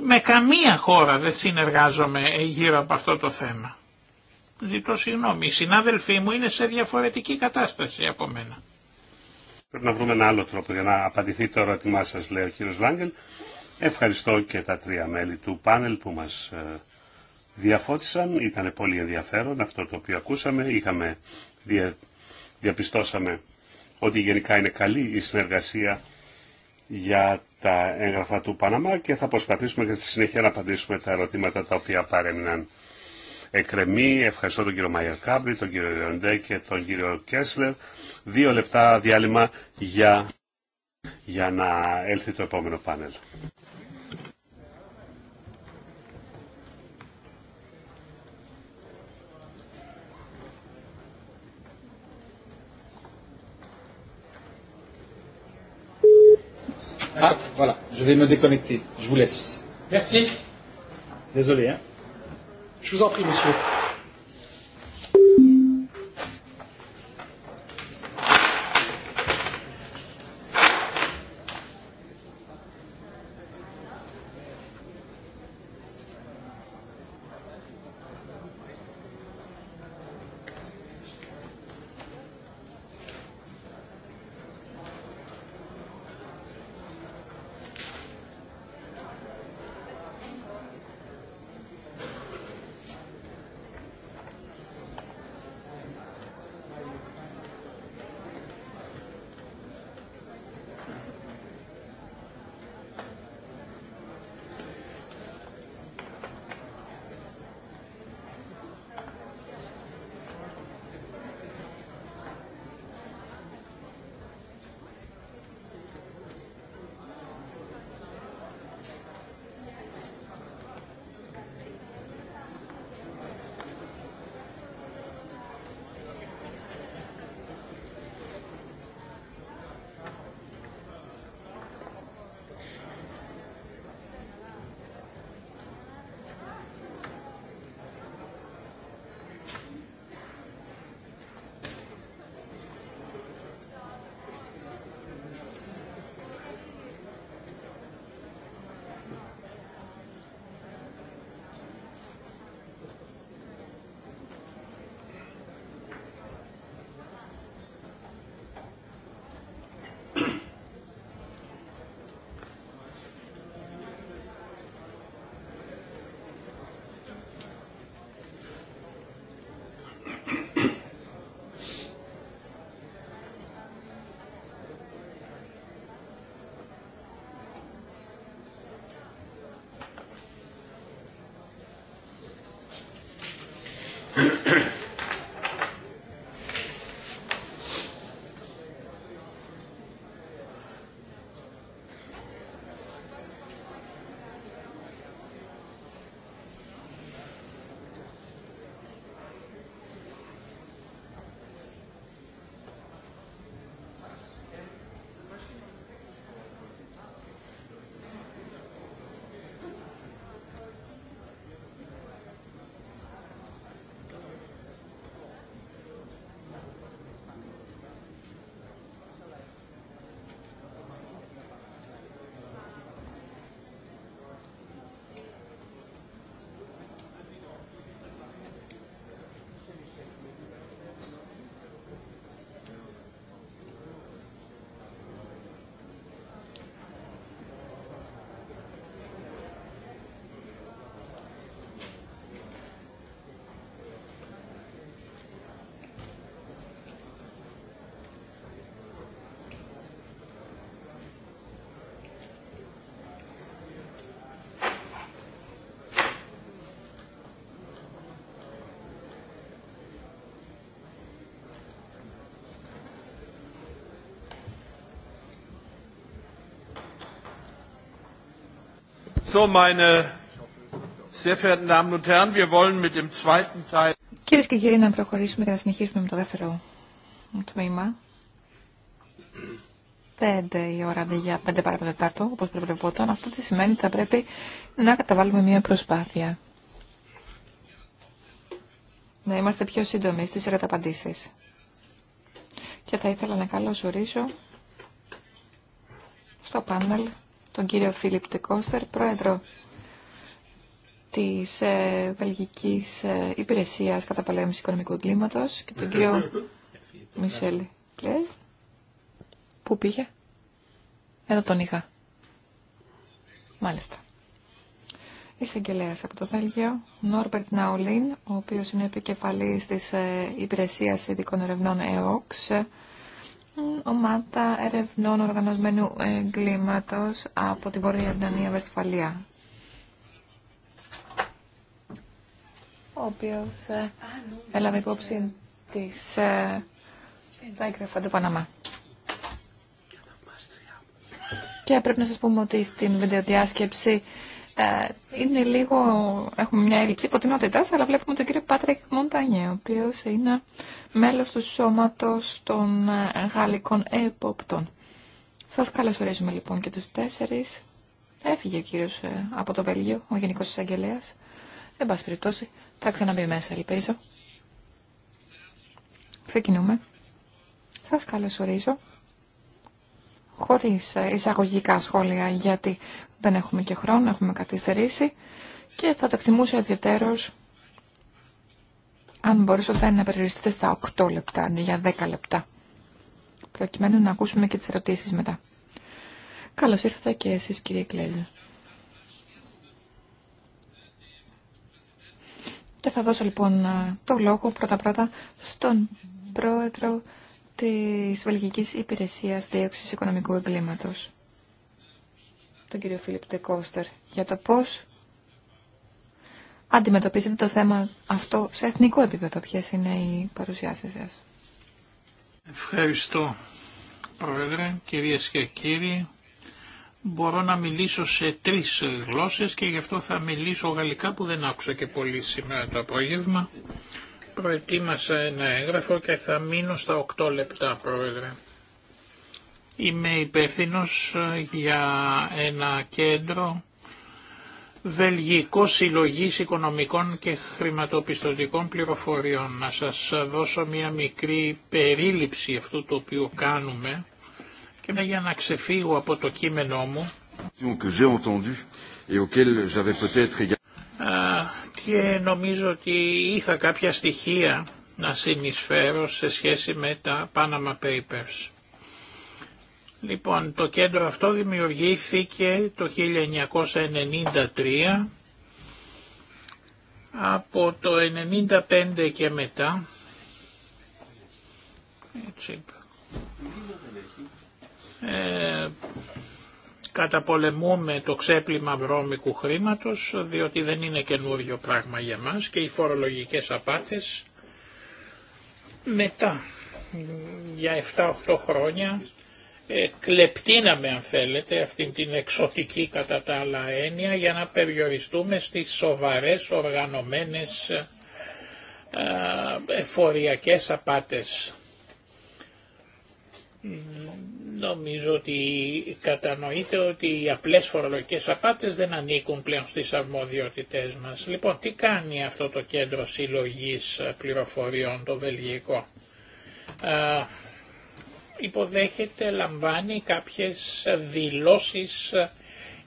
Με καμία χώρα δεν συνεργάζομαι γύρω από αυτό το θέμα. Ζητώ συγγνώμη. Οι συνάδελφοί μου είναι σε διαφορετική κατάσταση από μένα. Πρέπει να βρούμε ένα άλλο τρόπο για να απαντηθεί το ερώτημά σας, λέει ο κύριο Λάγκελ. Ευχαριστώ και τα τρία μέλη του πάνελ που μας ε, διαφώτισαν. Ήταν πολύ ενδιαφέρον αυτό το οποίο ακούσαμε. Είχαμε, διαπιστώσαμε ότι γενικά είναι καλή η συνεργασία για τα έγγραφα του Παναμά και θα προσπαθήσουμε και στη συνέχεια να απαντήσουμε τα ερωτήματα τα οποία παρέμειναν εκκρεμεί. Ευχαριστώ τον κύριο Μάιερ Κάμπρι, τον κύριο Ριοντέ και τον κύριο Κέσλερ. Δύο λεπτά διάλειμμα για, για να έλθει το επόμενο πάνελ. Ah, voilà, je vais me déconnecter. Je vous laisse. Merci. Désolé. Hein. Je vous en prie, monsieur. Κυρίε και κύριοι, να προχωρήσουμε και να συνεχίσουμε με το δεύτερο τμήμα. Πέντε η ώρα αντί για πέντε παρά τετάρτο, όπω προβλεπόταν. Αυτό τι σημαίνει ότι θα πρέπει να καταβάλουμε μια προσπάθεια. Να είμαστε πιο σύντομοι στι ερωταπαντήσει. Και θα ήθελα να ορίσω στο πάνελ τον κύριο Φίλιπ Τεκώστερ, πρόεδρο της ε, Βελγικής ε, Υπηρεσίας Καταπολέμησης Οικονομικού Κλίματος και τον κύριο Μισελ Κλέζ. Πού πήγε? Εδώ τον είχα. Μάλιστα. Εισαγγελέα από το Βέλγιο, Νόρμπερτ Ναουλίν, ο οποίος είναι επικεφαλής της ε, Υπηρεσίας Ειδικών Ερευνών ΕΟΚΣ, ομάδα ερευνών οργανωσμένου εγκλήματος από την Βόρεια Ευδανία Βεσφαλία. Ο οποίος ε, έλαβε υπόψη της ε, τα του Παναμά. Και πρέπει να σας πούμε ότι στην βιντεοδιάσκεψη ε, είναι λίγο, έχουμε μια έλλειψη φωτεινότητας αλλά βλέπουμε τον κύριο Πάτρικ Μοντανιέ, ο οποίο είναι μέλος του σώματο των γαλλικών εποπτών. Σα καλωσορίζουμε λοιπόν και τους τέσσερι. Έφυγε ο κύριος ε, από το Βέλγιο, ο γενικό Εισαγγελέα. Εν πάση περιπτώσει, θα ξαναμπεί μέσα, ελπίζω. Ξεκινούμε. Σα καλωσορίζω Χωρί ε, εισαγωγικά σχόλια, γιατί δεν έχουμε και χρόνο, έχουμε καθυστερήσει και θα το εκτιμούσα ιδιαίτερω αν μπορούσατε να περιοριστείτε στα 8 λεπτά αντί για 10 λεπτά, προκειμένου να ακούσουμε και τις ερωτήσεις μετά. Καλώς ήρθατε και εσείς κύριε Κλέζε. Και θα δώσω λοιπόν το λόγο πρώτα-πρώτα στον πρόεδρο της Βελγική Υπηρεσίας Δίωξης Οικονομικού Εγκλήματος τον κύριο Φίλιπ Τεκόστερ, για το πώς αντιμετωπίζετε το θέμα αυτό σε εθνικό επίπεδο. Ποιες είναι οι παρουσιάσεις σας. Ευχαριστώ, Πρόεδρε, κυρίες και κύριοι. Μπορώ να μιλήσω σε τρεις γλώσσες και γι' αυτό θα μιλήσω γαλλικά που δεν άκουσα και πολύ σήμερα το απόγευμα. Προετοίμασα ένα έγγραφο και θα μείνω στα οκτώ λεπτά, Πρόεδρε. Είμαι υπεύθυνο ε, για ένα κέντρο Βελγικό Συλλογή Οικονομικών και Χρηματοπιστωτικών Πληροφοριών. Να σας δώσω μια μικρή περίληψη αυτού το οποίο κάνουμε και για να ξεφύγω από το κείμενό μου και νομίζω ότι είχα κάποια στοιχεία να συνεισφέρω σε σχέση με τα Panama Papers. Λοιπόν, το κέντρο αυτό δημιουργήθηκε το 1993. Από το 1995 και μετά, έτσι, ε, καταπολεμούμε το ξέπλυμα βρώμικου χρήματος, διότι δεν είναι καινούριο πράγμα για μας και οι φορολογικές απάτες μετά για 7-8 χρόνια ε, κλεπτύναμε αν θέλετε αυτήν την εξωτική κατά τα άλλα έννοια για να περιοριστούμε στις σοβαρές οργανωμένες εφοριακές απάτες. Νομίζω ότι κατανοείται ότι οι απλές φορολογικές απάτες δεν ανήκουν πλέον στις αρμοδιότητές μας. Λοιπόν, τι κάνει αυτό το κέντρο συλλογής πληροφοριών το Βελγικό υποδέχεται, λαμβάνει κάποιες δηλώσεις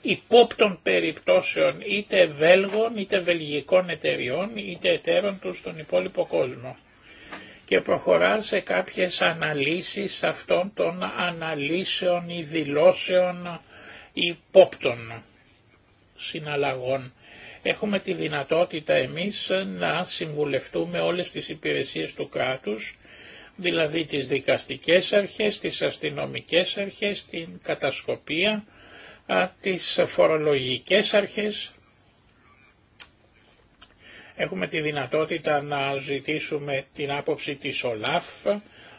υπόπτων περιπτώσεων είτε Βέλγων είτε Βελγικών εταιριών είτε εταίρων τους στον υπόλοιπο κόσμο και προχωρά σε κάποιες αναλύσεις αυτών των αναλύσεων ή δηλώσεων υπόπτων συναλλαγών. Έχουμε τη δυνατότητα εμείς να συμβουλευτούμε όλες τις υπηρεσίες του κράτους δηλαδή τις δικαστικές αρχές, τις αστυνομικές αρχές, την κατασκοπία, τις φορολογικές αρχές. Έχουμε τη δυνατότητα να ζητήσουμε την άποψη της ΟΛΑΦ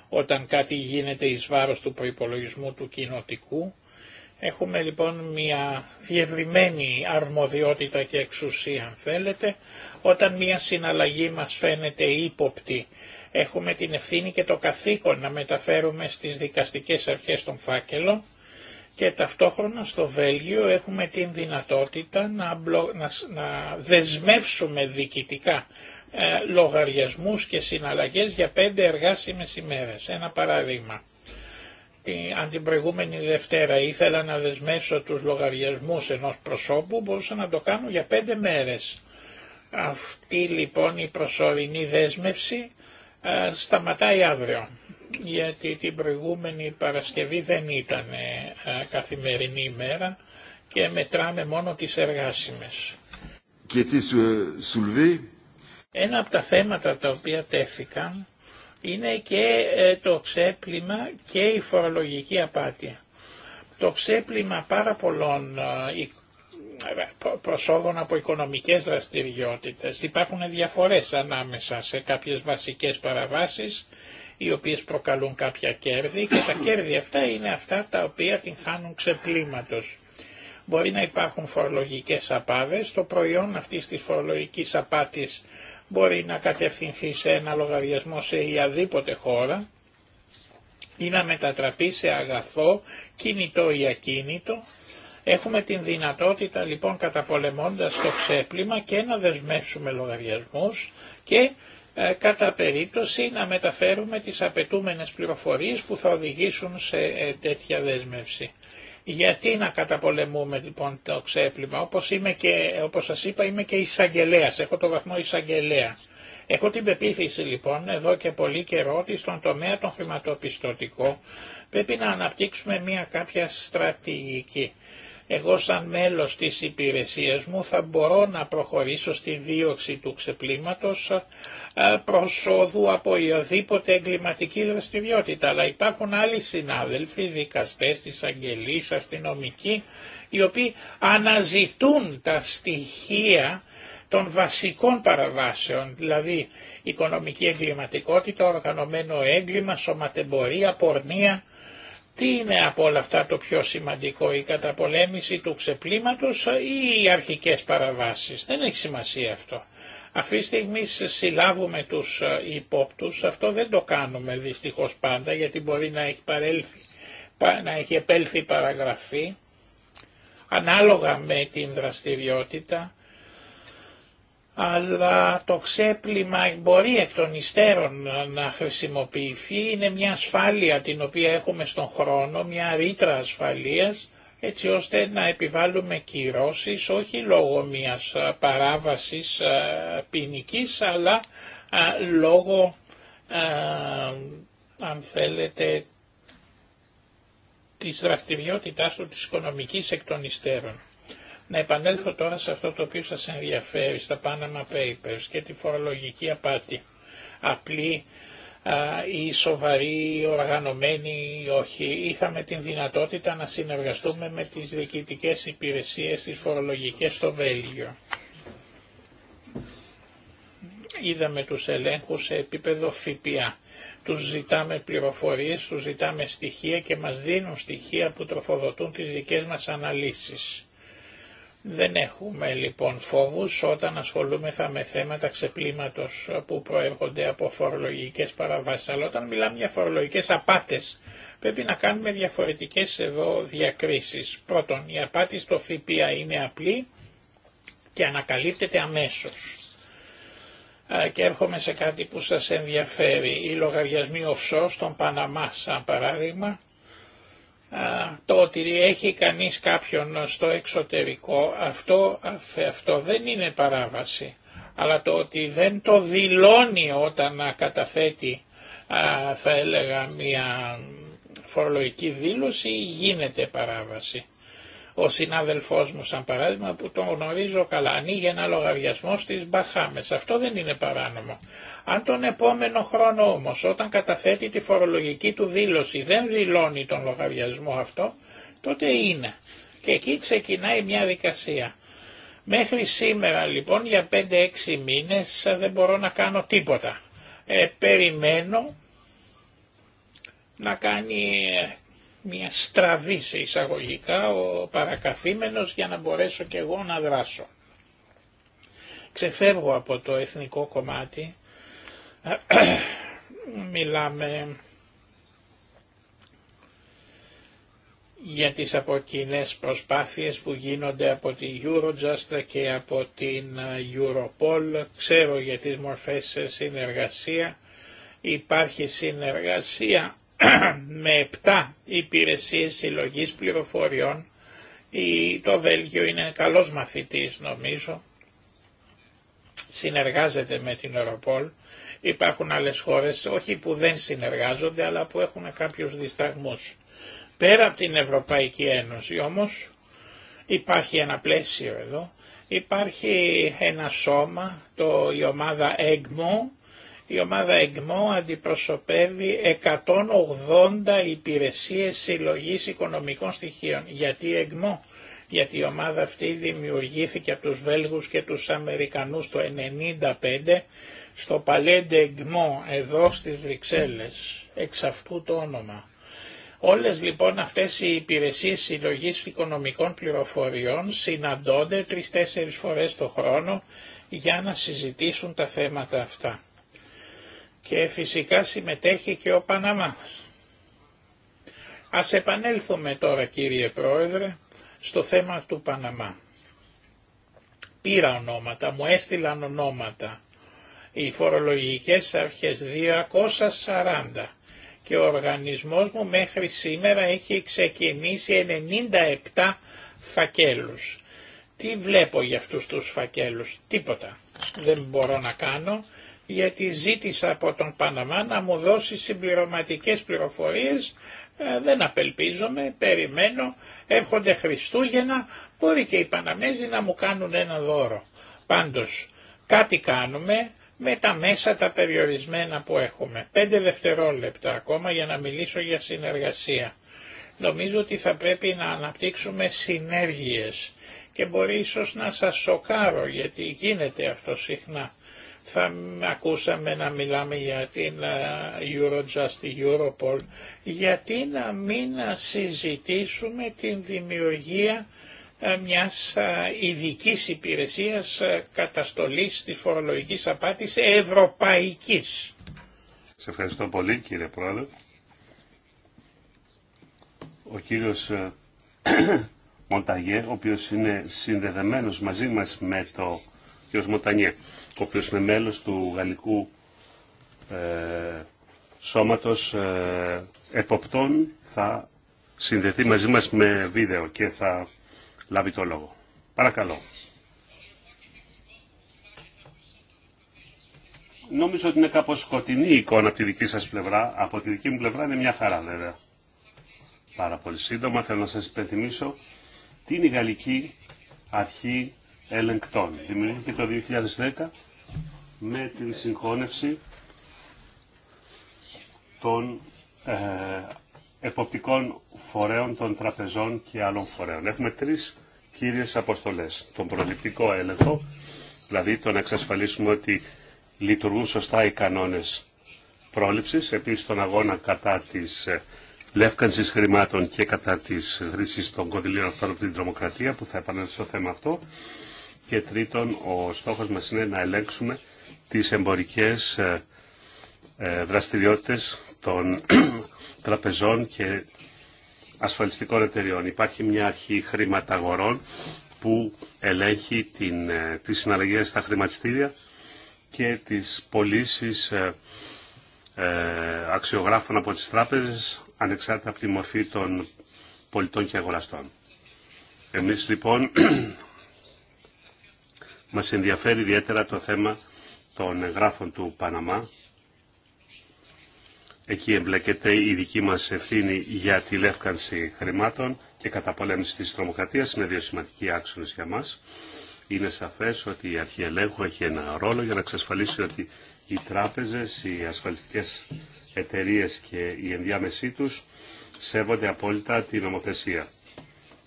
όταν κάτι γίνεται εις βάρος του προϋπολογισμού του κοινοτικού. Έχουμε λοιπόν μια διευρυμένη αρμοδιότητα και εξουσία αν θέλετε, όταν μια συναλλαγή μας φαίνεται ύποπτη Έχουμε την ευθύνη και το καθήκον να μεταφέρουμε στις δικαστικές αρχές τον φάκελο και ταυτόχρονα στο Βέλγιο έχουμε την δυνατότητα να, να δεσμεύσουμε διοικητικά ε, λογαριασμούς και συναλλαγές για πέντε εργάσιμες ημέρες. Ένα παράδειγμα. Αν την προηγούμενη Δευτέρα ήθελα να δεσμεύσω τους λογαριασμούς ενός προσώπου, μπορούσα να το κάνω για πέντε μέρες. Αυτή λοιπόν η προσωρινή δέσμευση σταματάει αύριο γιατί την προηγούμενη Παρασκευή δεν ήταν καθημερινή ημέρα και μετράμε μόνο τις εργάσιμες. Ε, Ένα από τα θέματα τα οποία τέθηκαν είναι και ε, το ξέπλυμα και η φορολογική απάτη. Το ξέπλυμα πάρα πολλών προσόδων από οικονομικές δραστηριότητες. Υπάρχουν διαφορές ανάμεσα σε κάποιες βασικές παραβάσεις οι οποίες προκαλούν κάποια κέρδη και τα κέρδη αυτά είναι αυτά τα οποία την χάνουν ξεπλήματος. Μπορεί να υπάρχουν φορολογικές απάδες, το προϊόν αυτής της φορολογικής απάτης μπορεί να κατευθυνθεί σε ένα λογαριασμό σε οποιαδήποτε χώρα ή να μετατραπεί σε αγαθό, κινητό ή ακίνητο Έχουμε την δυνατότητα λοιπόν καταπολεμώντας το ξέπλυμα και να δεσμεύσουμε λογαριασμούς και ε, κατά περίπτωση να μεταφέρουμε τις απαιτούμενες πληροφορίες που θα οδηγήσουν σε ε, τέτοια δέσμευση. Γιατί να καταπολεμούμε λοιπόν το ξέπλυμα, όπως, είμαι και, όπως σας είπα είμαι και εισαγγελέα, έχω το βαθμό εισαγγελέα. Έχω την πεποίθηση λοιπόν εδώ και πολύ καιρό ότι στον τομέα των χρηματοπιστωτικών πρέπει να αναπτύξουμε μια κάποια στρατηγική. Εγώ σαν μέλος της υπηρεσίας μου θα μπορώ να προχωρήσω στη δίωξη του ξεπλήματος προσόδου από οποιοδήποτε εγκληματική δραστηριότητα. Αλλά υπάρχουν άλλοι συνάδελφοι, δικαστές, εισαγγελείς, αστυνομικοί, οι οποίοι αναζητούν τα στοιχεία των βασικών παραβάσεων, δηλαδή οικονομική εγκληματικότητα, οργανωμένο έγκλημα, σωματεμπορία, πορνεία τι είναι από όλα αυτά το πιο σημαντικό, η καταπολέμηση του ξεπλήματος ή οι αρχικές παραβάσεις. Δεν έχει σημασία αυτό. Αυτή τη στιγμή συλλάβουμε τους ε, υπόπτους, αυτό δεν το κάνουμε δυστυχώς πάντα γιατί μπορεί να έχει παρέλθει, να έχει επέλθει παραγραφή. Ανάλογα με την δραστηριότητα αλλά το ξέπλυμα μπορεί εκ των υστέρων να χρησιμοποιηθεί, είναι μια ασφάλεια την οποία έχουμε στον χρόνο, μια ρήτρα ασφαλείας, έτσι ώστε να επιβάλλουμε κυρώσεις όχι λόγω μιας παράβασης ποινική, αλλά λόγω, αν θέλετε, της δραστηριότητάς του της οικονομικής εκ των υστέρων. Να επανέλθω τώρα σε αυτό το οποίο σας ενδιαφέρει, στα Panama Papers και τη φορολογική απάτη. Απλή ή σοβαρή, οργανωμένη ή όχι. Είχαμε την δυνατότητα να συνεργαστούμε με τις διοικητικές υπηρεσίες, τις φορολογικές στο Βέλγιο. Είδαμε τους ελέγχους σε επίπεδο ΦΠΑ. Τους ζητάμε πληροφορίες, τους ζητάμε στοιχεία και μας δίνουν στοιχεία που τροφοδοτούν τις δικές μας αναλύσεις. Δεν έχουμε λοιπόν φόβους όταν ασχολούμεθα με θέματα ξεπλήματος που προέρχονται από φορολογικές παραβάσεις. Αλλά όταν μιλάμε για φορολογικές απάτες πρέπει να κάνουμε διαφορετικές εδώ διακρίσεις. Πρώτον, η απάτη στο ΦΠΑ είναι απλή και ανακαλύπτεται αμέσως. Και έρχομαι σε κάτι που σας ενδιαφέρει. Οι λογαριασμοί offshore στον Παναμά, σαν παράδειγμα, το ότι έχει κανείς κάποιον στο εξωτερικό, αυτό, αυτό δεν είναι παράβαση. Αλλά το ότι δεν το δηλώνει όταν καταθέτει, θα έλεγα, μια φορολογική δήλωση, γίνεται παράβαση. Ο συνάδελφός μου σαν παράδειγμα που τον γνωρίζω καλά ανοίγει ένα λογαριασμό στις Μπαχάμες. Αυτό δεν είναι παράνομο. Αν τον επόμενο χρόνο όμως όταν καταθέτει τη φορολογική του δήλωση δεν δηλώνει τον λογαριασμό αυτό τότε είναι. Και εκεί ξεκινάει μια δικασία. Μέχρι σήμερα λοιπόν για 5-6 μήνες ε, δεν μπορώ να κάνω τίποτα. Ε, περιμένω να κάνει ε, μια στραβή σε εισαγωγικά ο παρακαθήμενος για να μπορέσω και εγώ να δράσω. Ξεφεύγω από το εθνικό κομμάτι, μιλάμε για τις αποκοινές προσπάθειες που γίνονται από την Eurojust και από την ε, Europol. Ξέρω για τις μορφές ε, συνεργασία. Υπάρχει συνεργασία με 7 υπηρεσίες συλλογής πληροφοριών το Βέλγιο είναι καλός μαθητής νομίζω συνεργάζεται με την Ευρωπόλ. Υπάρχουν άλλες χώρες, όχι που δεν συνεργάζονται, αλλά που έχουν κάποιους δισταγμού. Πέρα από την Ευρωπαϊκή Ένωση όμως, υπάρχει ένα πλαίσιο εδώ, υπάρχει ένα σώμα, το, η ομάδα EGMO, η ομάδα ΕΓΜΟ αντιπροσωπεύει 180 υπηρεσίες συλλογής οικονομικών στοιχείων. Γιατί ΕΓΜΟ, γιατί η ομάδα αυτή δημιουργήθηκε από τους Βέλγους και τους Αμερικανούς το 1995 στο Παλέντε ΕΓΜΟ εδώ στις Βρυξέλλες, εξ αυτού το όνομα. Όλες λοιπόν αυτές οι υπηρεσίες συλλογής οικονομικών πληροφοριών συναντώνται τρεις-τέσσερις φορές το χρόνο για να συζητήσουν τα θέματα αυτά και φυσικά συμμετέχει και ο Παναμάς. Ας επανέλθουμε τώρα κύριε Πρόεδρε στο θέμα του Παναμά. Πήρα ονόματα, μου έστειλαν ονόματα οι φορολογικές αρχές 240 και ο οργανισμός μου μέχρι σήμερα έχει ξεκινήσει 97 φακέλους. Τι βλέπω για αυτούς τους φακέλους, τίποτα. Δεν μπορώ να κάνω γιατί ζήτησα από τον Παναμά να μου δώσει συμπληρωματικές πληροφορίες, ε, δεν απελπίζομαι, περιμένω, έρχονται Χριστούγεννα, μπορεί και οι Παναμέζοι να μου κάνουν ένα δώρο. Πάντως, κάτι κάνουμε με τα μέσα τα περιορισμένα που έχουμε. Πέντε δευτερόλεπτα ακόμα για να μιλήσω για συνεργασία. Νομίζω ότι θα πρέπει να αναπτύξουμε συνέργειες και μπορεί ίσως να σας σοκάρω γιατί γίνεται αυτό συχνά θα ακούσαμε να μιλάμε για την ε, Eurojust, την Europol, γιατί να μην συζητήσουμε την δημιουργία ε, μιας ε, ειδική υπηρεσίας καταστολής της φορολογικής απάτης ευρωπαϊκής. Σε ευχαριστώ πολύ κύριε Πρόεδρε. Ο κύριος Μονταγέ, ο οποίος είναι συνδεδεμένος μαζί μας με το κ. Μοτανιέ, ο οποίος είναι μέλος του Γαλλικού ε, Σώματος ε, Εποπτών, θα συνδεθεί μαζί μας με βίντεο και θα λάβει το λόγο. Παρακαλώ. Νομίζω ότι είναι κάπως σκοτεινή η εικόνα από τη δική σας πλευρά. Από τη δική μου πλευρά είναι μια χαρά βέβαια. Πάρα πολύ σύντομα θέλω να σας υπενθυμίσω τι είναι η Γαλλική Αρχή ελεγκτών. Δημιουργήθηκε το 2010 με την συγχώνευση των ε, εποπτικών φορέων των τραπεζών και άλλων φορέων. Έχουμε τρεις κύριες αποστολές. Τον προληπτικό έλεγχο, δηλαδή το να εξασφαλίσουμε ότι λειτουργούν σωστά οι κανόνες πρόληψης, επίσης τον αγώνα κατά της ε, λεύκανσης χρημάτων και κατά της χρήσης των κονδυλίων αυτών από την τρομοκρατία, που θα επανέλθω στο θέμα αυτό, και τρίτον, ο στόχος μας είναι να ελέγξουμε τις εμπορικές ε, ε, δραστηριότητες των τραπεζών και ασφαλιστικών εταιριών. Υπάρχει μια αρχή χρηματαγορών που ελέγχει την, ε, τις συναλλαγές στα χρηματιστήρια και τις πωλήσει αξιογράφων από τις τράπεζες ανεξάρτητα από τη μορφή των πολιτών και αγοραστών. Εμείς λοιπόν μας ενδιαφέρει ιδιαίτερα το θέμα των εγγράφων του Παναμά. Εκεί εμπλέκεται η δική μας ευθύνη για τη λεύκανση χρημάτων και καταπολέμηση της τρομοκρατίας. Είναι δύο σημαντικοί άξονες για μας. Είναι σαφές ότι η αρχή ελέγχου έχει ένα ρόλο για να εξασφαλίσει ότι οι τράπεζες, οι ασφαλιστικές εταιρείες και η ενδιάμεσή τους σέβονται απόλυτα την νομοθεσία.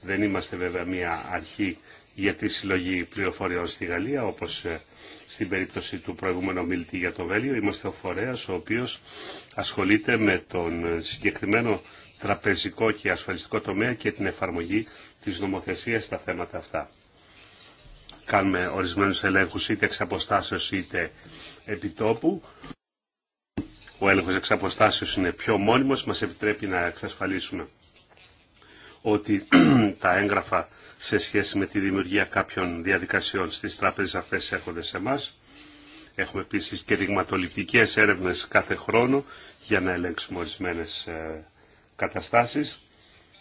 Δεν είμαστε βέβαια μια αρχή για τη συλλογή πληροφοριών στη Γαλλία, όπως ε, στην περίπτωση του προηγούμενου μιλητή για το Βέλιο. Είμαστε ο φορέας ο οποίος ασχολείται με τον ε, συγκεκριμένο τραπεζικό και ασφαλιστικό τομέα και την εφαρμογή της νομοθεσίας στα θέματα αυτά. Κάνουμε ορισμένους ελέγχους είτε εξ αποστάσεως είτε επιτόπου. Ο έλεγχος εξ αποστάσεως είναι πιο μόνιμος, μας επιτρέπει να εξασφαλίσουμε ότι τα έγγραφα σε σχέση με τη δημιουργία κάποιων διαδικασιών στις τράπεζες αυτές έρχονται σε εμά. Έχουμε επίσης και δειγματοληπτικές έρευνες κάθε χρόνο για να ελέγξουμε ορισμένε ε, καταστάσεις.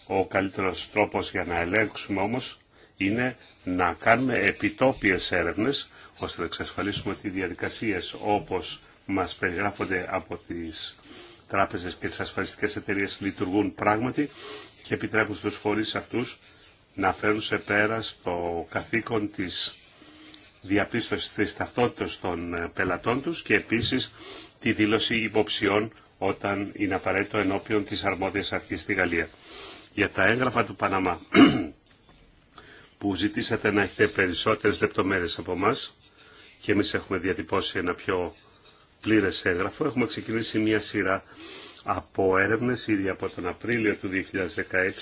Ο καλύτερος τρόπος για να ελέγξουμε όμως είναι να κάνουμε επιτόπιες έρευνες ώστε να εξασφαλίσουμε ότι οι διαδικασίες όπως μας περιγράφονται από τις τράπεζες και τις ασφαλιστικές εταιρείες λειτουργούν πράγματι και επιτρέπουν στους φορείς αυτούς να φέρουν σε πέρα στο καθήκον της διαπίστωσης της ταυτότητας των ε, πελατών τους και επίσης τη δήλωση υποψιών όταν είναι απαραίτητο ενώπιον της αρμόδιας αρχής στη Γαλλία. Για τα έγγραφα του Παναμά που ζητήσατε να έχετε περισσότερες λεπτομέρειες από εμά και εμείς έχουμε διατυπώσει ένα πιο πλήρες έγγραφο, έχουμε ξεκινήσει μια σειρά από έρευνες ήδη από τον Απρίλιο του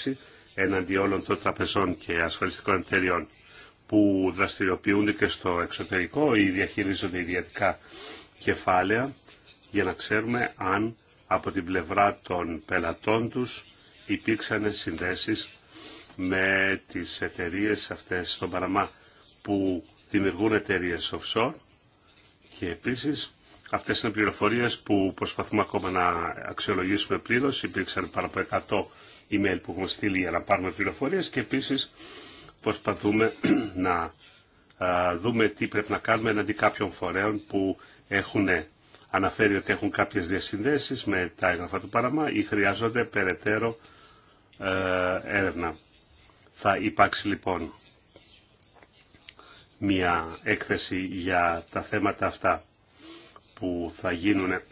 2016 έναντι όλων των τραπεζών και ασφαλιστικών εταιριών που δραστηριοποιούνται και στο εξωτερικό ή διαχειρίζονται ιδιωτικά κεφάλαια για να ξέρουμε αν από την πλευρά των πελατών τους υπήρξαν συνδέσεις με τις εταιρείες αυτές στον Παραμά που δημιουργούν εταιρείε offshore και επίσης Αυτές είναι πληροφορίες που προσπαθούμε ακόμα να αξιολογήσουμε πλήρως. Υπήρξαν πάνω από 100 email που έχουμε στείλει για να πάρουμε πληροφορίες και επίσης προσπαθούμε να δούμε τι πρέπει να κάνουμε εναντί κάποιων φορέων που έχουν αναφέρει ότι έχουν κάποιες διασυνδέσεις με τα έγγραφα του Παραμά ή χρειάζονται περαιτέρω ε, έρευνα. Θα υπάρξει λοιπόν μια έκθεση για τα θέματα αυτά που θα γίνουν ε,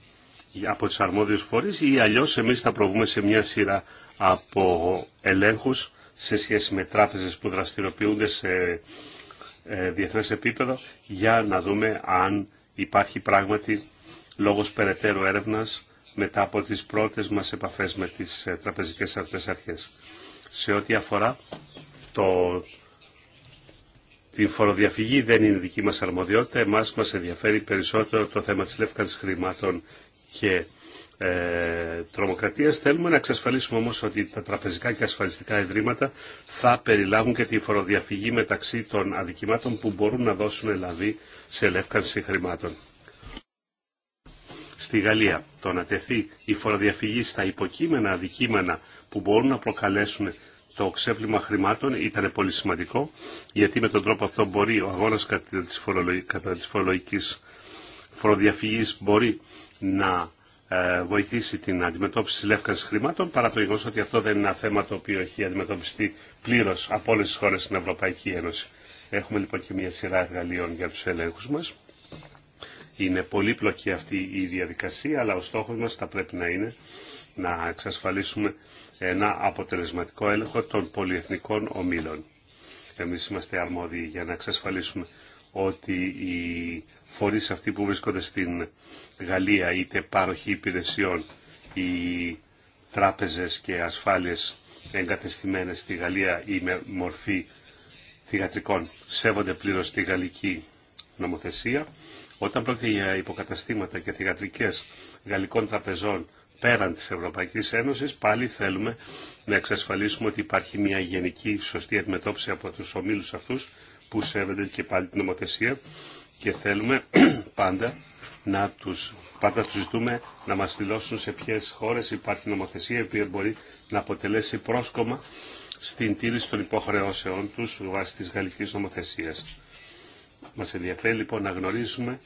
από τις αρμόδιους φορείς ή αλλιώς εμείς θα προβούμε σε μια σειρά από ελέγχους σε σχέση με τράπεζες που δραστηριοποιούνται σε ε, διεθνές επίπεδο για να δούμε αν υπάρχει πράγματι λόγος περαιτέρω έρευνας μετά από τις πρώτες μας επαφές με τις ε, τραπεζικές αρχές. Σε ό,τι αφορά το την φοροδιαφυγή δεν είναι δική μας αρμοδιότητα. Εμάς μας ενδιαφέρει περισσότερο το θέμα της λεύκανσης χρημάτων και ε, τρομοκρατίας. Θέλουμε να εξασφαλίσουμε όμως ότι τα τραπεζικά και ασφαλιστικά ιδρύματα θα περιλάβουν και τη φοροδιαφυγή μεταξύ των αδικημάτων που μπορούν να δώσουν λαβή σε λεύκανση χρημάτων. Στη Γαλλία το να τεθεί η φοροδιαφυγή στα υποκείμενα αδικήματα που μπορούν να προκαλέσουν το ξέπλυμα χρημάτων ήταν πολύ σημαντικό, γιατί με τον τρόπο αυτό μπορεί ο αγώνας κατά της φορολογικής φοροδιαφυγής μπορεί να ε, βοηθήσει την αντιμετώπιση τη λεύκανση χρημάτων, παρά το γεγονό ότι αυτό δεν είναι ένα θέμα το οποίο έχει αντιμετωπιστεί πλήρω από όλε τι χώρε στην Ευρωπαϊκή Ένωση. Έχουμε λοιπόν και μια σειρά εργαλείων για του ελέγχου μα. Είναι πολύπλοκη αυτή η διαδικασία, αλλά ο στόχο μα θα πρέπει να είναι να εξασφαλίσουμε ένα αποτελεσματικό έλεγχο των πολυεθνικών ομήλων. Εμείς είμαστε αρμόδιοι για να εξασφαλίσουμε ότι οι φορείς αυτοί που βρίσκονται στην Γαλλία, είτε παροχή υπηρεσιών, οι τράπεζες και ασφάλειες εγκατεστημένες στη Γαλλία ή με μορφή θηγατρικών, σέβονται πλήρως τη γαλλική νομοθεσία. Όταν πρόκειται για υποκαταστήματα και θηγατρικές γαλλικών τραπεζών πέραν της Ευρωπαϊκής Ένωσης, πάλι θέλουμε να εξασφαλίσουμε ότι υπάρχει μια γενική σωστή αντιμετώπιση από τους ομίλους αυτούς που σέβονται και πάλι την νομοθεσία και θέλουμε πάντα να τους, πάντα τους ζητούμε να μας δηλώσουν σε ποιες χώρες υπάρχει νομοθεσία η οποία μπορεί να αποτελέσει πρόσκομα στην τήρηση των υποχρεώσεών τους βάσει της γαλλικής νομοθεσίας. Μας ενδιαφέρει λοιπόν να γνωρίζουμε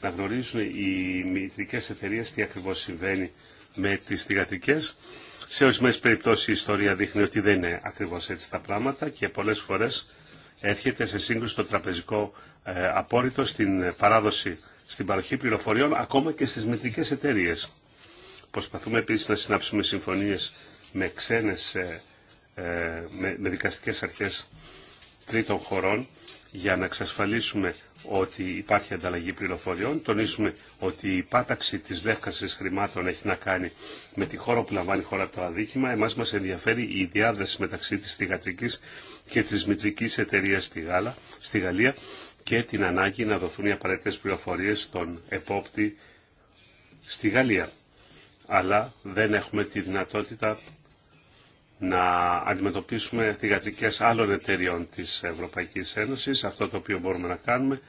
να γνωρίζουν οι μητρικές εταιρείε τι ακριβώς συμβαίνει με τις θηγατρικές. Σε ορισμένε περιπτώσει η ιστορία δείχνει ότι δεν είναι ακριβώς έτσι τα πράγματα και πολλές φορές έρχεται σε σύγκρουση το τραπεζικό ε, απόρριτο στην παράδοση, στην παροχή πληροφοριών ακόμα και στις μετρικές εταιρείε. Προσπαθούμε επίσης να συνάψουμε συμφωνίες με ξένες, ε, ε, με δικαστικές αρχές τρίτων χωρών για να εξασφαλίσουμε ότι υπάρχει ανταλλαγή πληροφοριών. Τονίζουμε ότι η πάταξη της λεύκασης χρημάτων έχει να κάνει με τη χώρα που λαμβάνει η χώρα το αδίκημα. Εμάς μας ενδιαφέρει η διάδεση μεταξύ της θηγατρικής και της μιτζικής εταιρεία στη, Γάλα, στη Γαλλία και την ανάγκη να δοθούν οι απαραίτητες πληροφορίε στον επόπτη στη Γαλλία. Αλλά δεν έχουμε τη δυνατότητα να αντιμετωπίσουμε θηγατρικές άλλων εταιριών της Ευρωπαϊκής Ένωσης. Αυτό το οποίο μπορούμε να κάνουμε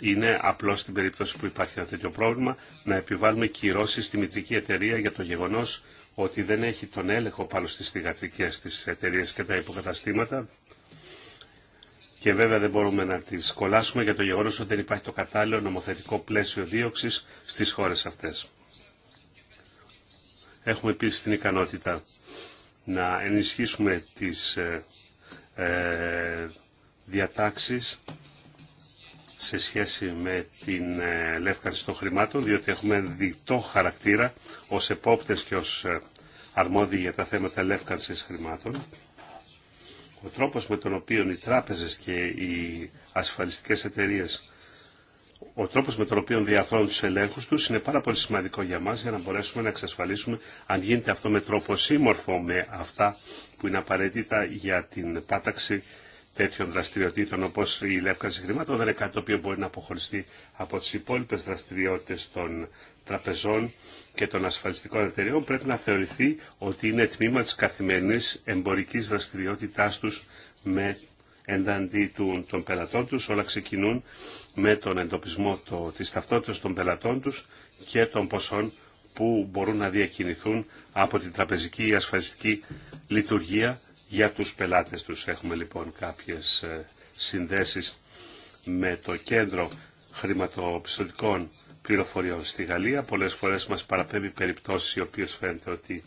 είναι απλώς στην περίπτωση που υπάρχει ένα τέτοιο πρόβλημα να επιβάλλουμε κυρώσεις στη μητρική εταιρεία για το γεγονός ότι δεν έχει τον έλεγχο πάνω στις θηγατρικές της εταιρείε και τα υποκαταστήματα και βέβαια δεν μπορούμε να τις κολλάσουμε για το γεγονός ότι δεν υπάρχει το κατάλληλο νομοθετικό πλαίσιο δίωξης στις χώρες αυτές. Έχουμε επίσης την ικανότητα να ενισχύσουμε τις ε, ε, διατάξεις σε σχέση με την ε, λεύκανση των χρημάτων, διότι έχουμε διτό χαρακτήρα ως επόπτες και ως αρμόδιοι για τα θέματα λεύκανσης χρημάτων. Ο τρόπος με τον οποίο οι τράπεζες και οι ασφαλιστικές εταιρείες ο τρόπος με τον οποίο διαθρώνουν τους ελέγχους τους είναι πάρα πολύ σημαντικό για μας για να μπορέσουμε να εξασφαλίσουμε αν γίνεται αυτό με τρόπο σύμμορφο με αυτά που είναι απαραίτητα για την πάταξη τέτοιων δραστηριοτήτων όπως η λεύκαση χρημάτων δεν είναι κάτι το οποίο μπορεί να αποχωριστεί από τις υπόλοιπε δραστηριότητες των τραπεζών και των ασφαλιστικών εταιριών πρέπει να θεωρηθεί ότι είναι τμήμα της καθημερινής εμπορικής δραστηριότητά του με του, των πελατών του, Όλα ξεκινούν με τον εντοπισμό το, της ταυτότητας των πελατών τους και των ποσών που μπορούν να διακινηθούν από την τραπεζική ή ασφαλιστική λειτουργία για τους πελάτες τους. Έχουμε λοιπόν κάποιες ε, συνδέσεις με το κέντρο χρηματοπιστωτικών πληροφοριών στη Γαλλία. Πολλές φορές μας παραπέμπει περιπτώσεις οι οποίες φαίνεται ότι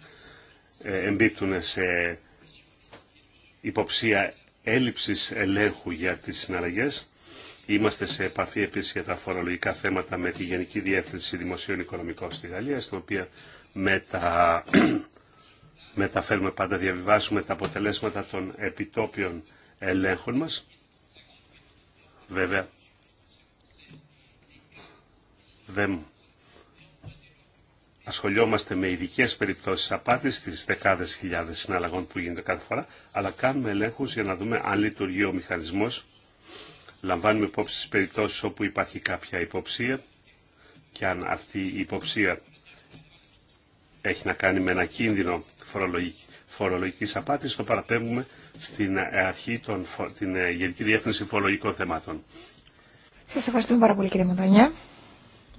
ε, εμπίπτουν σε υποψία έλλειψης ελέγχου για τις συναλλαγές Είμαστε σε επαφή επίση για τα φορολογικά θέματα με τη Γενική Διεύθυνση Δημοσίων Οικονομικών στη Γαλλία, στην οποία μετα... μεταφέρουμε πάντα, διαβιβάσουμε τα αποτελέσματα των επιτόπιων ελέγχων μας. Βέβαια, δεν ασχολιόμαστε με ειδικέ περιπτώσει απάτης στι δεκάδε χιλιάδε συναλλαγών που γίνεται κάθε φορά, αλλά κάνουμε ελέγχου για να δούμε αν λειτουργεί ο μηχανισμό λαμβάνουμε υπόψη στις περιπτώσεις όπου υπάρχει κάποια υποψία και αν αυτή η υποψία έχει να κάνει με ένα κίνδυνο φορολογικής απάτης, το παραπέμπουμε στην ε, αρχή των, την ε, Γενική Διεύθυνση Φορολογικών Θεμάτων. Σας ευχαριστούμε πάρα πολύ κύριε Μοντανιά.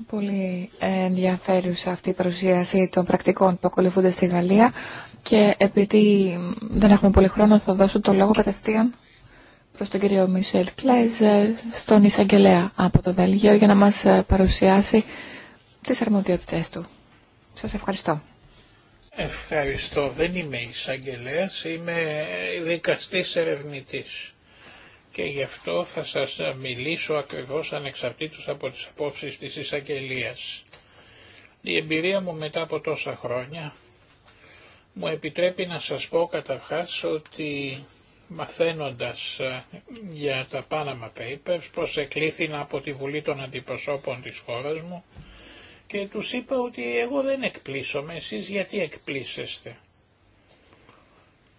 Πολύ ενδιαφέρουσα αυτή η παρουσίαση των πρακτικών που ακολουθούνται στη Γαλλία και επειδή δεν έχουμε πολύ χρόνο θα δώσω το λόγο κατευθείαν προς τον κύριο Μισελ Κλέζ στον εισαγγελέα από το Βέλγιο για να μας ε, παρουσιάσει τις αρμοδιότητές του. Σας ευχαριστώ. Ευχαριστώ. Δεν είμαι εισαγγελέα, είμαι δικαστής ερευνητής. Και γι' αυτό θα σας μιλήσω ακριβώς ανεξαρτήτως από τις απόψεις της εισαγγελία. Η εμπειρία μου μετά από τόσα χρόνια μου επιτρέπει να σας πω καταρχάς ότι μαθαίνοντας ε, για τα Panama Papers προσεκλήθηνα από τη Βουλή των Αντιπροσώπων της χώρας μου και τους είπα ότι εγώ δεν εκπλήσωμαι, εσείς γιατί εκπλήσεστε.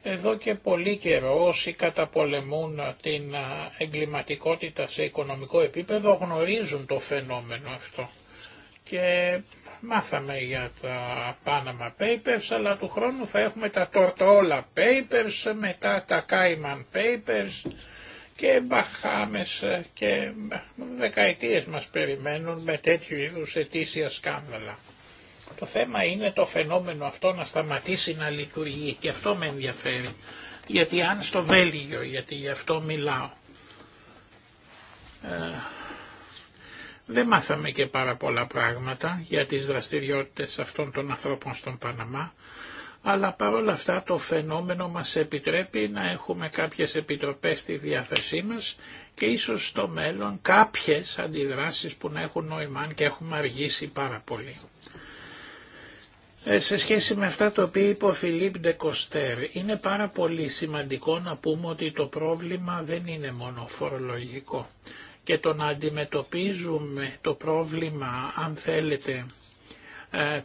Εδώ και πολύ καιρό όσοι καταπολεμούν την ε, εγκληματικότητα σε οικονομικό επίπεδο γνωρίζουν το φαινόμενο αυτό και Μάθαμε για τα Panama Papers, αλλά του χρόνου θα έχουμε τα Tortola Papers, μετά τα Cayman Papers και Μπαχάμες και δεκαετίες μας περιμένουν με τέτοιου είδους ετήσια σκάνδαλα. Το θέμα είναι το φαινόμενο αυτό να σταματήσει να λειτουργεί και αυτό με ενδιαφέρει. Γιατί αν στο Βέλγιο, γιατί γι' αυτό μιλάω, ε, δεν μάθαμε και πάρα πολλά πράγματα για τις δραστηριότητες αυτών των ανθρώπων στον Παναμά, αλλά παρόλα αυτά το φαινόμενο μας επιτρέπει να έχουμε κάποιες επιτροπές στη διάθεσή μας και ίσως στο μέλλον κάποιες αντιδράσεις που να έχουν νόημα και έχουμε αργήσει πάρα πολύ. Ε, σε σχέση με αυτά το οποία είπε ο Φιλίπ Ντεκοστέρ, είναι πάρα πολύ σημαντικό να πούμε ότι το πρόβλημα δεν είναι μόνο φορολογικό και το να αντιμετωπίζουμε το πρόβλημα, αν θέλετε, ε,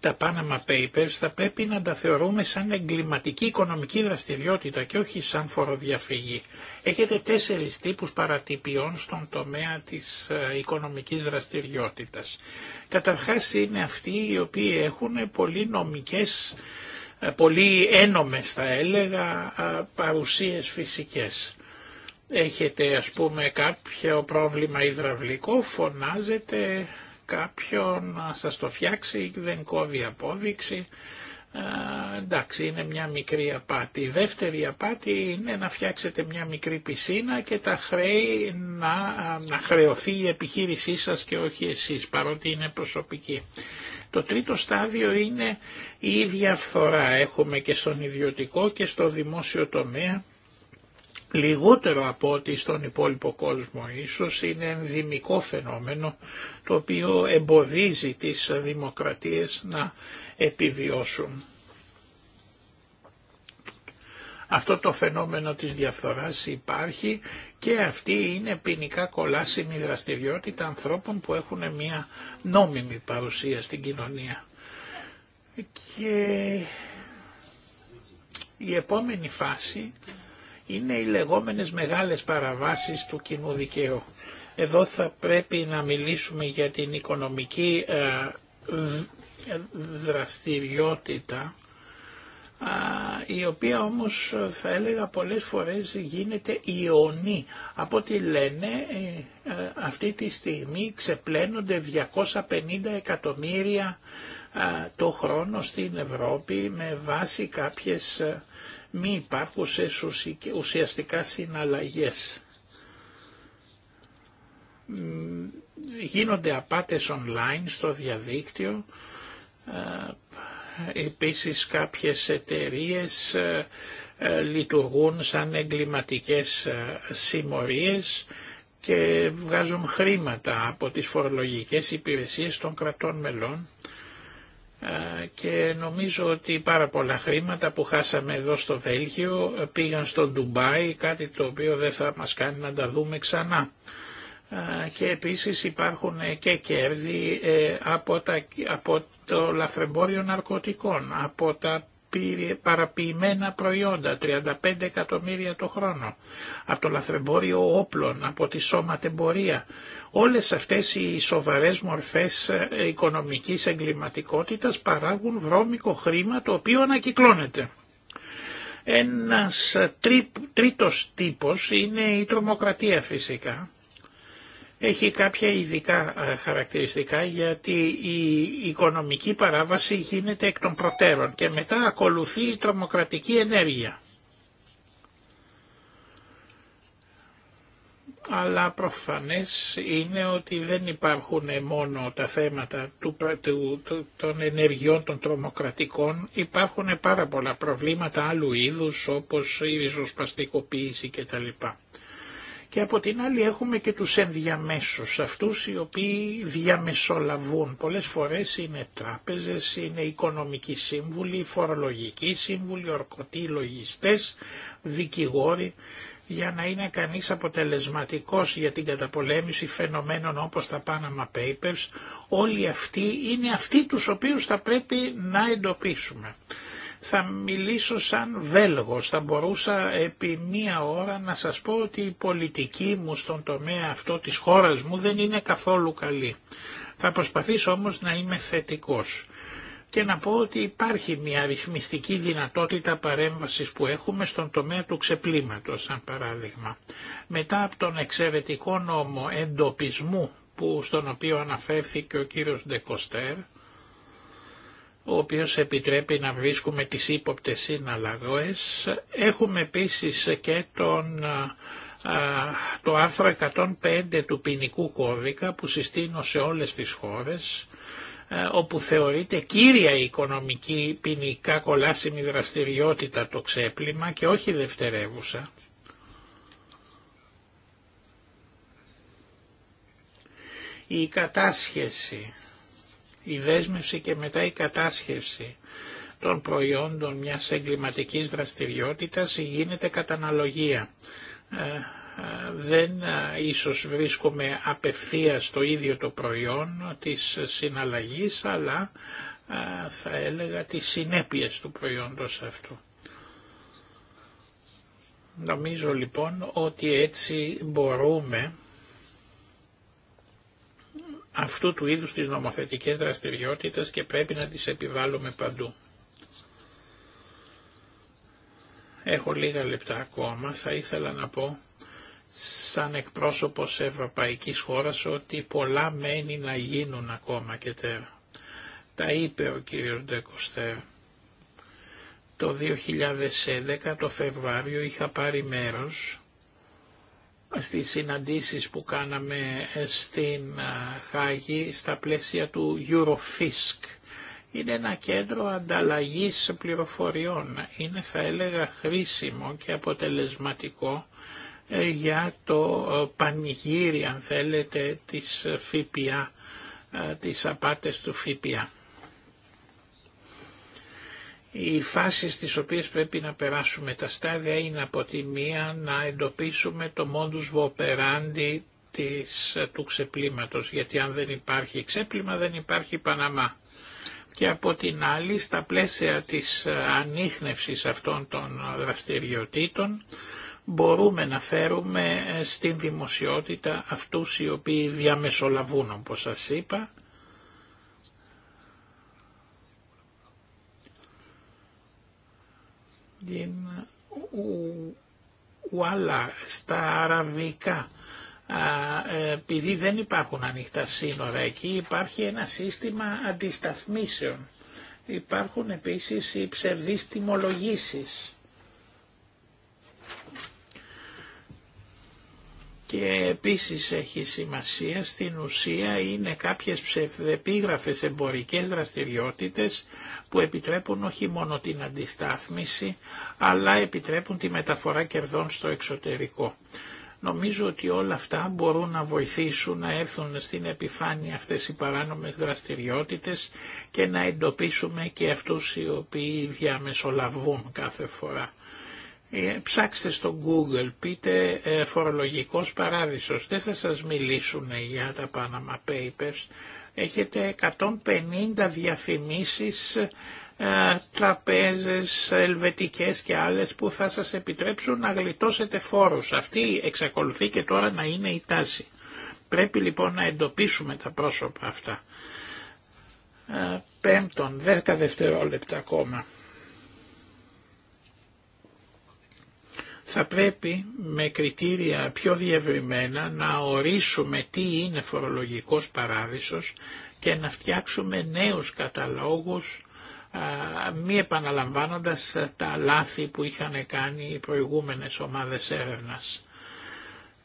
τα Panama Papers θα πρέπει να τα θεωρούμε σαν εγκληματική οικονομική δραστηριότητα και όχι σαν φοροδιαφυγή. Έχετε τέσσερις τύπους παρατυπιών στον τομέα της ε, οικονομικής δραστηριότητας. Καταρχάς είναι αυτοί οι οποίοι έχουν πολύ νομικές, ε, πολύ ένομες θα έλεγα, παρουσίες φυσικές έχετε ας πούμε κάποιο πρόβλημα υδραυλικό, φωνάζετε κάποιον να σας το φτιάξει, δεν κόβει απόδειξη. Ε, εντάξει, είναι μια μικρή απάτη. Η δεύτερη απάτη είναι να φτιάξετε μια μικρή πισίνα και τα χρέη να, να χρεωθεί η επιχείρησή σας και όχι εσείς, παρότι είναι προσωπική. Το τρίτο στάδιο είναι η διαφθορά. Έχουμε και στον ιδιωτικό και στο δημόσιο τομέα λιγότερο από ό,τι στον υπόλοιπο κόσμο. Ίσως είναι ενδημικό φαινόμενο το οποίο εμποδίζει τις δημοκρατίες να επιβιώσουν. Αυτό το φαινόμενο της διαφθοράς υπάρχει και αυτή είναι ποινικά κολάσιμη δραστηριότητα ανθρώπων που έχουν μια νόμιμη παρουσία στην κοινωνία. Και η επόμενη φάση είναι οι λεγόμενες μεγάλες παραβάσεις του κοινού δικαίου. Εδώ θα πρέπει να μιλήσουμε για την οικονομική ε, δραστηριότητα η οποία όμως θα έλεγα πολλές φορές γίνεται ιονή. Από ό,τι λένε ε, ε, αυτή τη στιγμή ξεπλένονται 250 εκατομμύρια το χρόνο στην Ευρώπη με βάση κάποιες μη υπάρχουσες ουσιαστικά συναλλαγές. Γίνονται απάτες online στο διαδίκτυο, ε, επίσης κάποιες εταιρείες ε, ε, λειτουργούν σαν εγκληματικές συμμορίες και βγάζουν χρήματα από τις φορολογικές υπηρεσίες των κρατών μελών ε, και νομίζω ότι πάρα πολλά χρήματα που χάσαμε εδώ στο Βέλγιο πήγαν στο Ντουμπάι, κάτι το οποίο δεν θα μας κάνει να τα δούμε ξανά. Ε, και επίσης υπάρχουν ε, και κέρδη από, από το λαθρεμπόριο ναρκωτικών, από τα παραποιημένα προϊόντα, 35 εκατομμύρια το χρόνο, από το λαθρεμπόριο όπλων, από τη σώματεμπορία. Όλες αυτές οι σοβαρές μορφές ε, οικονομικής εγκληματικότητας παράγουν βρώμικο χρήμα το οποίο ανακυκλώνεται. Ένας τρίτος τύπος είναι η τρομοκρατία φυσικά έχει κάποια ειδικά ε, χαρακτηριστικά γιατί η οικονομική παράβαση γίνεται εκ των προτέρων και μετά ακολουθεί η τρομοκρατική ενέργεια. αλλά προφανές είναι ότι δεν υπάρχουν μόνο τα θέματα του, του, των ενεργειών των τρομοκρατικών, υπάρχουν πάρα πολλά προβλήματα άλλου είδους όπως η ριζοσπαστικοποίηση κτλ. Και από την άλλη έχουμε και τους ενδιαμέσους, αυτούς οι οποίοι διαμεσολαβούν. Πολλές φορές είναι τράπεζες, είναι οικονομικοί σύμβουλοι, φορολογικοί σύμβουλοι, ορκωτοί λογιστές, δικηγόροι, για να είναι κανείς αποτελεσματικός για την καταπολέμηση φαινομένων όπως τα Panama Papers, όλοι αυτοί είναι αυτοί τους οποίους θα πρέπει να εντοπίσουμε. Θα μιλήσω σαν Βέλγος, θα μπορούσα επί μία ώρα να σας πω ότι η πολιτική μου στον τομέα αυτό της χώρας μου δεν είναι καθόλου καλή. Θα προσπαθήσω όμως να είμαι θετικός και να πω ότι υπάρχει μια αριθμιστική δυνατότητα παρέμβασης που έχουμε στον τομέα του ξεπλήματος, σαν παράδειγμα. Μετά από τον εξαιρετικό νόμο εντοπισμού που, στον οποίο αναφέρθηκε ο κύριος Ντεκοστέρ, ο οποίος επιτρέπει να βρίσκουμε τις ύποπτες συναλλαγές. Έχουμε επίσης και τον, το άρθρο 105 του ποινικού κώδικα που συστήνω σε όλες τις χώρες ε, όπου θεωρείται κύρια η οικονομική ποινικά κολάσιμη δραστηριότητα το ξέπλυμα και όχι δευτερεύουσα. Η κατάσχεση η δέσμευση και μετά η κατάσχευση των προϊόντων μιας εγκληματικής δραστηριότητας γίνεται κατά αναλογία. Ε, ε, δεν ε, ίσως βρίσκουμε απευθείας το ίδιο το προϊόν της συναλλαγής, αλλά θα έλεγα τις συνέπειες του προϊόντος αυτού. Νομίζω λοιπόν ότι έτσι μπορούμε αυτού του είδους τις νομοθετικές δραστηριότητες και πρέπει να τις επιβάλλουμε παντού. Έχω λίγα λεπτά ακόμα, θα ήθελα να πω σαν εκπρόσωπος ευρωπαϊκής χώρας ότι πολλά μένει να γίνουν ακόμα και τέρα. Τα είπε ο κύριος Ντεκοστέρ. Το 2011 το Φεβρουάριο είχα πάρει μέρος στις συναντήσεις που κάναμε ε, στην Χάγη στα πλαίσια του Eurofisk. Είναι ένα κέντρο ανταλλαγής πληροφοριών. Είναι θα έλεγα χρήσιμο και αποτελεσματικό ε, για το ε, πανηγύρι αν θέλετε της ΦΠΑ, της απάτες του ΦΠΑ. Οι φάσεις τις οποίες πρέπει να περάσουμε τα στάδια είναι από τη μία να εντοπίσουμε το modus βοπεράντι του ξεπλήματος, γιατί αν δεν υπάρχει ξέπλυμα δεν υπάρχει Παναμά. Και από την άλλη στα πλαίσια της ανείχνευσης αυτών των δραστηριοτήτων μπορούμε να φέρουμε στην δημοσιότητα αυτούς οι οποίοι διαμεσολαβούν όπως σας είπα Ουάλα στα αραβικά. Ε, επειδή δεν υπάρχουν ανοιχτά σύνορα εκεί υπάρχει ένα σύστημα αντισταθμίσεων. Υπάρχουν επίσης οι ψευδείς τιμολογήσεις Και επίσης έχει σημασία στην ουσία είναι κάποιες ψευδεπίγραφες εμπορικές δραστηριότητες που επιτρέπουν όχι μόνο την αντιστάθμιση αλλά επιτρέπουν τη μεταφορά κερδών στο εξωτερικό. Νομίζω ότι όλα αυτά μπορούν να βοηθήσουν να έρθουν στην επιφάνεια αυτές οι παράνομες δραστηριότητες και να εντοπίσουμε και αυτούς οι οποίοι διαμεσολαβούν κάθε φορά. Ε, ψάξτε στο Google, πείτε ε, φορολογικός παράδεισος. Δεν θα σας μιλήσουν για τα Panama Papers. Έχετε 150 διαφημίσεις, ε, τραπέζες, ελβετικές και άλλες που θα σας επιτρέψουν να γλιτώσετε φόρους. Αυτή εξακολουθεί και τώρα να είναι η τάση. Πρέπει λοιπόν να εντοπίσουμε τα πρόσωπα αυτά. Πέμπτον, δέκα δευτερόλεπτα ακόμα. θα πρέπει με κριτήρια πιο διευρυμένα να ορίσουμε τι είναι φορολογικός παράδεισος και να φτιάξουμε νέους καταλόγους μη επαναλαμβάνοντας τα λάθη που είχαν κάνει οι προηγούμενες ομάδες έρευνας.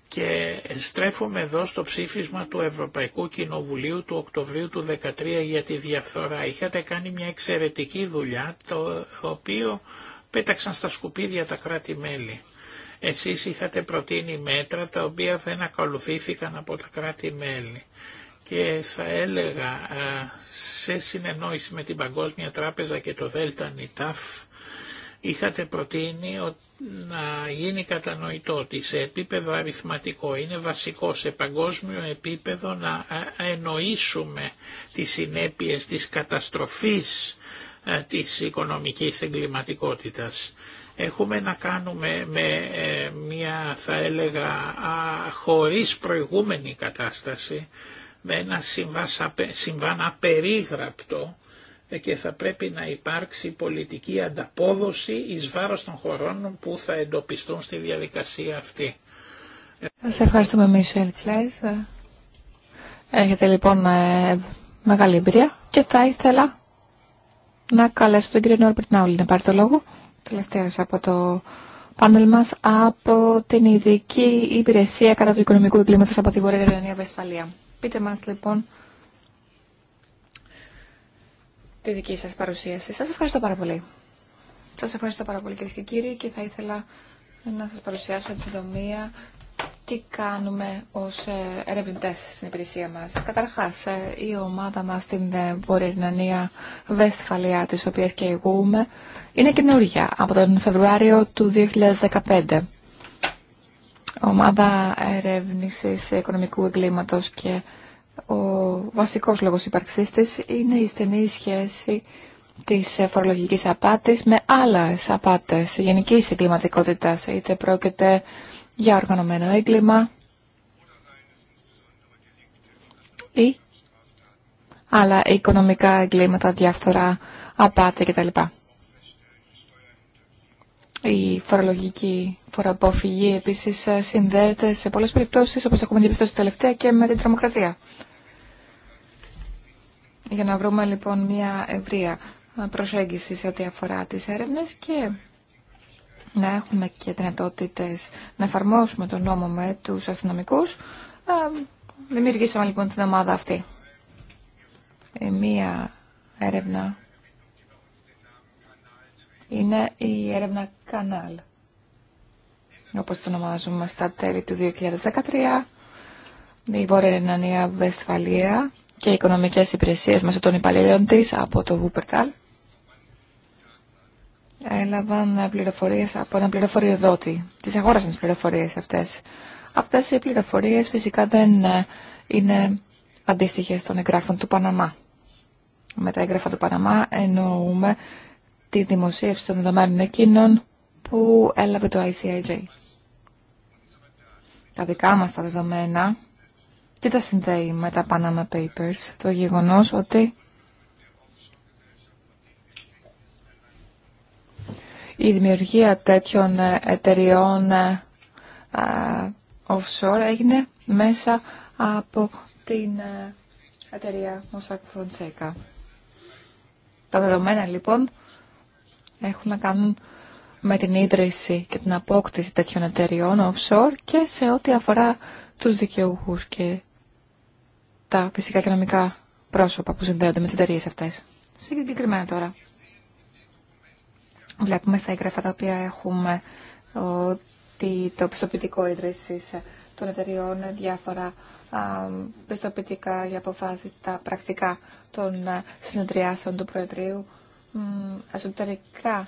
Και στρέφουμε εδώ στο ψήφισμα του Ευρωπαϊκού Κοινοβουλίου του Οκτωβρίου του 2013 για τη διαφθορά. Είχατε κάνει μια εξαιρετική δουλειά, το οποίο πέταξαν στα σκουπίδια τα κράτη-μέλη. Εσείς είχατε προτείνει μέτρα τα οποία δεν ακολουθήθηκαν από τα κράτη-μέλη και θα έλεγα σε συνεννόηση με την Παγκόσμια Τράπεζα και το Δέλτα Νιτάφ είχατε προτείνει να γίνει κατανοητό ότι σε επίπεδο αριθματικό είναι βασικό σε παγκόσμιο επίπεδο να εννοήσουμε τις συνέπειες της καταστροφής της οικονομικής εγκληματικότητας έχουμε να κάνουμε με ε, μια θα έλεγα χωρίς προηγούμενη κατάσταση, με ένα συμβάν απερίγραπτο ε, και θα πρέπει να υπάρξει πολιτική ανταπόδοση εις βάρος των χωρών που θα εντοπιστούν στη διαδικασία αυτή. Σας ευχαριστούμε Μίσελ Έχετε λοιπόν ε, μεγάλη εμπειρία και θα ήθελα να καλέσω τον κύριο Νάουλη να πάρει το λόγο τελευταίος από το πάνελ μας από την Ειδική Υπηρεσία κατά του Οικονομικού Εγκλήματος από τη Βορεια Ιρλανδία Βεσφαλία. Πείτε μας λοιπόν τη δική σας παρουσίαση. Σας ευχαριστώ πάρα πολύ. Σας ευχαριστώ πάρα πολύ κυρίες και κύριοι και θα ήθελα να σας παρουσιάσω τη συντομία τι κάνουμε ως ε, ερευνητέ στην υπηρεσία μας. Καταρχάς, ε, η ομάδα μας στην ε, Βορειοειρνανία Βεσφαλιά, της οποίας και ηγούμε, είναι καινούργια από τον Φεβρουάριο του 2015. Ομάδα ερεύνησης οικονομικού εγκλήματος και ο βασικός λόγος ύπαρξής της είναι η στενή σχέση της φορολογικής απάτης με άλλες απάτες γενικής εγκληματικότητας, είτε πρόκειται για οργανωμένο έγκλημα ή άλλα οικονομικά εγκλήματα, διάφορα απάτη κτλ. Η φορολογική φοροαποφυγή επίσης συνδέεται σε πολλές περιπτώσεις, όπως έχουμε διαπιστώσει τελευταία, και με την τρομοκρατία. Για να βρούμε λοιπόν μια ευρεία προσέγγιση σε ό,τι αφορά τις έρευνες και να έχουμε και δυνατότητε να εφαρμόσουμε τον νόμο με τους αστυνομικούς. Δημιουργήσαμε λοιπόν την ομάδα αυτή. Ε, μία έρευνα είναι η έρευνα Κανάλ, όπως το ονομάζουμε στα τέλη του 2013, η Βόρεια Ρενανία Βεσφαλία και οι οικονομικές υπηρεσίες μέσω των υπαλλήλων της από το Βούπερταλ έλαβαν πληροφορίες από έναν πληροφοριοδότη. Τις αγόρασαν τις πληροφορίες αυτές. Αυτές οι πληροφορίες φυσικά δεν ε, είναι αντίστοιχες των εγγράφων του Παναμά. Με τα έγγραφα του Παναμά εννοούμε τη δημοσίευση των δεδομένων εκείνων που έλαβε το ICIJ. Τα δικά μας τα δεδομένα, τι τα συνδέει με τα Panama Papers, το γεγονός ότι η δημιουργία τέτοιων εταιριών ε, offshore έγινε μέσα από την ε, εταιρεία Mossack Fonseca. Τα δεδομένα λοιπόν έχουν να κάνουν με την ίδρυση και την απόκτηση τέτοιων εταιριών offshore και σε ό,τι αφορά τους δικαιούχους και τα φυσικά και νομικά πρόσωπα που συνδέονται με τις εταιρείε αυτές. Συγκεκριμένα τώρα. Βλέπουμε στα έγγραφα τα οποία έχουμε ότι το πιστοποιητικό ίδρυση των εταιριών, διάφορα πιστοποιητικά για αποφάσεις, τα πρακτικά των ε, συνεδριάσεων του Προεδρείου, εσωτερικά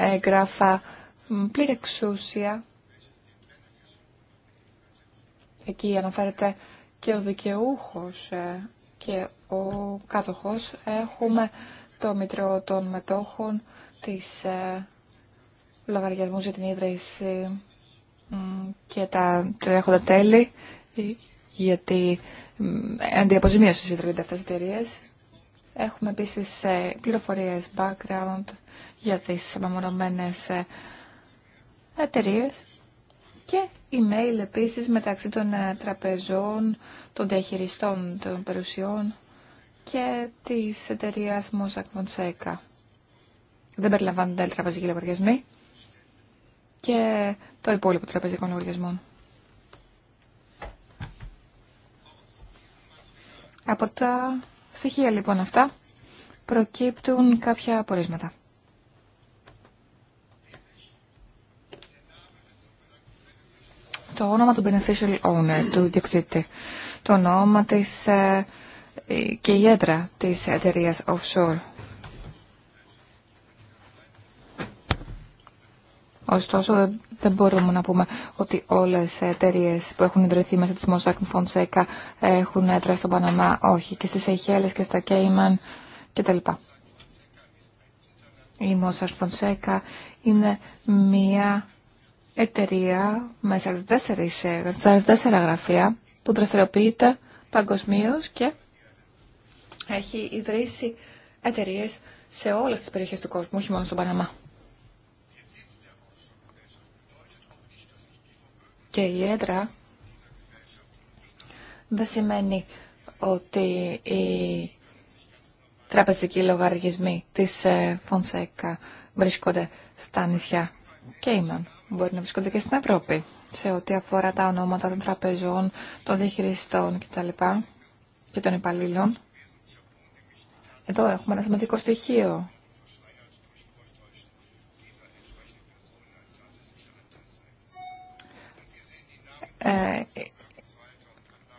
έγγραφα, πλήρη εξούσια. Εκεί αναφέρεται και ο δικαιούχος ε, και ο κάτοχος. Έχουμε το Μητρό των Μετόχων, τις ε, λογαριασμούς για την ίδρυση και τα τρέχοντα τέλη, ε, γιατί οι συντρέχονται αυτές οι εταιρείε. Έχουμε επίσης ε, πληροφορίες background για τις απομονωμένες εταιρείε και email επίσης μεταξύ των τραπεζών, των διαχειριστών των περιουσιών και της εταιρείας Mossack Fonseca δεν περιλαμβάνονται άλλοι τραπεζικοί λογαριασμοί και το υπόλοιπο τραπεζικών λογαριασμών. Από τα στοιχεία λοιπόν αυτά προκύπτουν κάποια απορίσματα. Το όνομα του beneficial owner, του ιδιοκτήτη, το όνομα της ε, και η έδρα της εταιρείας offshore Ωστόσο, δεν μπορούμε να πούμε ότι όλες οι εταιρείε που έχουν ιδρυθεί μέσα τη Mossack Fonseca έχουν έδρα στον Παναμά. Όχι, και στι Αιχέλε και στα Κέιμαν κτλ. Η Mossack Fonseca είναι μια εταιρεία με 44, γραφεία που δραστηριοποιείται παγκοσμίω και έχει ιδρύσει εταιρείε σε όλε τι περιοχέ του κόσμου, όχι μόνο στον Παναμά. Και η έδρα δεν σημαίνει ότι οι τραπεζικοί λογαριασμοί της Φονσέκα ε, βρίσκονται στα νησιά Κέιμαν. Μπορεί να βρίσκονται και στην Ευρώπη σε ό,τι αφορά τα ονόματα των τραπεζών, των διαχειριστών κτλ. και των υπαλλήλων. Εδώ έχουμε ένα σημαντικό στοιχείο ε,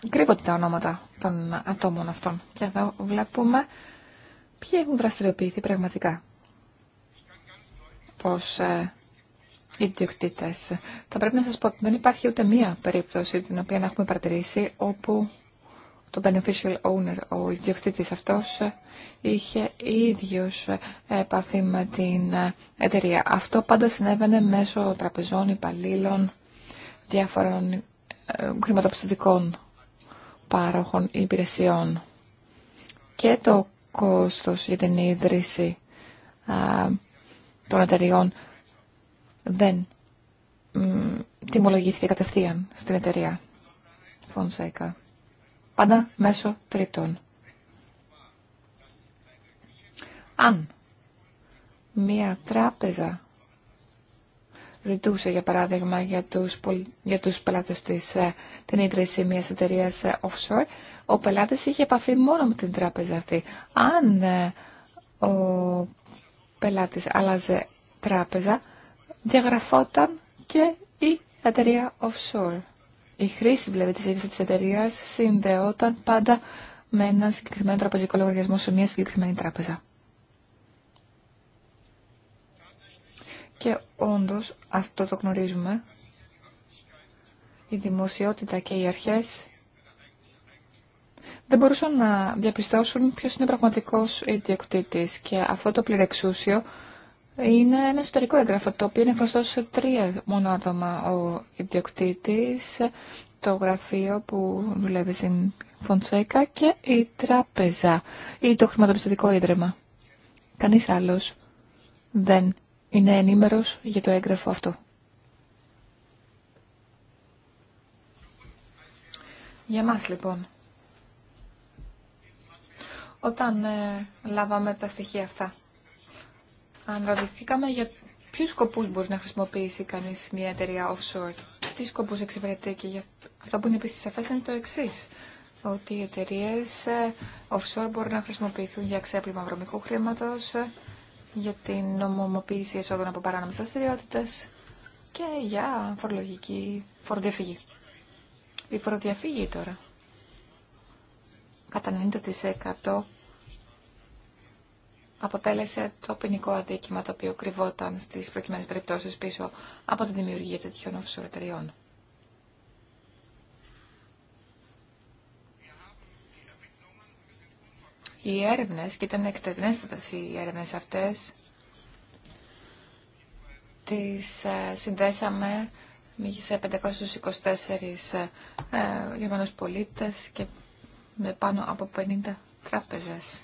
κρύβονται τα ονόματα των ατόμων αυτών. Και εδώ βλέπουμε ποιοι έχουν δραστηριοποιηθεί πραγματικά πως ε, Θα πρέπει να σας πω ότι δεν υπάρχει ούτε μία περίπτωση την οποία να έχουμε παρατηρήσει όπου το beneficial owner, ο ιδιοκτήτης αυτός, είχε ίδιος επαφή με την εταιρεία. Αυτό πάντα συνέβαινε μέσω τραπεζών, υπαλλήλων, διάφορων χρηματοπιστωτικών πάροχων υπηρεσιών και το κόστος για την ίδρυση των εταιριών δεν τιμολογήθηκε κατευθείαν στην εταιρεία Φονσέκα. Πάντα μέσω τρίτων. Αν μία τράπεζα ζητούσε, για παράδειγμα, για τους, για τους πελάτες της ε, την ίδρυση μιας εταιρείας ε, offshore, ο πελάτης είχε επαφή μόνο με την τράπεζα αυτή. Αν ε, ο πελάτης άλλαζε τράπεζα, διαγραφόταν και η εταιρεία offshore. Η χρήση δηλαδή της ίδρυσης της εταιρείας συνδεόταν πάντα με ένα συγκεκριμένο τραπεζικό λογαριασμό σε μια συγκεκριμένη τράπεζα. Και όντως, αυτό το γνωρίζουμε, η δημοσιότητα και οι αρχές δεν μπορούσαν να διαπιστώσουν ποιος είναι πραγματικός ιδιοκτήτης. Και αυτό το πληρεξούσιο είναι ένα ιστορικό έγγραφο, το οποίο είναι γνωστό σε τρία μόνο άτομα. Ο ιδιοκτήτης, το γραφείο που δουλεύει στην Φοντσέκα και η τράπεζα ή το χρηματοπιστωτικό ίδρυμα. Κανείς άλλος δεν είναι ενήμερος για το έγγραφο αυτό. Για μας λοιπόν, όταν ε, λάβαμε τα στοιχεία αυτά, ρωτηθήκαμε για ποιους σκοπούς μπορεί να χρησιμοποιήσει κανείς μια εταιρεία offshore, τι σκοπούς εξυπηρετεί και για... αυτό που είναι επίσης σαφές είναι το εξής ότι οι εταιρείε ε, offshore μπορούν να χρησιμοποιηθούν για ξέπλυμα βρωμικού χρήματος, ε, για την νομοποίηση εσόδων από παράνομες δραστηριότητε και για φορολογική φοροδιαφυγή. Η φοροδιαφυγή τώρα. Κατά 90% αποτέλεσε το ποινικό αδίκημα το οποίο κρυβόταν στις προκειμένες περιπτώσεις πίσω από τη δημιουργία τέτοιων offshore οι έρευνες, και ήταν εκτενέστατες οι έρευνες αυτές, τις ε, συνδέσαμε σε 524 ε, Γερμανούς πολίτες και με πάνω από 50 τράπεζες.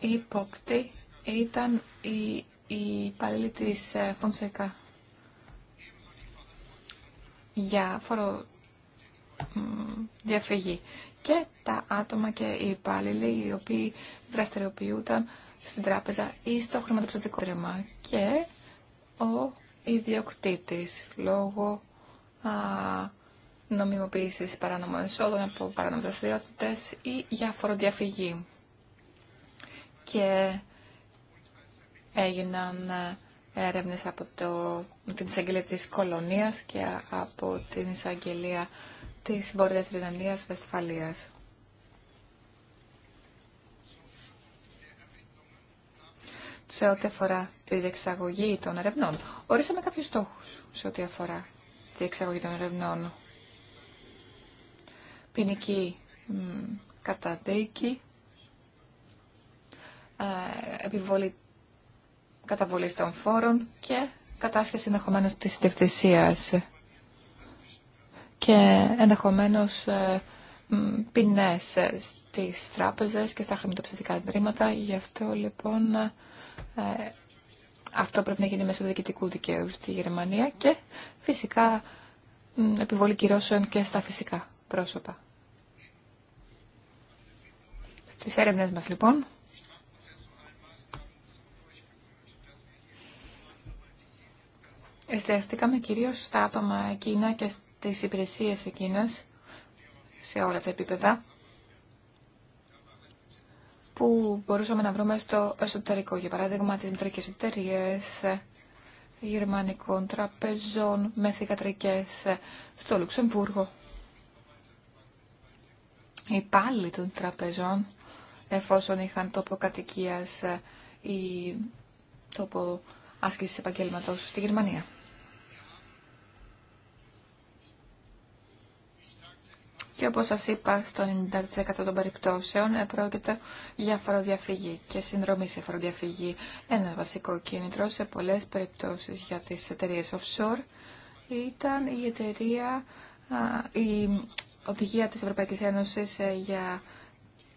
Η υπόκτη ήταν η, η υπαλλήλη της Φονσέκα ε, για φορο διαφυγή. Και τα άτομα και οι υπάλληλοι οι οποίοι δραστηριοποιούνταν στην τράπεζα ή στο χρηματοπιστωτικό τρέμα. Και ο ιδιοκτήτης λόγω α, νομιμοποίησης παράνομων εισόδων από παράνομες ή για φοροδιαφυγή. Και έγιναν ε, έρευνες από το, την εισαγγελία της Κολονίας και από την εισαγγελία της Βόρειας Ρινανίας Βεσφαλίας. Σε ό,τι αφορά τη διεξαγωγή των ερευνών, ορίσαμε κάποιους στόχους σε ό,τι αφορά τη διεξαγωγή των ερευνών. Ποινική καταδίκη, ε, επιβολή καταβολής των φόρων και κατάσχεση ενδεχομένω της διευθυνσίας και ενδεχομένως ε, ποινές ε, στις τράπεζες και στα χρηματοπιστωτικά εντρήματα. Γι' αυτό λοιπόν ε, αυτό πρέπει να γίνει μέσω διοικητικού δικαίου στη Γερμανία και φυσικά επιβολή κυρώσεων και στα φυσικά πρόσωπα. Στις έρευνες μας λοιπόν εστιαστήκαμε κυρίως στα άτομα εκείνα και τις υπηρεσίες εκείνες σε όλα τα επίπεδα που μπορούσαμε να βρούμε στο εσωτερικό, για παράδειγμα τις μητρικές εταιρείε γερμανικών τραπεζών με στο Λουξεμβούργο. Οι πάλι των τραπεζών, εφόσον είχαν τόπο κατοικίας ή τόπο άσκησης επαγγέλματος στη Γερμανία. Και όπως σας είπα, στο 90% των περιπτώσεων πρόκειται για φοροδιαφυγή και συνδρομή σε φοροδιαφυγή. Ένα βασικό κίνητρο σε πολλές περιπτώσεις για τις εταιρείε offshore ήταν η εταιρεία, η οδηγία της Ευρωπαϊκής Ένωσης ε, για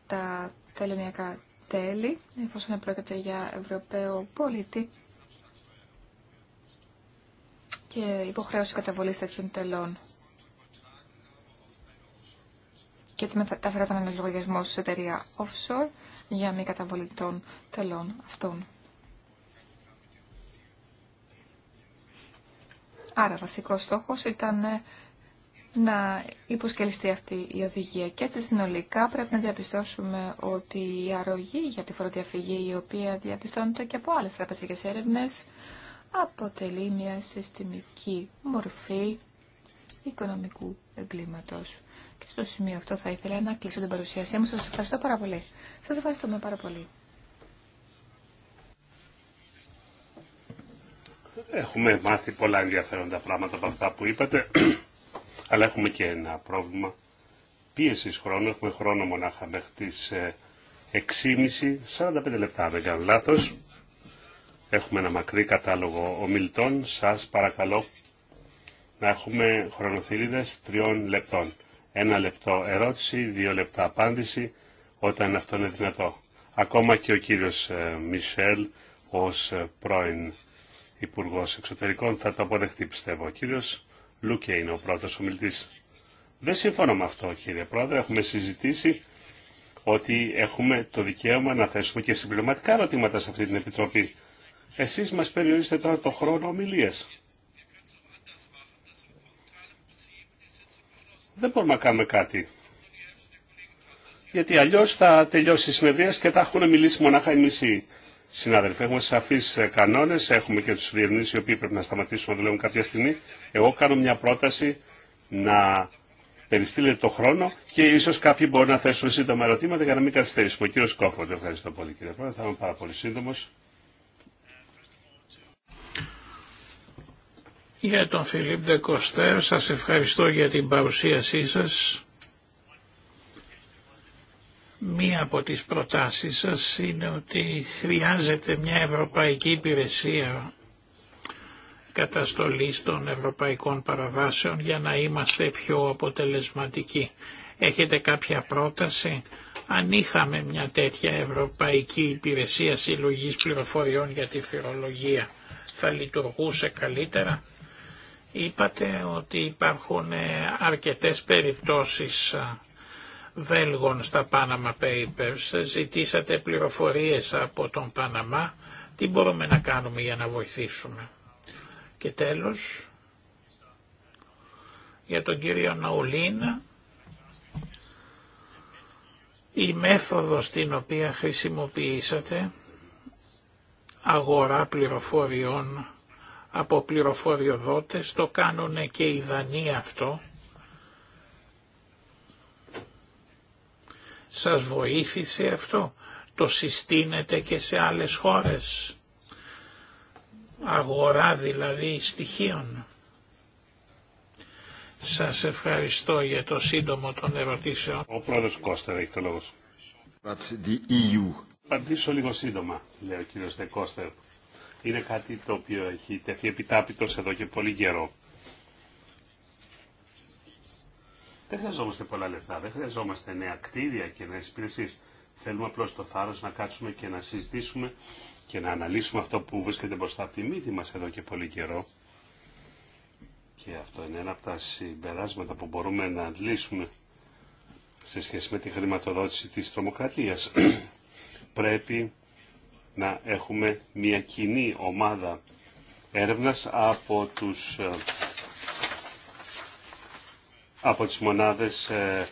τα τελενιακά τέλη, εφόσον πρόκειται για Ευρωπαίο πολίτη και υποχρέωση καταβολής τέτοιων τελών. και έτσι μεταφέρα τον αναλογισμό σε εταιρεία offshore για μη καταβολή των τελών αυτών. Άρα, βασικό στόχος ήταν ε, να υποσκελιστεί αυτή η οδηγία. Και έτσι συνολικά πρέπει να διαπιστώσουμε ότι η αρρωγή για τη φοροδιαφυγή, η οποία διαπιστώνεται και από άλλες τραπεζικές έρευνε, αποτελεί μια συστημική μορφή οικονομικού εγκλήματος. Και στο σημείο αυτό θα ήθελα να κλείσω την παρουσίασή μου. Σας ευχαριστώ πάρα πολύ. Σας ευχαριστούμε πάρα πολύ. Έχουμε μάθει πολλά ενδιαφέροντα πράγματα από αυτά που είπατε, αλλά έχουμε και ένα πρόβλημα πίεσης χρόνου. Έχουμε χρόνο μονάχα μέχρι τις 6.30, ε, 45 λεπτά δεν κάνω λάθος. Έχουμε ένα μακρύ κατάλογο ομιλητών. Σας παρακαλώ να έχουμε χρονοθυρίδες τριών λεπτών. Ένα λεπτό ερώτηση, δύο λεπτά απάντηση, όταν αυτό είναι δυνατό. Ακόμα και ο κύριος ε, Μισελ ως ε, πρώην Υπουργός Εξωτερικών θα το αποδεχτεί πιστεύω. Ο κύριος Λούκε είναι ο πρώτος ομιλητής. Δεν συμφωνώ με αυτό κύριε Πρόεδρε, έχουμε συζητήσει ότι έχουμε το δικαίωμα να θέσουμε και συμπληρωματικά ερωτήματα σε αυτή την Επιτροπή. Εσείς μας περιορίσετε τώρα το χρόνο ομιλίας. δεν μπορούμε να κάνουμε κάτι. Γιατί αλλιώ θα τελειώσει η συνεδρία και θα έχουν μιλήσει μονάχα οι συνάδελφοι. Έχουμε σαφείς ε, κανόνε, έχουμε και του διευνήσεις οι οποίοι πρέπει να σταματήσουν να δουλεύουν κάποια στιγμή. Εγώ κάνω μια πρόταση να περιστείλετε το χρόνο και ίσω κάποιοι μπορούν να θέσουν σύντομα ερωτήματα για να μην καθυστερήσουμε. Κύριο Σκόφον, ευχαριστώ πολύ κύριε Πρόεδρε, θα είμαι πάρα πολύ σύντομο. Για τον Φιλίπ Ντεκοστέρ σας ευχαριστώ για την παρουσίασή σας. Μία από τις προτάσεις σας είναι ότι χρειάζεται μια ευρωπαϊκή υπηρεσία καταστολής των ευρωπαϊκών παραβάσεων για να είμαστε πιο αποτελεσματικοί. Έχετε κάποια πρόταση. Αν είχαμε μια τέτοια ευρωπαϊκή υπηρεσία συλλογής πληροφοριών για τη φυρολογία θα λειτουργούσε καλύτερα. Είπατε ότι υπάρχουν ε, αρκετές περιπτώσεις Βέλγων στα Panama Papers. Ζητήσατε πληροφορίες από τον Παναμά. Τι μπορούμε να κάνουμε για να βοηθήσουμε. Και τέλος, για τον κύριο Ναουλίνα, η μέθοδος την οποία χρησιμοποιήσατε, αγορά πληροφοριών από πληροφοριοδότες, το κάνουν και οι Δανείοι αυτό. Σας βοήθησε αυτό, το συστήνετε και σε άλλες χώρες. Αγορά δηλαδή στοιχείων. Σας ευχαριστώ για το σύντομο των ερωτήσεων. Ο πρόεδρος Κώστερ έχει το λόγο. E Απαντήσω λίγο σύντομα, λέει ο κύριος Δεκώστερ είναι κάτι το οποίο έχει τεθεί επιτάπητος εδώ και πολύ καιρό. Δεν χρειαζόμαστε πολλά λεφτά, δεν χρειαζόμαστε νέα κτίρια και νέες υπηρεσίες. Θέλουμε απλώς το θάρρος να κάτσουμε και να συζητήσουμε και να αναλύσουμε αυτό που βρίσκεται μπροστά από τη μύτη μας εδώ και πολύ καιρό. Και αυτό είναι ένα από τα συμπεράσματα που μπορούμε να αντλήσουμε σε σχέση με τη χρηματοδότηση της τρομοκρατίας. Πρέπει να έχουμε μια κοινή ομάδα έρευνας από, τους, ε, από τις μονάδες ε,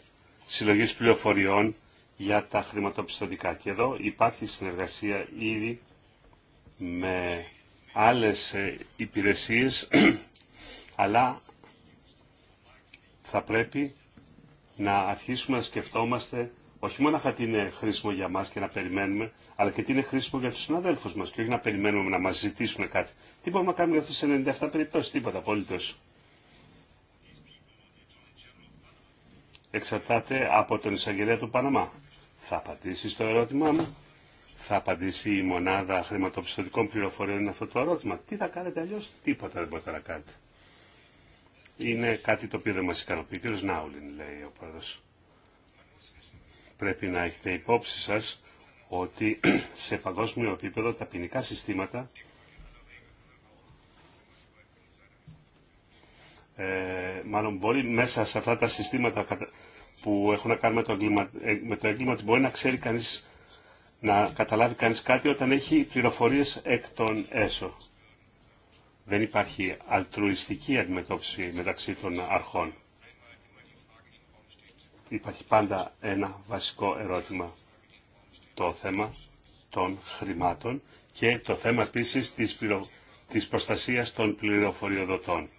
συλλογής πληροφοριών για τα χρηματοπιστωτικά. Και εδώ υπάρχει συνεργασία ήδη με άλλες ε, υπηρεσίες, αλλά θα πρέπει να αρχίσουμε να σκεφτόμαστε όχι μόνο τι είναι χρήσιμο για μα και να περιμένουμε, αλλά και τι είναι χρήσιμο για του συναδέλφου μα και όχι να περιμένουμε να μα ζητήσουν κάτι. Τι μπορούμε να κάνουμε για αυτέ τι 97 περιπτώσει, τίποτα απολύτω. Εξαρτάται από τον εισαγγελέα του Παναμά. Θα απαντήσει στο ερώτημά μου. Θα απαντήσει η μονάδα χρηματοπιστωτικών πληροφοριών αυτό το ερώτημα. Τι θα κάνετε αλλιώ, τίποτα δεν μπορείτε να κάνετε. Είναι κάτι το οποίο δεν μα ικανοποιεί. Κύριο Νάουλιν, λέει ο πρόεδρο. Πρέπει να έχετε υπόψη σας ότι σε παγκόσμιο επίπεδο τα ποινικά συστήματα ε, μάλλον μπορεί μέσα σε αυτά τα συστήματα που έχουν να κάνουν με το έγκλημα, ε, με το έγκλημα ότι μπορεί να ξέρει κανείς να καταλάβει κανείς κάτι όταν έχει πληροφορίες εκ των έσω. Δεν υπάρχει αλτρουιστική αντιμετώπιση μεταξύ των αρχών υπάρχει πάντα ένα βασικό ερώτημα. Το θέμα των χρημάτων και το θέμα επίσης της, πληρο... της προστασίας των πληροφοριοδοτών.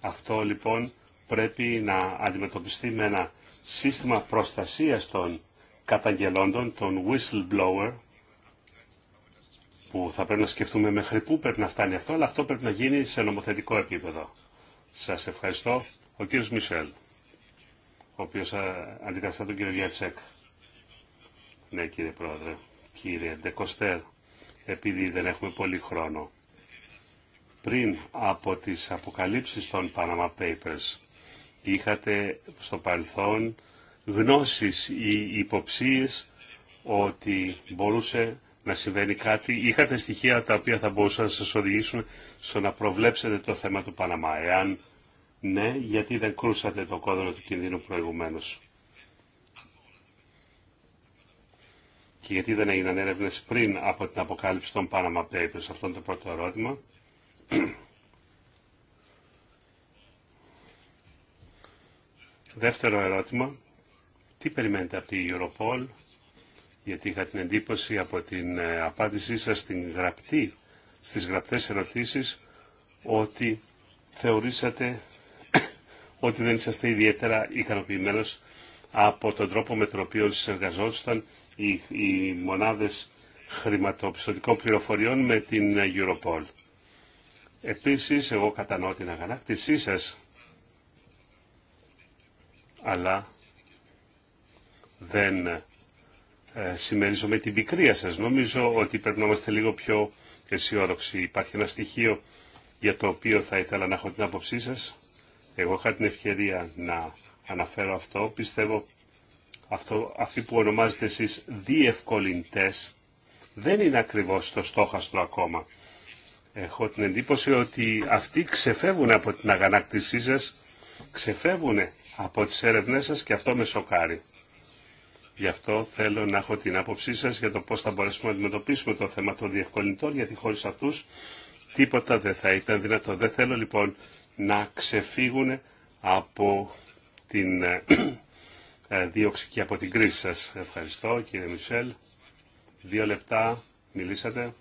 Αυτό λοιπόν πρέπει να αντιμετωπιστεί με ένα σύστημα προστασίας των καταγγελόντων, των whistleblower, που θα πρέπει να σκεφτούμε μέχρι πού πρέπει να φτάνει αυτό, αλλά αυτό πρέπει να γίνει σε νομοθετικό επίπεδο. Σας ευχαριστώ. Ο κύριος Μισελ ο οποίος ε, αντικαθιστά τον κύριο Γιατσέκ. Ναι κύριε Πρόεδρε, κύριε Ντεκοστέρ, επειδή δεν έχουμε πολύ χρόνο. Πριν από τις αποκαλύψεις των Panama Papers, είχατε στο παρελθόν γνώσεις ή υποψίες ότι μπορούσε να συμβαίνει κάτι. Είχατε στοιχεία τα οποία θα μπορούσαν να σας οδηγήσουν στο να προβλέψετε το θέμα του Παναμά. Εάν ναι, γιατί δεν κρούσατε το κόδωνο του κινδύνου προηγουμένως. Και γιατί δεν έγιναν έρευνε πριν από την αποκάλυψη των Panama Papers. Αυτό είναι το πρώτο ερώτημα. Δεύτερο ερώτημα. Τι περιμένετε από την Europol, γιατί είχα την εντύπωση από την ε, απάντησή σας στην γραπτή, στις γραπτές ερωτήσεις, ότι θεωρήσατε ότι δεν είσαστε ιδιαίτερα ικανοποιημένο από τον τρόπο με τον οποίο συνεργαζόντουσαν οι, οι μονάδες χρηματοπιστωτικών πληροφοριών με την Europol. Επίσης, εγώ κατανοώ την αγανάκτησή σας, αλλά δεν ε, συμμερίζομαι την πικρία σας. Νομίζω ότι πρέπει να είμαστε λίγο πιο αισιόδοξοι. Υπάρχει ένα στοιχείο για το οποίο θα ήθελα να έχω την άποψή σας. Εγώ είχα την ευκαιρία να αναφέρω αυτό. Πιστεύω αυτό, αυτοί που ονομάζετε εσείς διευκολυντές δεν είναι ακριβώς το στόχαστρο ακόμα. Έχω την εντύπωση ότι αυτοί ξεφεύγουν από την αγανάκτησή σας, ξεφεύγουν από τις έρευνές σας και αυτό με σοκάρει. Γι' αυτό θέλω να έχω την άποψή σας για το πώς θα μπορέσουμε να αντιμετωπίσουμε το θέμα των διευκολυντών, γιατί χωρίς αυτούς τίποτα δεν θα ήταν δυνατό. Δεν θέλω λοιπόν να ξεφύγουν από την ε, ε, δίωξη και από την κρίση σας. Ευχαριστώ κύριε Μισελ. Δύο λεπτά μιλήσατε.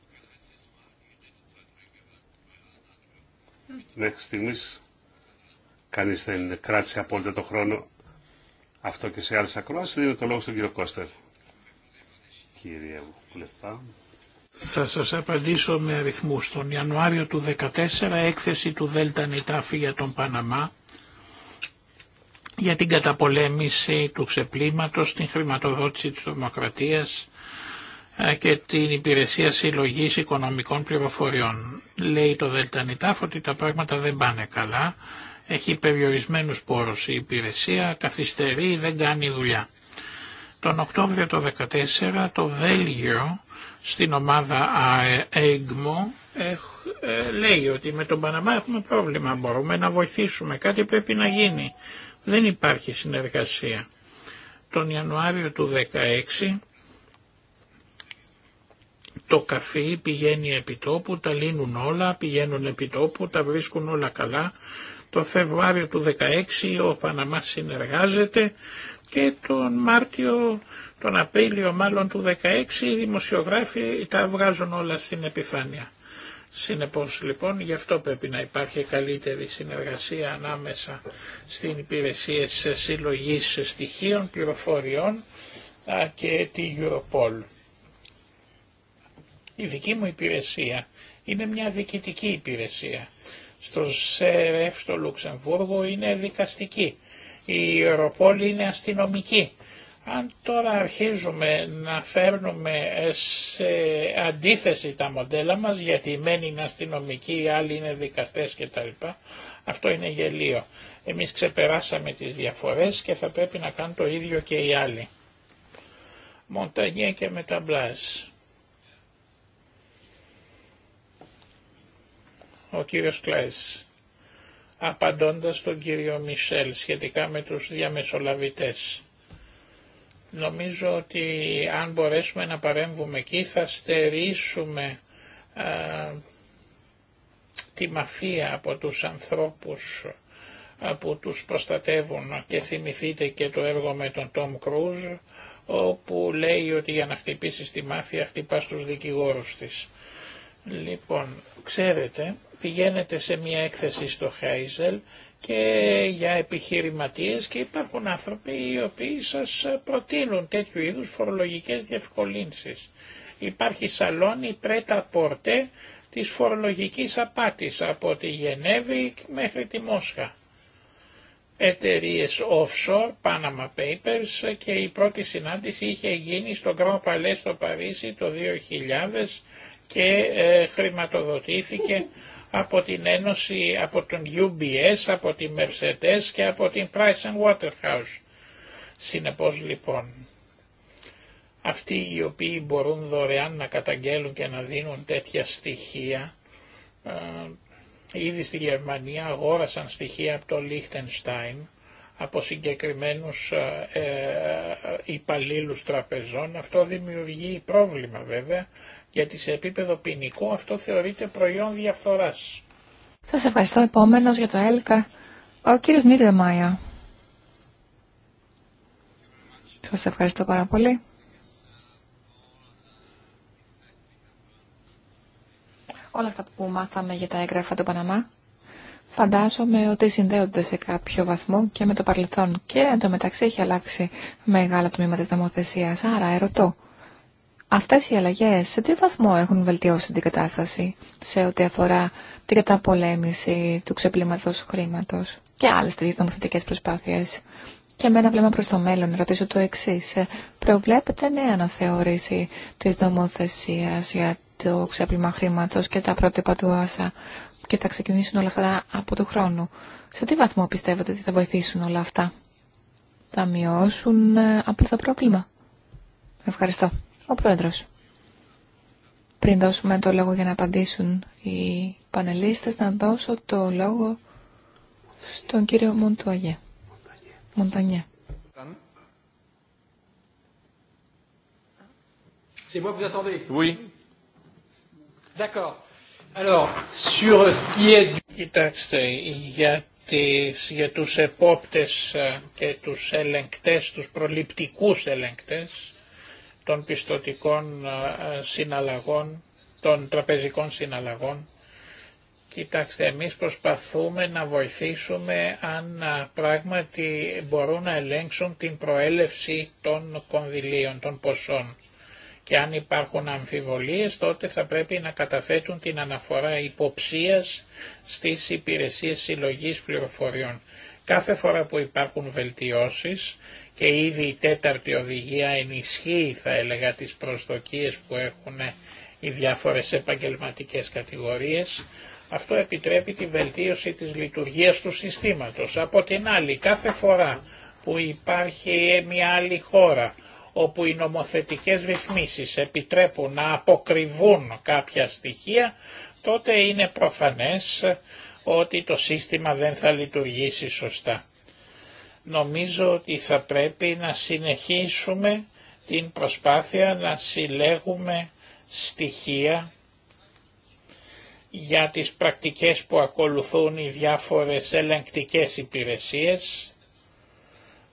Μέχρι στιγμής κανείς δεν κράτησε απόλυτα το χρόνο αυτό και σε άλλες ακρόασεις. Δίνω το λόγο στον κύριο Κώστερ. Κύριε θα σας απαντήσω με αριθμούς. Τον Ιανουάριο του 2014 έκθεση του Δέλτα Νιτάφη για τον Παναμά για την καταπολέμηση του ξεπλήματος, την χρηματοδότηση της δημοκρατίας ε, και την υπηρεσία συλλογής οικονομικών πληροφοριών. Λέει το Δελτανιτάφ ότι τα πράγματα δεν πάνε καλά, έχει περιορισμένους πόρους η υπηρεσία, καθυστερεί, δεν κάνει δουλειά. Τον Οκτώβριο το 2014 το Βέλγιο στην ομάδα ΕΓΜΟ ε, λέει ότι με τον Παναμά έχουμε πρόβλημα, μπορούμε να βοηθήσουμε, κάτι πρέπει να γίνει. Δεν υπάρχει συνεργασία. Τον Ιανουάριο του 2016 το καφί πηγαίνει επί τόπου, τα λύνουν όλα, πηγαίνουν επί τόπου, τα βρίσκουν όλα καλά. Το Φεβρουάριο του 2016 ο Παναμά συνεργάζεται και τον Μάρτιο τον Απρίλιο μάλλον του 16 οι δημοσιογράφοι τα βγάζουν όλα στην επιφάνεια. Συνεπώς λοιπόν γι' αυτό πρέπει να υπάρχει καλύτερη συνεργασία ανάμεσα στην υπηρεσία συλλογής στοιχείων, πληροφοριών και τη Europol. Η δική μου υπηρεσία είναι μια διοικητική υπηρεσία. Στο ΣΕΡΕΦ στο Λουξεμβούργο είναι δικαστική. Η Europol είναι αστυνομική. Αν τώρα αρχίζουμε να φέρνουμε σε αντίθεση τα μοντέλα μας, γιατί οι μένοι είναι αστυνομικοί, οι άλλοι είναι δικαστές κτλ, αυτό είναι γελίο. Εμείς ξεπεράσαμε τις διαφορές και θα πρέπει να κάνουν το ίδιο και οι άλλοι. Μοντανιέ και μεταμπλάζ. Ο κύριος Κλάις, απαντώντας τον κύριο Μισελ σχετικά με τους διαμεσολαβητές. Νομίζω ότι αν μπορέσουμε να παρέμβουμε εκεί θα στερήσουμε τη μαφία από τους ανθρώπους που τους προστατεύουν και θυμηθείτε και το έργο με τον Τόμ Κρούζ όπου λέει ότι για να χτυπήσεις τη μάφια χτυπάς τους δικηγόρους της. Λοιπόν, ξέρετε, πηγαίνετε σε μια έκθεση στο Χάιζελ και για επιχειρηματίες και υπάρχουν άνθρωποι οι οποίοι σας προτείνουν τέτοιου είδους φορολογικές διευκολύνσεις. Υπάρχει σαλόνι πρέτα πόρτε της φορολογικής απάτης από τη Γενέβη μέχρι τη Μόσχα. Εταιρείε offshore, Panama Papers και η πρώτη συνάντηση είχε γίνει στο Grand Palais στο Παρίσι το 2000 και ε, χρηματοδοτήθηκε από την Ένωση, από τον UBS, από τη Mercedes και από την Price and Waterhouse. Συνεπώς λοιπόν, αυτοί οι οποίοι μπορούν δωρεάν να καταγγέλουν και να δίνουν τέτοια στοιχεία, ε, ήδη στη Γερμανία αγόρασαν στοιχεία από το Liechtenstein, από συγκεκριμένους ε, ε υπαλλήλους τραπεζών. Αυτό δημιουργεί πρόβλημα βέβαια, γιατί σε επίπεδο ποινικού αυτό θεωρείται προϊόν διαφθοράς. Θα σας ευχαριστώ επόμενος για το ΕΛΚΑ, ο κύριος Νίτερ Μάια. Σας ευχαριστώ πάρα πολύ. Όλα αυτά που μάθαμε για τα έγγραφα του Παναμά, φαντάζομαι ότι συνδέονται σε κάποιο βαθμό και με το παρελθόν και μεταξύ έχει αλλάξει μεγάλο τμήματα της νομοθεσίας. Άρα ερωτώ, Αυτές οι αλλαγές σε τι βαθμό έχουν βελτιώσει την κατάσταση σε ό,τι αφορά την καταπολέμηση του ξεπλήματος χρήματος και άλλες τέτοιες νομοθετικές προσπάθειες. Και με ένα βλέμμα προς το μέλλον ρωτήσω το εξής. Ε, προβλέπετε νέα αναθεώρηση της νομοθεσία για το ξέπλυμα χρήματος και τα πρότυπα του ΆΣΑ και θα ξεκινήσουν όλα αυτά από το χρόνο. Σε τι βαθμό πιστεύετε ότι θα βοηθήσουν όλα αυτά. Θα μειώσουν ε, απλά το πρόβλημα. Ευχαριστώ. Ο Πρόεδρος. Πριν δώσουμε το λόγο για να απαντήσουν οι πανελίστες, να δώσω το λόγο στον κύριο Μοντουαγέ. Μοντανιέ. Κοιτάξτε, για, τις, για τους επόπτες ε, και τους ελεγκτές, τους προληπτικούς ελεγκτές, των πιστοτικών ε, ε, συναλλαγών, των τραπεζικών συναλλαγών. Κοιτάξτε, εμείς προσπαθούμε να βοηθήσουμε αν ε, πράγματι μπορούν να ελέγξουν την προέλευση των κονδυλίων, των ποσών. Και αν υπάρχουν αμφιβολίες τότε θα πρέπει να καταθέτουν την αναφορά υποψίας στις υπηρεσίες συλλογής πληροφοριών. Κάθε φορά που υπάρχουν βελτιώσεις και ήδη η τέταρτη οδηγία ενισχύει θα έλεγα τις προσδοκίες που έχουν οι διάφορες επαγγελματικές κατηγορίες. Αυτό επιτρέπει τη βελτίωση της λειτουργίας του συστήματος. Από την άλλη κάθε φορά που υπάρχει μια άλλη χώρα όπου οι νομοθετικές ρυθμίσεις επιτρέπουν να αποκριβούν κάποια στοιχεία, τότε είναι προφανές ότι το σύστημα δεν θα λειτουργήσει σωστά νομίζω ότι θα πρέπει να συνεχίσουμε την προσπάθεια να συλλέγουμε στοιχεία για τις πρακτικές που ακολουθούν οι διάφορες ελεγκτικές υπηρεσίες.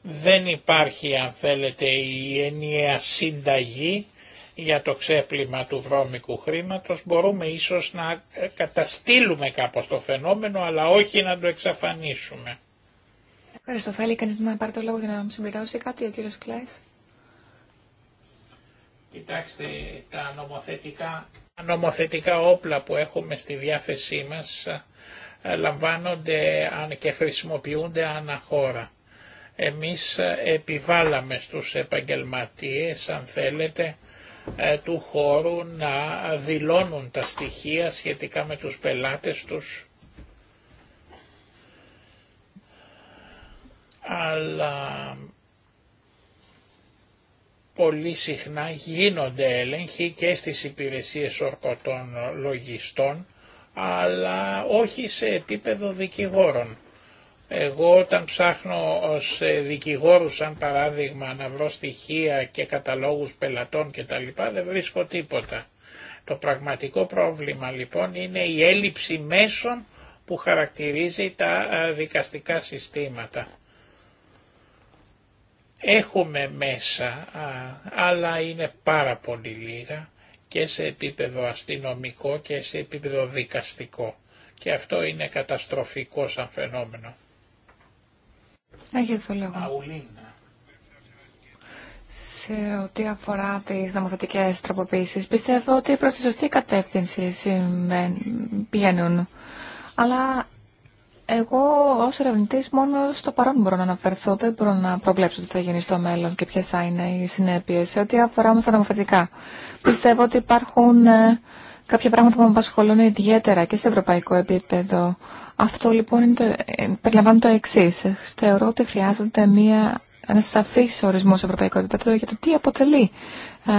Δεν υπάρχει αν θέλετε η ενιαία συνταγή για το ξέπλυμα του βρώμικου χρήματος. Μπορούμε ίσως να καταστήλουμε κάπως το φαινόμενο αλλά όχι να το εξαφανίσουμε. Ευχαριστώ. Θέλει να πάρει το λόγο για να συμπληρώσει κάτι, ο κύριος Κλάης. Κοιτάξτε, τα νομοθετικά, νομοθετικά όπλα που έχουμε στη διάθεσή μας ε, λαμβάνονται και χρησιμοποιούνται αναχώρα. χώρα. Εμείς ε, επιβάλαμε στους επαγγελματίες, αν θέλετε, ε, του χώρου να δηλώνουν τα στοιχεία σχετικά με τους πελάτες τους αλλά πολύ συχνά γίνονται έλεγχοι και στις υπηρεσίες ορκωτών λογιστών, αλλά όχι σε επίπεδο δικηγόρων. Εγώ όταν ψάχνω ως δικηγόρου σαν παράδειγμα να βρω στοιχεία και καταλόγους πελατών κτλ δεν βρίσκω τίποτα. Το πραγματικό πρόβλημα λοιπόν είναι η έλλειψη μέσων που χαρακτηρίζει τα δικαστικά συστήματα. Έχουμε μέσα, αλλά είναι πάρα πολύ λίγα και σε επίπεδο αστυνομικό και σε επίπεδο δικαστικό. Και αυτό είναι καταστροφικό σαν φαινόμενο. Έχετε το λόγο. Σε ό,τι αφορά τις νομοθετικές τροποποίησεις, πιστεύω ότι προς τη σωστή κατεύθυνση πηγαίνουν. Αλλά εγώ ως ερευνητής μόνο στο παρόν μπορώ να αναφερθώ, δεν μπορώ να προβλέψω τι θα γίνει στο μέλλον και ποιες θα είναι οι συνέπειες. ό,τι αφορά όμως τα νομοθετικά, πιστεύω ότι υπάρχουν ε, κάποια πράγματα που με απασχολούν ιδιαίτερα και σε ευρωπαϊκό επίπεδο. Αυτό λοιπόν το, ε, περιλαμβάνει το εξή. Θεωρώ ότι χρειάζεται μία ένα σαφή ορισμό σε ευρωπαϊκό επίπεδο για το τι αποτελεί ε,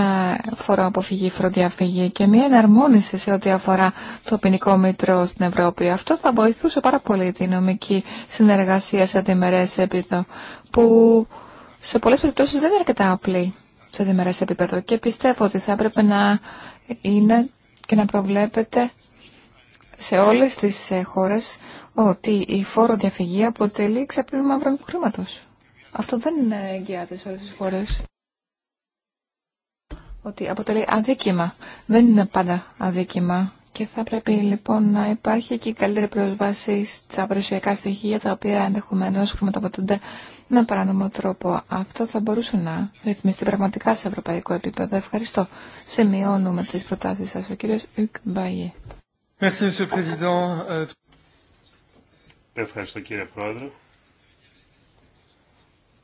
φοροαποφυγή, φοροδιαφυγή και μια εναρμόνιση σε ό,τι αφορά το ποινικό μήτρο στην Ευρώπη. Αυτό θα βοηθούσε πάρα πολύ τη νομική συνεργασία σε διμερέ επίπεδο, που σε πολλέ περιπτώσει δεν είναι αρκετά απλή σε διμερέ επίπεδο και πιστεύω ότι θα έπρεπε να είναι και να προβλέπεται σε όλες τις ε, χώρες ότι η φόρο διαφυγή αποτελεί ξεπλήρωμα μαύρων χρήματος. Αυτό δεν είναι εγγυάται σε όλες τις χώρες. Ότι αποτελεί αδίκημα. Δεν είναι πάντα αδίκημα. Και θα πρέπει λοιπόν να υπάρχει και καλύτερη πρόσβαση στα περιουσιακά στοιχεία τα οποία ενδεχομένω χρηματοδοτούνται με παράνομο τρόπο. Αυτό θα μπορούσε να ρυθμιστεί πραγματικά σε ευρωπαϊκό επίπεδο. Ευχαριστώ. Σημειώνουμε τι προτάσει σα. Ο κύριο Ουκ Μπαγιέ. Ευχαριστώ κύριε Πρόεδρε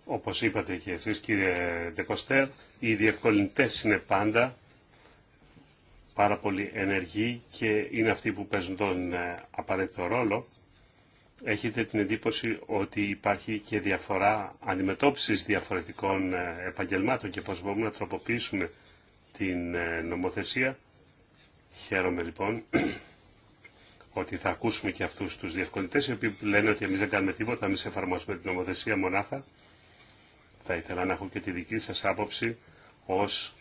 όπως είπατε και εσείς κύριε Ντεκοστέρ, οι διευκολυντές είναι πάντα πάρα πολύ ενεργοί και είναι αυτοί που παίζουν τον ε, απαραίτητο ρόλο. Έχετε την εντύπωση ότι υπάρχει και διαφορά αντιμετώπισης διαφορετικών ε, επαγγελμάτων και πώς μπορούμε να τροποποιήσουμε την ε, νομοθεσία. Χαίρομαι λοιπόν ότι θα ακούσουμε και αυτούς τους διευκολυντές οι οποίοι λένε ότι εμείς δεν κάνουμε τίποτα, εμείς εφαρμόσουμε την νομοθεσία μονάχα θα ήθελα να έχω και τη δική σας άποψη ως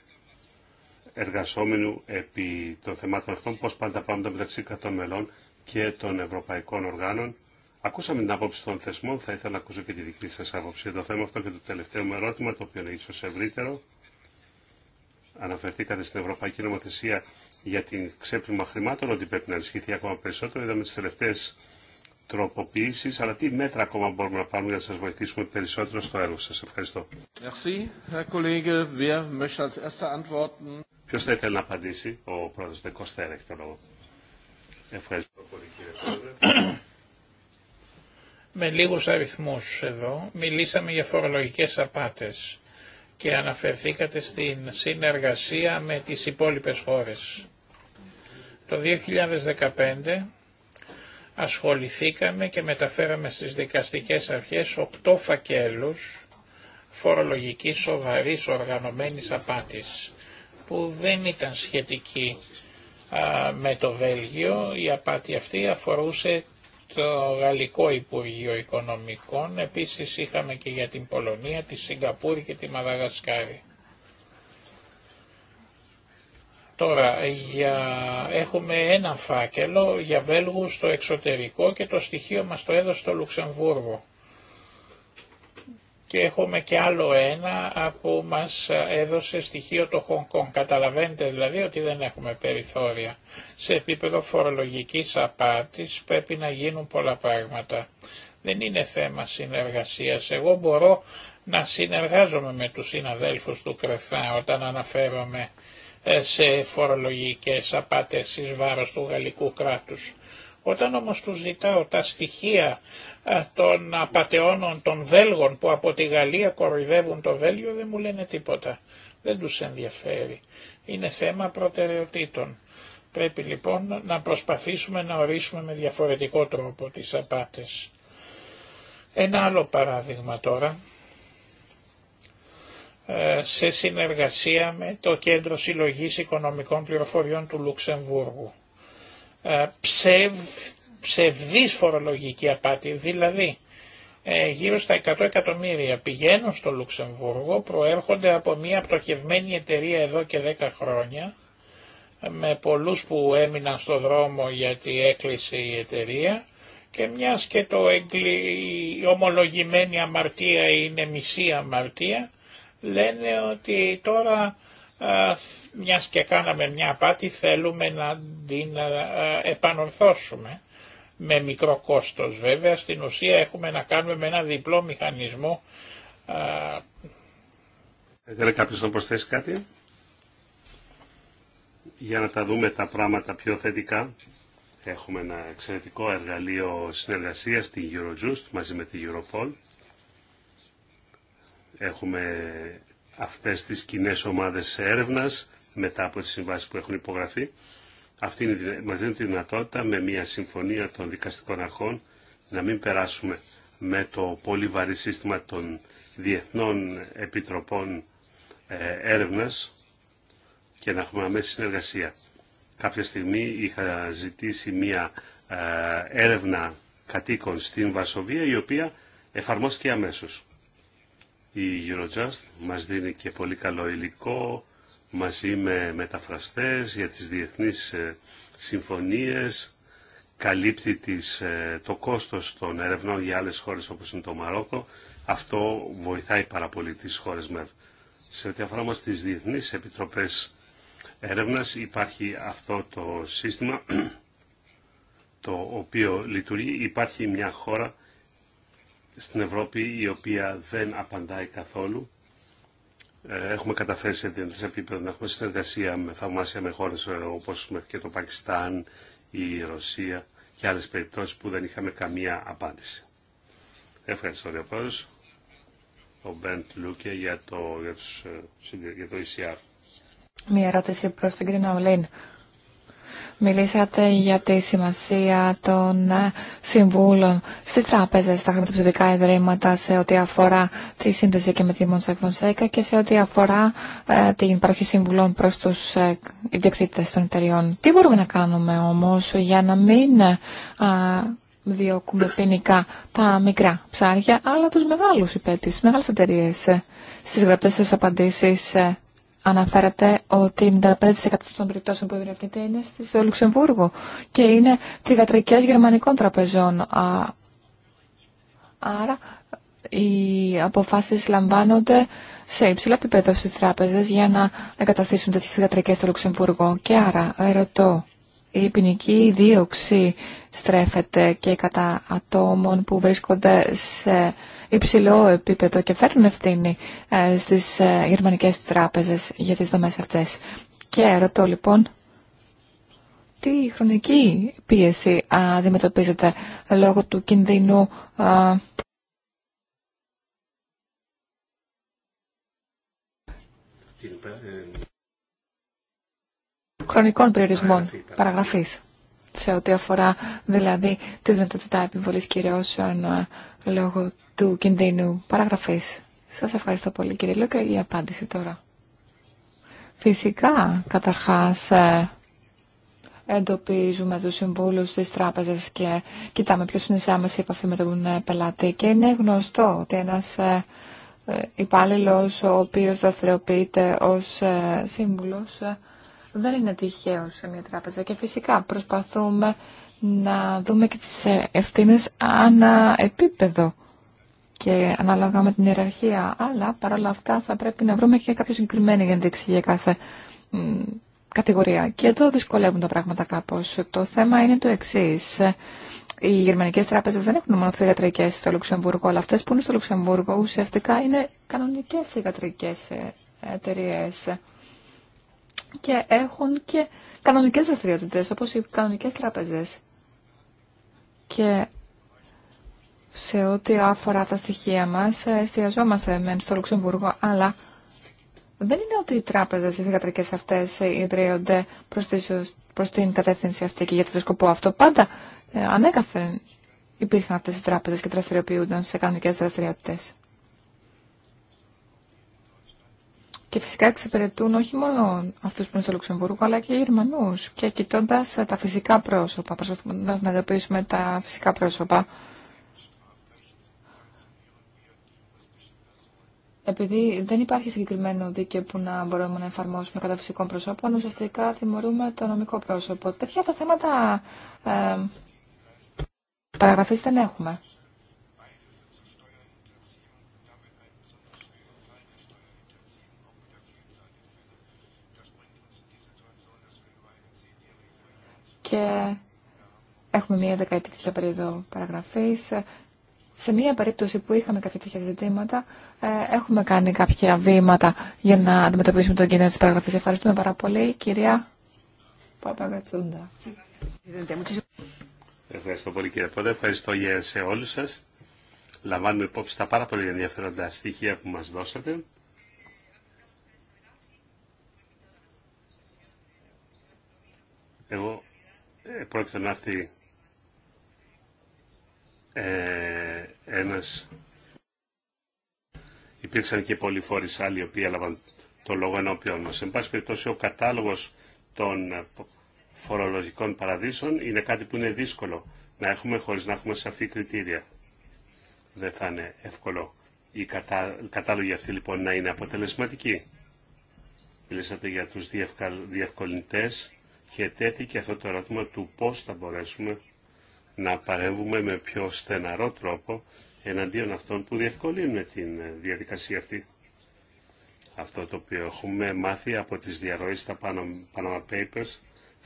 εργασόμενου επί των θεμάτων αυτών, πώς πάντα πάμε τα μεταξύ κρατών μελών και των ευρωπαϊκών οργάνων. Ακούσαμε την άποψη των θεσμών, θα ήθελα να ακούσω και τη δική σας άποψη για το θέμα αυτό και το τελευταίο μου ερώτημα, το οποίο είναι ίσως ευρύτερο. Αναφερθήκατε στην Ευρωπαϊκή Νομοθεσία για την ξέπλυμα χρημάτων, ότι πρέπει να ενισχυθεί ακόμα περισσότερο. Είδαμε τις τελευταίες αλλά τι μέτρα ακόμα μπορούμε να πάρουμε για να σα βοηθήσουμε περισσότερο στο έργο σα. Ευχαριστώ. Merci, Ποιος θα ήθελε να απαντήσει, ο πρόεδρος Δεκοστέρ, έχει το λόγο. Ευχαριστώ πολύ κύριε πρόεδρε. Με λίγου αριθμού εδώ μιλήσαμε για φορολογικέ απάτε και αναφερθήκατε στην συνεργασία με τις υπόλοιπες χώρες. Το 2015 ασχοληθήκαμε και μεταφέραμε στις δικαστικές αρχές οκτώ φακέλους φορολογικής σοβαρής οργανωμένης απάτης που δεν ήταν σχετική με το Βέλγιο. Η απάτη αυτή αφορούσε το Γαλλικό Υπουργείο Οικονομικών. Επίσης είχαμε και για την Πολωνία, τη Σιγκαπούρη και τη Μαδαγασκάρη. Τώρα, για... έχουμε ένα φάκελο για Βέλγους στο εξωτερικό και το στοιχείο μας το έδωσε στο Λουξεμβούργο. Και έχουμε και άλλο ένα που μας έδωσε στοιχείο το Χονγκ Καταλαβαίνετε δηλαδή ότι δεν έχουμε περιθώρια. Σε επίπεδο φορολογικής απάτης πρέπει να γίνουν πολλά πράγματα. Δεν είναι θέμα συνεργασίας. Εγώ μπορώ να συνεργάζομαι με τους συναδέλφους του Κρεφά όταν αναφέρομαι ε, σε φορολογικές απάτες εις βάρος του γαλλικού κράτους. Όταν όμως τους ζητάω τα στοιχεία ε, των απαταιώνων των Βέλγων που από τη Γαλλία κοροϊδεύουν το Βέλγιο δεν μου λένε τίποτα. Δεν τους ενδιαφέρει. Είναι θέμα προτεραιοτήτων. Πρέπει λοιπόν να προσπαθήσουμε να ορίσουμε με διαφορετικό τρόπο τις απάτες. Ένα άλλο παράδειγμα τώρα ε, σε συνεργασία με το Κέντρο Συλλογής Οικονομικών Πληροφοριών του Λουξεμβούργου. Ε, ψευ, ψευδής φορολογική απάτη, δηλαδή ε, γύρω στα 100 εκατομμύρια πηγαίνουν στο Λουξεμβούργο, προέρχονται από μια πτωχευμένη εταιρεία εδώ και 10 χρόνια, με πολλούς που έμειναν στο δρόμο γιατί έκλεισε η εταιρεία και μιας και το εγκλη... η ομολογημένη αμαρτία είναι μισή αμαρτία, λένε ότι τώρα μια και κάναμε μια απάτη θέλουμε να την επανορθώσουμε με μικρό κόστος βέβαια. Στην ουσία έχουμε να κάνουμε με ένα διπλό μηχανισμό. Θέλει κάποιος να προσθέσει κάτι για να τα δούμε τα πράγματα πιο θετικά. Έχουμε ένα εξαιρετικό εργαλείο συνεργασίας στην Eurojust μαζί με την Europol Έχουμε αυτές τις κοινέ ομάδες έρευνας μετά από τις συμβάσεις που έχουν υπογραφεί. Αυτή είναι, μας δίνει τη δυνατότητα με μια συμφωνία των δικαστικών αρχών να μην περάσουμε με το πολύ βαρύ σύστημα των διεθνών επιτροπών ε, έρευνας και να έχουμε αμέσως συνεργασία. Κάποια στιγμή είχα ζητήσει μια ε, έρευνα κατοίκων στην Βασοβία η οποία εφαρμόστηκε αμέσως. Η Eurojust μας δίνει και πολύ καλό υλικό μαζί με μεταφραστές για τις διεθνείς ε, συμφωνίες, καλύπτει τις, ε, το κόστος των ερευνών για άλλες χώρες όπως είναι το Μαρόκο. Αυτό βοηθάει πάρα πολύ τις χώρες ΜΕΡ. Σε ό,τι αφορά τις διεθνείς επιτροπές έρευνας υπάρχει αυτό το σύστημα το οποίο λειτουργεί. Υπάρχει μια χώρα στην Ευρώπη η οποία δεν απαντάει καθόλου. Ε, έχουμε καταφέρει σε διεθνές επίπεδο να έχουμε συνεργασία με θαυμάσια με χώρες ε, όπως και το Πακιστάν, η Ρωσία και άλλες περιπτώσεις που δεν είχαμε καμία απάντηση. Ευχαριστώ, Διαπρόεδρος, ο Μπέντ Λούκε για το, για, ε, το ECR. Μία ερώτηση προς τον κύριο Μιλήσατε για τη σημασία των ε, συμβούλων στις τράπεζες, στα χρηματοπιστωτικά ιδρύματα σε ό,τι αφορά τη σύνδεση και με τη Μονσέκ Φονσέκα και σε ό,τι αφορά ε, την παροχή συμβουλών προς τους ε, ιδιοκτήτες των εταιριών. Τι μπορούμε να κάνουμε όμως για να μην διώκουμε ποινικά τα μικρά ψάρια, αλλά τους μεγάλους υπέτειους, μεγάλες εταιρείε στις γραπτές απαντήσεις αναφέρατε ότι 95% των περιπτώσεων που ερευνείται είναι στο Λουξεμβούργο και είναι θηγατρικές γερμανικών τραπεζών. Άρα οι αποφάσεις λαμβάνονται σε υψηλό επίπεδο στις τράπεζες για να εγκαταστήσουν τις θηγατρικές στο Λουξεμβούργο. Και άρα ερωτώ, η ποινική δίωξη στρέφεται και κατά ατόμων που βρίσκονται σε υψηλό επίπεδο και φέρνουν ευθύνη ε, στις ε, γερμανικές τράπεζες για τις δομές αυτές. Και ρωτώ λοιπόν, τι χρονική πίεση αντιμετωπίζεται λόγω του κινδύνου ε, χρονικών περιορισμών παραγραφής σε ό,τι αφορά δηλαδή τη δυνατότητα επιβολής κυριώσεων λόγω του κινδύνου παραγραφής. Σας ευχαριστώ πολύ κύριε και για απάντηση τώρα. Φυσικά, καταρχάς, ε, εντοπίζουμε τους συμβούλους της τράπεζας και κοιτάμε ποιος είναι σε άμεση επαφή με τον ε, πελάτη και είναι γνωστό ότι ένας ε, υπάλληλο ο οποίος δραστηριοποιείται ως σύμβουλος δεν είναι τυχαίο σε μια τράπεζα και φυσικά προσπαθούμε να δούμε και τις ευθύνες ανά επίπεδο και ανάλογα με την ιεραρχία. Αλλά παρόλα αυτά θα πρέπει να βρούμε και κάποιο συγκεκριμένη ενδείξη για κάθε κατηγορία. Και εδώ δυσκολεύουν τα πράγματα κάπω. Το θέμα είναι το εξή. Οι γερμανικέ τράπεζε δεν έχουν μόνο θηγατρικέ στο Λουξεμβούργο, αλλά αυτέ που είναι στο Λουξεμβούργο ουσιαστικά είναι κανονικέ θηγατρικέ ε, εταιρείε. Και έχουν και κανονικέ δραστηριότητε, όπω οι κανονικέ τράπεζε. Και σε ό,τι αφορά τα στοιχεία μας, εστιαζόμαστε μεν στο Λουξεμβούργο, αλλά δεν είναι ότι οι τράπεζες, οι θεατρικές αυτές, ε, ιδρύονται προς, προς την κατεύθυνση αυτή και για τον σκοπό αυτό. Πάντα ε, ανέκαθεν υπήρχαν αυτές οι τράπεζες και δραστηριοποιούνταν σε κανονικές δραστηριότητες. Και φυσικά εξυπηρετούν όχι μόνο αυτούς που είναι στο Λουξεμβούργο, αλλά και οι Γερμανούς. Και κοιτώντα τα φυσικά πρόσωπα, προσπαθούμε να αντιμετωπίσουμε τα φυσικά πρόσωπα, επειδή δεν υπάρχει συγκεκριμένο δίκαιο που να μπορούμε να εφαρμόσουμε κατά φυσικών προσώπων, ουσιαστικά τιμωρούμε το νομικό πρόσωπο. Τέτοια τα θέματα ε, παραγραφής δεν έχουμε. Και έχουμε μία δεκαετή τέτοια περίοδο παραγραφής σε μία περίπτωση που είχαμε κάποια τέτοια ζητήματα, ε, έχουμε κάνει κάποια βήματα για να αντιμετωπίσουμε τον κίνδυνο τη παραγραφή. Ευχαριστούμε πάρα πολύ, κυρία Παπαγατσούντα. Ευχαριστώ πολύ κύριε Πρόεδρε, ευχαριστώ για σε όλου σα. Λαμβάνουμε υπόψη τα πάρα πολύ ενδιαφέροντα στοιχεία που μα δώσατε. Εγώ ε, πρόκειται να έρθει ε, ένας... Υπήρξαν και πολλοί φόροι άλλοι οι οποίοι έλαβαν το λόγο ενώπιον μας. Εν πάση περιπτώσει ο κατάλογος των φορολογικών παραδείσων είναι κάτι που είναι δύσκολο να έχουμε χωρίς να έχουμε σαφή κριτήρια. Δεν θα είναι εύκολο η κατά... κατάλογη αυτή λοιπόν να είναι αποτελεσματική. Μιλήσατε για τους διευκολυντές και τέθηκε αυτό το ερώτημα του πώς θα μπορέσουμε να παρεύουμε με πιο στεναρό τρόπο εναντίον αυτών που διευκολύνουν την ε, διαδικασία αυτή. Αυτό το οποίο έχουμε μάθει από τις διαρροές στα Panama Papers,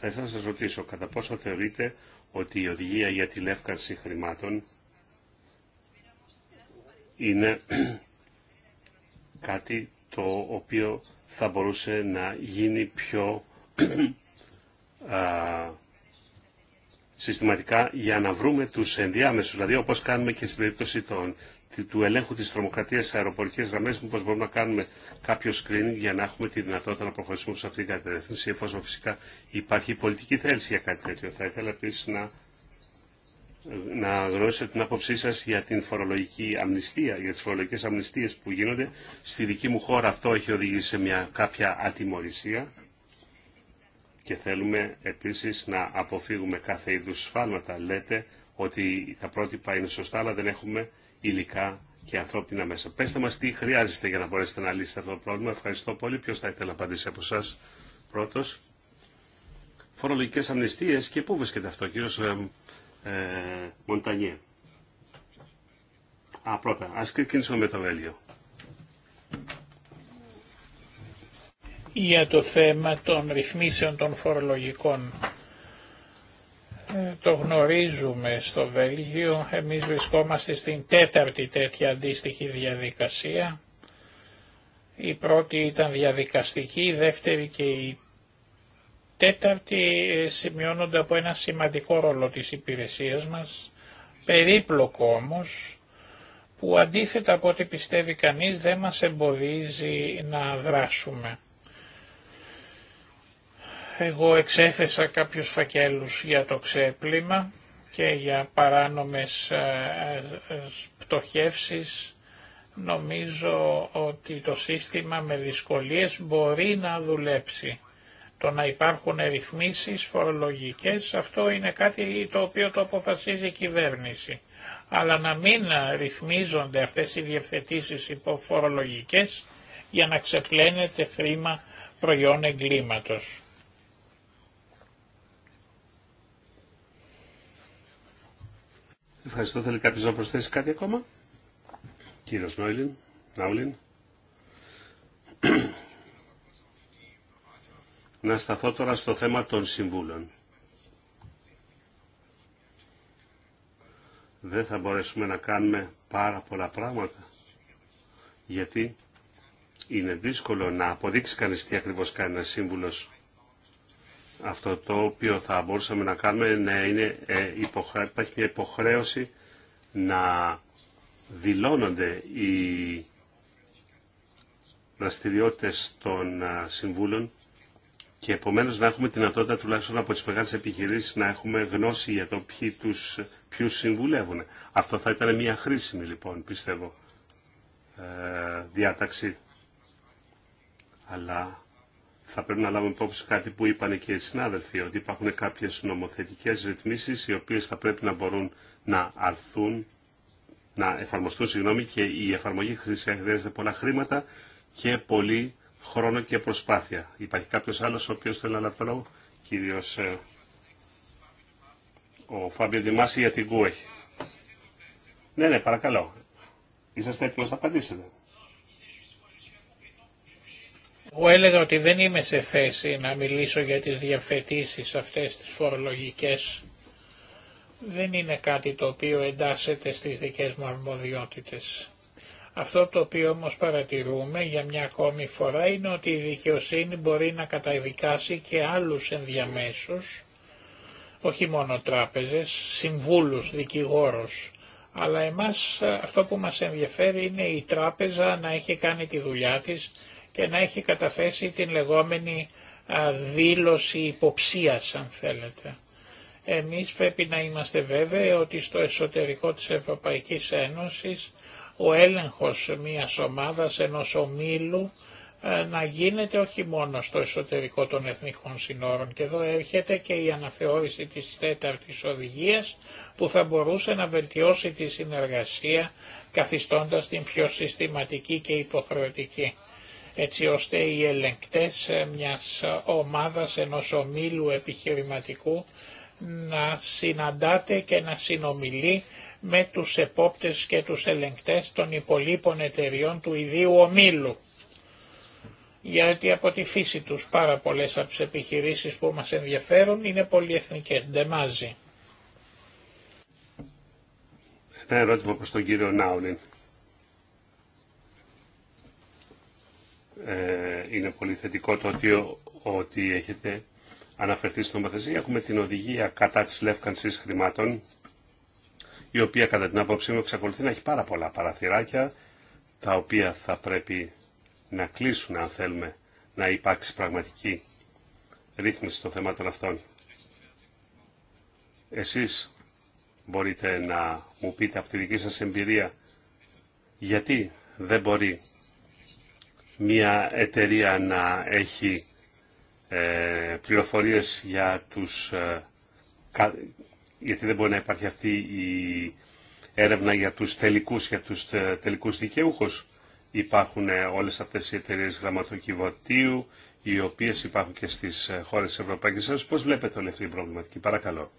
θα ήθελα να σας ρωτήσω κατά πόσο θεωρείτε ότι η οδηγία για τη λεύκανση χρημάτων είναι κάτι το οποίο θα μπορούσε να γίνει πιο συστηματικά για να βρούμε του ενδιάμεσου, δηλαδή όπω κάνουμε και στην περίπτωση των, του ελέγχου τη τρομοκρατίας σε αεροπορικέ γραμμές, πώ μπορούμε να κάνουμε κάποιο screening για να έχουμε τη δυνατότητα να προχωρήσουμε σε αυτήν την κατεύθυνση, εφόσον φυσικά υπάρχει πολιτική θέληση για κάτι τέτοιο. Θα ήθελα επίση να, να γνωρίσω την άποψή σα για την φορολογική αμνηστία, για τι φορολογικέ αμνηστίε που γίνονται. Στη δική μου χώρα αυτό έχει οδηγήσει σε μια κάποια ατιμορρησία και θέλουμε επίσης να αποφύγουμε κάθε είδους σφάλματα. Λέτε ότι τα πρότυπα είναι σωστά, αλλά δεν έχουμε υλικά και ανθρώπινα μέσα. Πέστε μας τι χρειάζεστε για να μπορέσετε να λύσετε αυτό το πρόβλημα. Ευχαριστώ πολύ. Ποιος θα ήθελε να απαντήσει από εσά πρώτος. Φορολογικές αμνηστίες και πού βρίσκεται αυτό, κύριος ε, ε, Μοντανιέ. Α, πρώτα, ας ξεκινήσουμε με το Βέλγιο. για το θέμα των ρυθμίσεων των φορολογικών. Ε, το γνωρίζουμε στο Βέλγιο, εμείς βρισκόμαστε στην τέταρτη τέτοια αντίστοιχη διαδικασία. Η πρώτη ήταν διαδικαστική, η δεύτερη και η τέταρτη ε, σημειώνονται από ένα σημαντικό ρόλο της υπηρεσίας μας, περίπλοκο όμως, που αντίθετα από ό,τι πιστεύει κανείς δεν μας εμποδίζει να δράσουμε. Εγώ εξέθεσα κάποιους φακέλους για το ξέπλυμα και για παράνομες ε, ε, πτωχεύσεις. Νομίζω ότι το σύστημα με δυσκολίες μπορεί να δουλέψει. Το να υπάρχουν ρυθμίσεις φορολογικές, αυτό είναι κάτι το οποίο το αποφασίζει η κυβέρνηση. Αλλά να μην ρυθμίζονται αυτές οι διευθετήσεις υποφορολογικές για να ξεπλένεται χρήμα προϊόν εγκλήματος. Ευχαριστώ. Θέλει κάποιος να προσθέσει κάτι ακόμα. Κύριος Νόιλιν. Νάουλιν. να σταθώ τώρα στο θέμα των συμβούλων. Δεν θα μπορέσουμε να κάνουμε πάρα πολλά πράγματα. Γιατί είναι δύσκολο να αποδείξει κανείς τι ακριβώς κάνει ένας σύμβουλος αυτό το οποίο θα μπορούσαμε να κάνουμε είναι ε, υπάρχει μια υποχρέωση να δηλώνονται οι δραστηριότητε των ε, συμβούλων και επομένως να έχουμε την δυνατότητα τουλάχιστον από τις μεγάλες επιχειρήσεις να έχουμε γνώση για το ποιοι τους, ποιους συμβουλεύουν. Αυτό θα ήταν μια χρήσιμη λοιπόν πιστεύω ε, διάταξη. Αλλά θα πρέπει να λάβουμε υπόψη κάτι που είπαν και οι συνάδελφοι, ότι υπάρχουν κάποιες νομοθετικές ρυθμίσεις οι οποίες θα πρέπει να μπορούν να αρθούν, να εφαρμοστούν, συγγνώμη, και η εφαρμογή χρειάζεται πολλά χρήματα και πολύ χρόνο και προσπάθεια. Υπάρχει κάποιος άλλος ο οποίος θέλει να λάβει το λόγο, κυρίως ε, ο Φάμπιο Δημάση για την ΚΟΥΕΧ. Ναι, ναι, παρακαλώ. Είσαστε έτοιμος να απαντήσετε. Εγώ έλεγα ότι δεν είμαι σε θέση να μιλήσω για τις διαφετήσεις αυτές τις φορολογικές. Δεν είναι κάτι το οποίο εντάσσεται στις δικές μου αρμοδιότητες. Αυτό το οποίο όμως παρατηρούμε για μια ακόμη φορά είναι ότι η δικαιοσύνη μπορεί να καταδικάσει και άλλους ενδιαμέσους, όχι μόνο τράπεζες, συμβούλους, δικηγόρους, αλλά εμάς αυτό που μας ενδιαφέρει είναι η τράπεζα να έχει κάνει τη δουλειά της και να έχει καταθέσει την λεγόμενη δήλωση υποψίας αν θέλετε. Εμείς πρέπει να είμαστε βέβαιοι ότι στο εσωτερικό της Ευρωπαϊκής Ένωσης ο έλεγχος μιας ομάδας, ενός ομίλου, να γίνεται όχι μόνο στο εσωτερικό των εθνικών συνόρων. Και εδώ έρχεται και η αναθεώρηση της τέταρτης οδηγίας που θα μπορούσε να βελτιώσει τη συνεργασία καθιστώντας την πιο συστηματική και υποχρεωτική έτσι ώστε οι ελεγκτές μιας ομάδας ενός ομίλου επιχειρηματικού να συναντάτε και να συνομιλεί με τους επόπτες και τους ελεγκτές των υπολείπων εταιριών του ιδίου ομίλου. Γιατί από τη φύση τους πάρα πολλές από τις επιχειρήσεις που μας ενδιαφέρουν είναι πολυεθνικές, ντεμάζει. Ένα ερώτημα προς τον κύριο Νάουλιν. Ε, είναι πολύ θετικό το ότι, ότι έχετε αναφερθεί στην νομοθεσία. Έχουμε την οδηγία κατά της λεύκανσης χρημάτων, η οποία κατά την άποψή μου εξακολουθεί να έχει πάρα πολλά παραθυράκια, τα οποία θα πρέπει να κλείσουν αν θέλουμε να υπάρξει πραγματική ρύθμιση των θεμάτων αυτών. Εσείς μπορείτε να μου πείτε από τη δική σας εμπειρία γιατί δεν μπορεί μια εταιρεία να έχει ε, πληροφορίες για τους... Ε, γιατί δεν μπορεί να υπάρχει αυτή η έρευνα για τους τελικούς, για τους ε, τελικούς δικαιούχους. Υπάρχουν ε, όλες αυτές οι εταιρείες γραμματοκιβωτίου, οι οποίες υπάρχουν και στις χώρες της Ευρωπαϊκής Ένωσης. Πώς βλέπετε όλη αυτή η προβληματική. Παρακαλώ.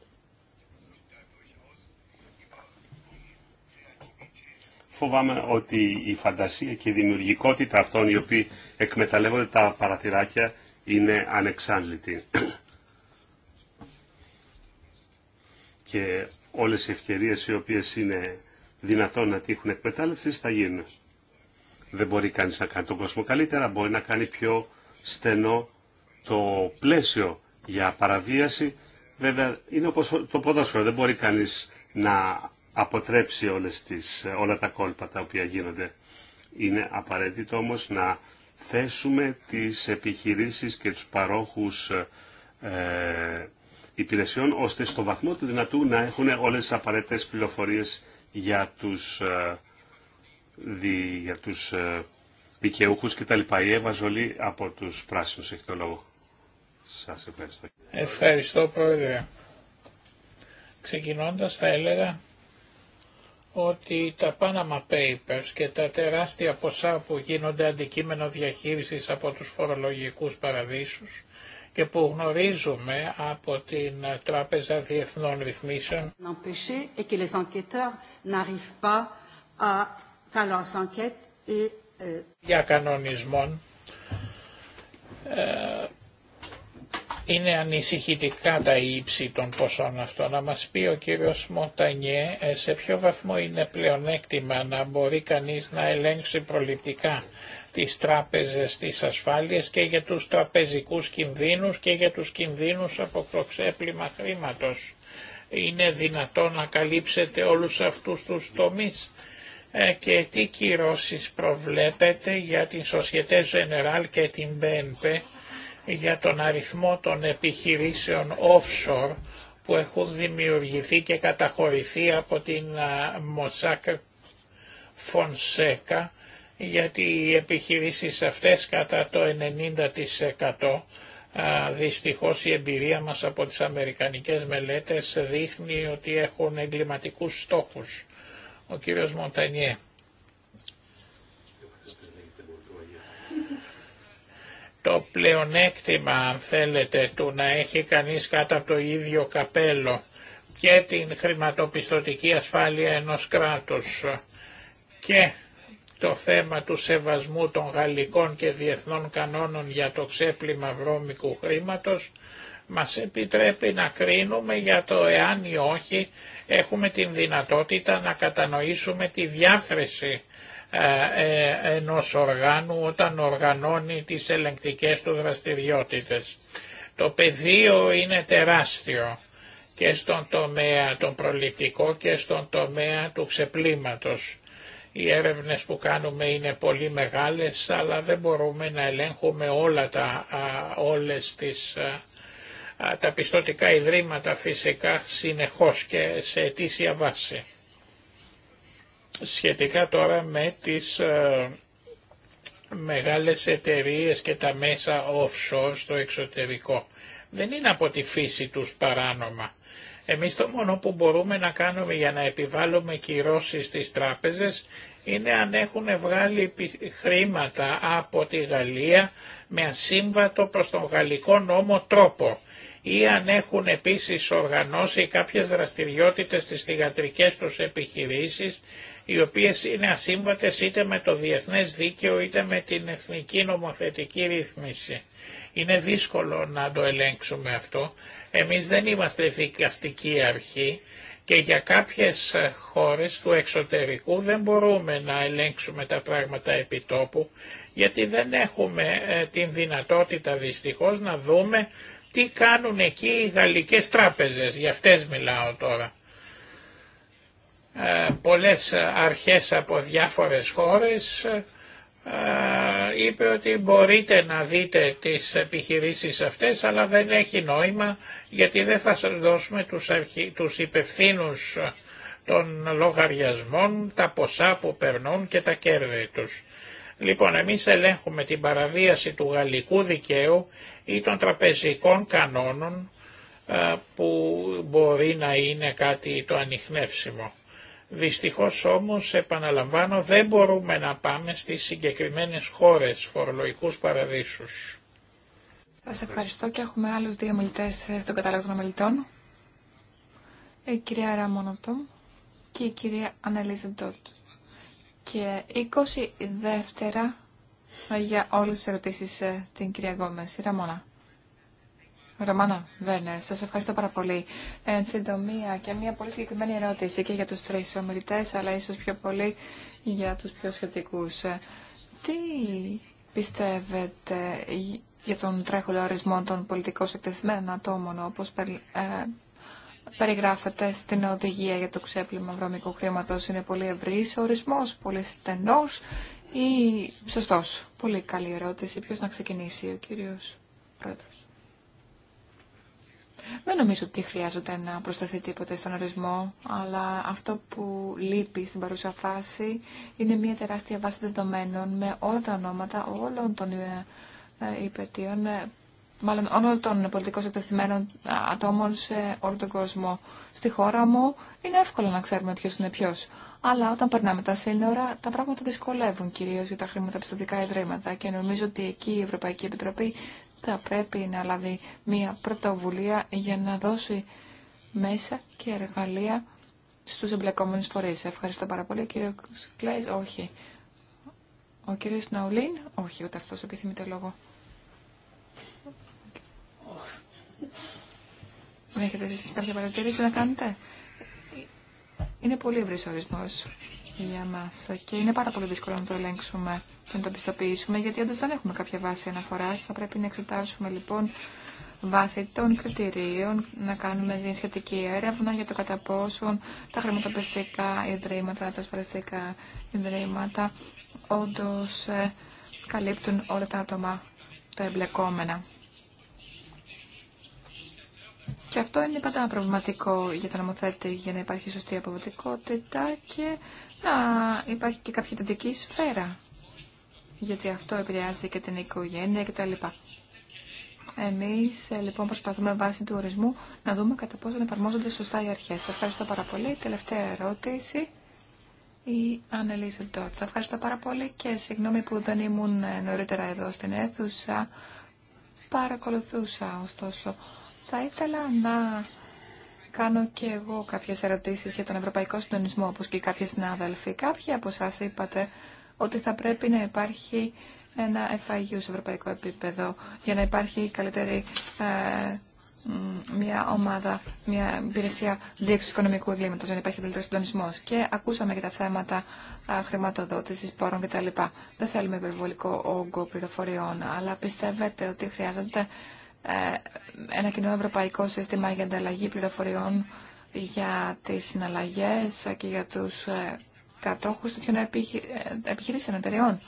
φοβάμαι ότι η φαντασία και η δημιουργικότητα αυτών οι οποίοι εκμεταλλεύονται τα παραθυράκια είναι ανεξάντλητη. και όλες οι ευκαιρίες οι οποίες είναι δυνατόν να τύχουν εκμετάλλευση θα γίνουν. Δεν μπορεί κανείς να κάνει τον κόσμο καλύτερα, μπορεί να κάνει πιο στενό το πλαίσιο για παραβίαση. Βέβαια είναι όπως το ποδόσφαιρο, δεν μπορεί κανείς να αποτρέψει όλες τις, όλα τα κόλπα τα οποία γίνονται. Είναι απαραίτητο όμως να θέσουμε τις επιχειρήσεις και τους παρόχους ε, υπηρεσιών ώστε στο βαθμό του δυνατού να έχουν όλες τις απαραίτητες πληροφορίες για τους, ε, δι, για τους ε, δικαιούχους κτλ. Η Εύα Ζολή από τους πράσινους έχει το λόγο. Σας ευχαριστώ. Ευχαριστώ Πρόεδρε. Ξεκινώντας θα έλεγα ότι τα Panama Papers και τα τεράστια ποσά που γίνονται αντικείμενο διαχείρισης από τους φορολογικούς παραδείσους και που γνωρίζουμε από την Τράπεζα Διεθνών Ρυθμίσεων euh, για κανονισμών ε, είναι ανησυχητικά τα ύψη των ποσών αυτών. Να μας πει ο κύριος Μοντανιέ ε, σε ποιο βαθμό είναι πλεονέκτημα να μπορεί κανείς να ελέγξει προληπτικά τις τράπεζες της ασφάλειας και για τους τραπεζικούς κινδύνους και για τους κινδύνους από το ξέπλυμα χρήματος. Είναι δυνατό να καλύψετε όλους αυτούς τους τομείς ε, και τι κυρώσεις προβλέπετε για την Societe Generale και την BNP για τον αριθμό των επιχειρήσεων offshore που έχουν δημιουργηθεί και καταχωρηθεί από την Mossack Φονσέκα γιατί οι επιχειρήσεις αυτές κατά το 90% δυστυχώς η εμπειρία μας από τις αμερικανικές μελέτες δείχνει ότι έχουν εγκληματικούς στόχους. Ο κύριος Μοντανιέ. το πλεονέκτημα αν θέλετε του να έχει κανείς κάτω από το ίδιο καπέλο και την χρηματοπιστωτική ασφάλεια ενός κράτους και το θέμα του σεβασμού των γαλλικών και διεθνών κανόνων για το ξέπλυμα βρώμικου χρήματος μας επιτρέπει να κρίνουμε για το εάν ή όχι έχουμε την δυνατότητα να κατανοήσουμε τη διάθεση ε, ε, ενός οργάνου όταν οργανώνει τις ελεγκτικές του δραστηριότητες. Το πεδίο είναι τεράστιο και στον τομέα των προληπτικό και στον τομέα του ξεπλήματος. Οι έρευνες που κάνουμε είναι πολύ μεγάλες, αλλά δεν μπορούμε να ελέγχουμε όλα τα, όλες τις, τα πιστοτικά ιδρύματα φυσικά συνεχώς και σε αιτήσια βάση. Σχετικά τώρα με τις ε, μεγάλες εταιρείες και τα μέσα offshore στο εξωτερικό. Δεν είναι από τη φύση τους παράνομα. Εμείς το μόνο που μπορούμε να κάνουμε για να επιβάλλουμε κυρώσεις στις τράπεζες είναι αν έχουν βγάλει χρήματα από τη Γαλλία με ασύμβατο προς τον γαλλικό νόμο τρόπο ή αν έχουν επίσης οργανώσει κάποιες δραστηριότητες στις θηγατρικές τους επιχειρήσεις, οι οποίες είναι ασύμβατες είτε με το διεθνές δίκαιο είτε με την εθνική νομοθετική ρύθμιση. Είναι δύσκολο να το ελέγξουμε αυτό. Εμείς δεν είμαστε δικαστική αρχή και για κάποιες χώρες του εξωτερικού δεν μπορούμε να ελέγξουμε τα πράγματα επιτόπου γιατί δεν έχουμε ε, την δυνατότητα δυστυχώς να δούμε τι κάνουν εκεί οι γαλλικές τράπεζες, για αυτές μιλάω τώρα. Ε, πολλές αρχές από διάφορες χώρες ε, είπε ότι μπορείτε να δείτε τις επιχειρήσεις αυτές αλλά δεν έχει νόημα γιατί δεν θα σας δώσουμε τους, αρχι... τους υπευθύνους των λογαριασμών, τα ποσά που περνούν και τα κέρδη τους. Λοιπόν, εμείς ελέγχουμε την παραβίαση του γαλλικού δικαίου ή των τραπεζικών κανόνων που μπορεί να είναι κάτι το ανιχνεύσιμο. Δυστυχώς όμως, επαναλαμβάνω, δεν μπορούμε να πάμε στις συγκεκριμένες χώρες φορολογικούς παραδείσους. Σας ευχαριστώ και έχουμε άλλους δύο μιλητές στον κατάλογο των ομιλητών. Η ε, κυρία συγκεκριμενες χωρες φορολογικους παραδεισους σας ευχαριστω και εχουμε αλλους δυο μιλητες στον καταλογο των μιλητών. η κυρια ραμονοτο και η κυρία Αναλίζα και 20 δεύτερα ε, για όλες τις ερωτήσεις ε, την κυρία Γόμες. Ραμόνα. Ρωμάνα Βέρνερ, σας ευχαριστώ πάρα πολύ. συντομία και μια πολύ συγκεκριμένη ερώτηση και για τους τρει ομιλητέ, αλλά ίσως πιο πολύ για τους πιο σχετικούς. Ε, τι πιστεύετε για τον τρέχοντα ορισμό των πολιτικώ εκτεθειμένων ατόμων, όπως περιγράφεται στην οδηγία για το ξέπλυμα βρωμικού χρήματο. Είναι πολύ ευρύ, ο ορισμός, πολύ στενό ή σωστό Πολύ καλή ερώτηση. ποιο να ξεκινήσει, ο κύριο Προεδρο. Δεν νομίζω ότι χρειάζεται να προσταθεί τίποτε στον ορισμό, αλλά αυτό που λείπει στην παρούσα είναι μια τεράστια βάση δεδομένων με όλα τα ονόματα όλων των ε, ε, υπετίων ε, μάλλον όλων των πολιτικών εκτεθειμένων ατόμων σε όλο τον κόσμο. Στη χώρα μου είναι εύκολο να ξέρουμε ποιο είναι ποιο. Αλλά όταν περνάμε τα σύνορα, τα πράγματα δυσκολεύουν κυρίω για τα χρηματοπιστωτικά ιδρύματα. Και νομίζω ότι εκεί η Ευρωπαϊκή Επιτροπή θα πρέπει να λάβει μια πρωτοβουλία για να δώσει μέσα και εργαλεία στους εμπλεκόμενους φορείς. Ευχαριστώ πάρα πολύ. Κύριο Κλέης, όχι. Ο κύριος Ναουλίν, όχι, ούτε αυτός επιθυμείται λόγο. Έχετε κάποια παρατηρήση να κάνετε. Είναι πολύ ευρύ ορισμό για μα. και είναι πάρα πολύ δύσκολο να το ελέγξουμε και να το πιστοποιήσουμε γιατί όντω δεν έχουμε κάποια βάση αναφοράς. Θα πρέπει να εξετάσουμε λοιπόν βάσει των κριτηρίων να κάνουμε την σχετική έρευνα για το κατά πόσον τα χρηματοπιστικά ιδρύματα, τα ασφαλιστικά ιδρύματα όντω ε, καλύπτουν όλα τα άτομα τα εμπλεκόμενα. Και αυτό είναι πάντα προβληματικό για τον νομοθέτη για να υπάρχει σωστή αποδοτικότητα και να υπάρχει και κάποια τεντική σφαίρα. Γιατί αυτό επηρεάζει και την οικογένεια κτλ. Εμείς ε, λοιπόν προσπαθούμε βάσει του ορισμού να δούμε κατά πόσο εφαρμόζονται σωστά οι αρχές. Ευχαριστώ πάρα πολύ. Τελευταία ερώτηση. Η Ανελίζελ Τότσα. Ευχαριστώ πάρα πολύ και συγγνώμη που δεν ήμουν ε, νωρίτερα εδώ στην αίθουσα. Παρακολουθούσα ωστόσο θα ήθελα να κάνω και εγώ κάποιες ερωτήσεις για τον Ευρωπαϊκό Συντονισμό, όπως και κάποιοι συνάδελφοι. Κάποιοι από εσά είπατε ότι θα πρέπει να υπάρχει ένα FIU σε ευρωπαϊκό επίπεδο για να υπάρχει καλύτερη ε, μια ομάδα, μια υπηρεσία διέξου οικονομικού εγκλήματο, να υπάρχει καλύτερο συντονισμό. Και ακούσαμε και τα θέματα ε, χρηματοδότηση πόρων κτλ. Δεν θέλουμε υπερβολικό όγκο πληροφοριών, αλλά πιστεύετε ότι χρειάζεται ε, ένα κοινό ευρωπαϊκό σύστημα για ανταλλαγή πληροφοριών για τις συναλλαγές και για τους ε, κατόχους τέτοιων ε, επιχειρήσεων, εταιρεών.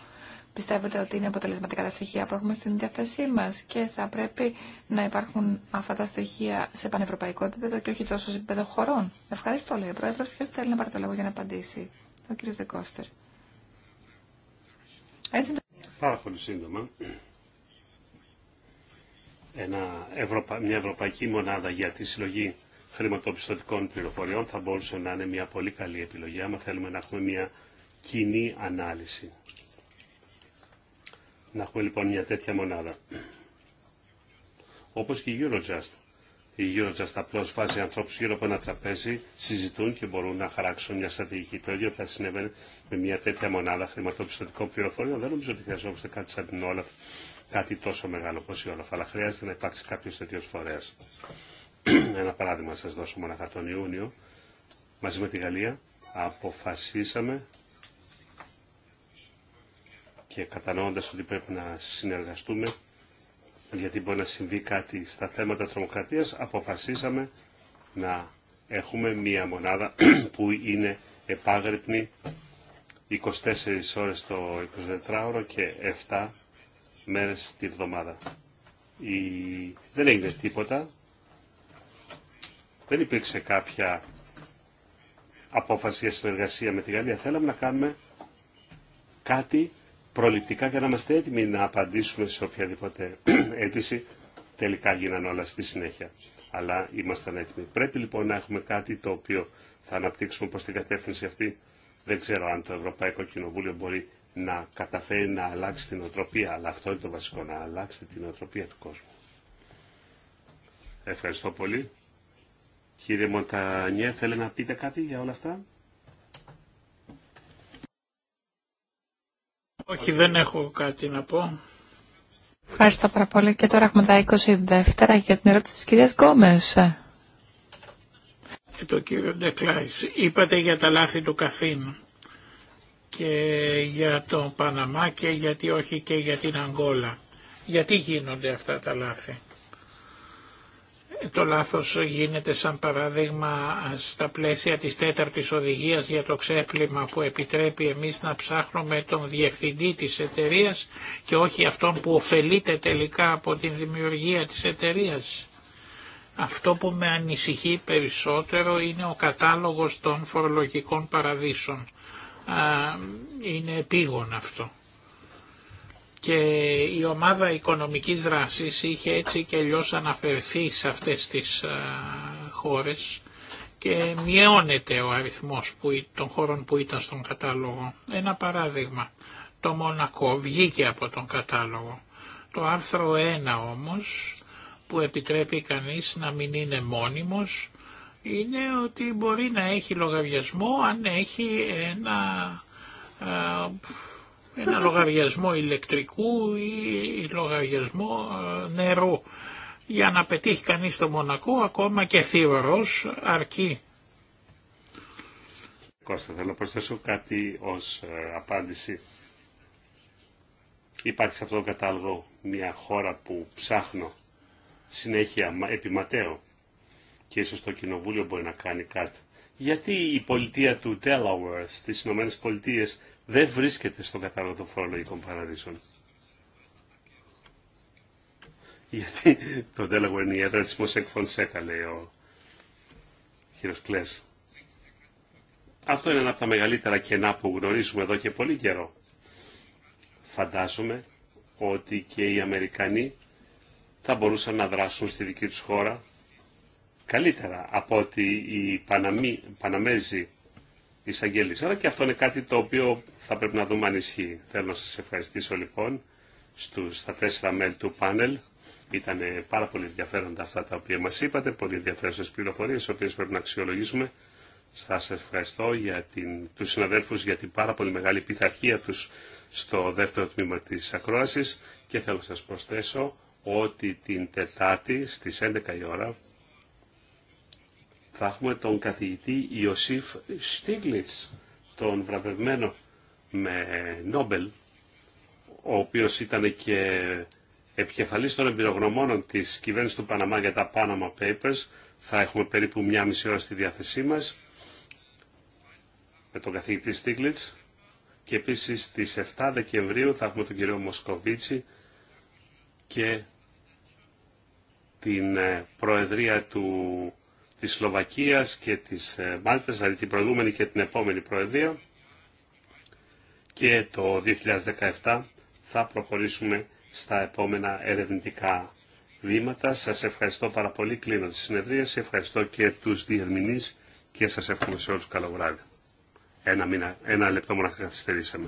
Πιστεύετε ότι είναι αποτελεσματικά τα στοιχεία που έχουμε στην διάθεσή μας και θα πρέπει να υπάρχουν αυτά τα στοιχεία σε πανευρωπαϊκό επίπεδο και όχι τόσο σε επίπεδο χωρών. Ευχαριστώ, λέει ο Πρόεδρος. Ποιος θέλει να πάρει το λόγο για να απαντήσει. Ο κύριος Δεκόστερ. Πάρα πολύ σύντομα μια ευρωπαϊκή μονάδα για τη συλλογή χρηματοπιστωτικών πληροφοριών θα μπορούσε να είναι μια πολύ καλή επιλογή άμα θέλουμε να έχουμε μια κοινή ανάλυση. Να έχουμε λοιπόν μια τέτοια μονάδα. Όπως και η Eurojust. Η Eurojust απλώς βάζει ανθρώπους γύρω από ένα τραπέζι, συζητούν και μπορούν να χαράξουν μια στρατηγική. Το ίδιο θα συνέβαινε με μια τέτοια μονάδα χρηματοπιστωτικών πληροφοριών. Δεν νομίζω ότι χρειαζόμαστε κάτι σαν την Όλαφ κάτι τόσο μεγάλο όπως η όλοφα, αλλά χρειάζεται να υπάρξει κάποιος τέτοιος φορέας. Ένα παράδειγμα σας δώσω μοναχα τον Ιούνιο, μαζί με τη Γαλλία, αποφασίσαμε και κατανοώντας ότι πρέπει να συνεργαστούμε, γιατί μπορεί να συμβεί κάτι στα θέματα τρομοκρατίας, αποφασίσαμε να έχουμε μία μονάδα που είναι επάγρυπνη 24 ώρες το 24ωρο και 7 μέρες τη βδομάδα. Η... Δεν έγινε τίποτα. Δεν υπήρξε κάποια απόφαση για συνεργασία με τη Γαλλία. Θέλαμε να κάνουμε κάτι προληπτικά για να είμαστε έτοιμοι να απαντήσουμε σε οποιαδήποτε αίτηση. Τελικά γίνανε όλα στη συνέχεια. Αλλά ήμασταν έτοιμοι. Πρέπει λοιπόν να έχουμε κάτι το οποίο θα αναπτύξουμε προς την κατεύθυνση αυτή. Δεν ξέρω αν το Ευρωπαϊκό Κοινοβούλιο μπορεί να καταφέρει να αλλάξει την οτροπία, αλλά αυτό είναι το βασικό, να αλλάξει την οτροπία του κόσμου. Ευχαριστώ πολύ. Κύριε Μοντανιέ, θέλετε να πείτε κάτι για όλα αυτά. Όχι, δεν έχω κάτι να πω. Ευχαριστώ πάρα πολύ. Και τώρα έχουμε τα 20 δεύτερα για την ερώτηση της κυρίας Γκόμες. Και το κύριο Ντεκλάης. Είπατε για τα λάθη του καφίνου και για τον Παναμά και γιατί όχι και για την Αγγόλα. Γιατί γίνονται αυτά τα λάθη. Ε, το λάθος γίνεται σαν παράδειγμα στα πλαίσια της τέταρτης οδηγίας για το ξέπλυμα που επιτρέπει εμείς να ψάχνουμε τον διευθυντή της εταιρείας και όχι αυτόν που ωφελείται τελικά από την δημιουργία της εταιρείας. Αυτό που με ανησυχεί περισσότερο είναι ο κατάλογος των φορολογικών παραδείσων είναι επίγον αυτό. Και η ομάδα οικονομικής δράσης είχε έτσι και αλλιώς αναφερθεί σε αυτές τις χώρες και μειώνεται ο αριθμός που, των χώρων που ήταν στον κατάλογο. Ένα παράδειγμα, το Μονακό βγήκε από τον κατάλογο. Το άρθρο 1 όμως που επιτρέπει κανείς να μην είναι μόνιμος είναι ότι μπορεί να έχει λογαριασμό αν έχει ένα, ε, ένα λογαριασμό ηλεκτρικού ή λογαριασμό ε, νερού. Για να πετύχει κανείς το Μονακό ακόμα και θύωρος αρκεί. Κώστα, θέλω να προσθέσω κάτι ως ε, απάντηση. Υπάρχει σε αυτόν τον κατάλογο μια χώρα που ψάχνω συνέχεια επιματέω και ίσως το κοινοβούλιο μπορεί να κάνει κάτι. Γιατί η πολιτεία του Delaware στις Ηνωμένες Πολιτείες δεν βρίσκεται στον κατάλογο των φορολογικών παραδείσων. Γιατί το Delaware είναι η έδρα της Μοσέκ Φονσέκα, λέει ο κ. Κλές. Αυτό είναι ένα από τα μεγαλύτερα κενά που γνωρίζουμε εδώ και πολύ καιρό. Φαντάζομαι ότι και οι Αμερικανοί θα μπορούσαν να δράσουν στη δική τους χώρα καλύτερα από ότι οι Παναμί, Παναμέζοι εισαγγέλεις. Αλλά και αυτό είναι κάτι το οποίο θα πρέπει να δούμε αν ισχύει. Θέλω να σας ευχαριστήσω λοιπόν στους, στα τέσσερα μέλη του πάνελ. Ήταν πάρα πολύ ενδιαφέροντα αυτά τα οποία μας είπατε, πολύ ενδιαφέρουσες πληροφορίες, τις οποίες πρέπει να αξιολογήσουμε. Σα ευχαριστώ για την, τους συναδέλφους για την πάρα πολύ μεγάλη πειθαρχία τους στο δεύτερο τμήμα της ακρόασης και θέλω να σας προσθέσω ότι την Τετάρτη στις 11 η ώρα θα έχουμε τον καθηγητή Ιωσήφ Στίγλιτς, τον βραβευμένο με Νόμπελ, ο οποίος ήταν και επικεφαλής των εμπειρογνωμόνων της κυβέρνησης του Παναμά για τα Panama Papers. Θα έχουμε περίπου μια μισή ώρα στη διάθεσή μας με τον καθηγητή Στίγλιτς. Και επίσης στις 7 Δεκεμβρίου θα έχουμε τον κύριο Μοσκοβίτσι και την ε, Προεδρία του της Σλοβακίας και της ε, Μάλτας, δηλαδή την προηγούμενη και την επόμενη Προεδρία και το 2017 θα προχωρήσουμε στα επόμενα ερευνητικά βήματα. Σας ευχαριστώ πάρα πολύ. Κλείνω τη συνεδρία. Σας ευχαριστώ και τους διερμηνείς και σας εύχομαι σε όλους καλό βράδυ. Ένα, ένα λεπτό μόνο καθυστερήσαμε.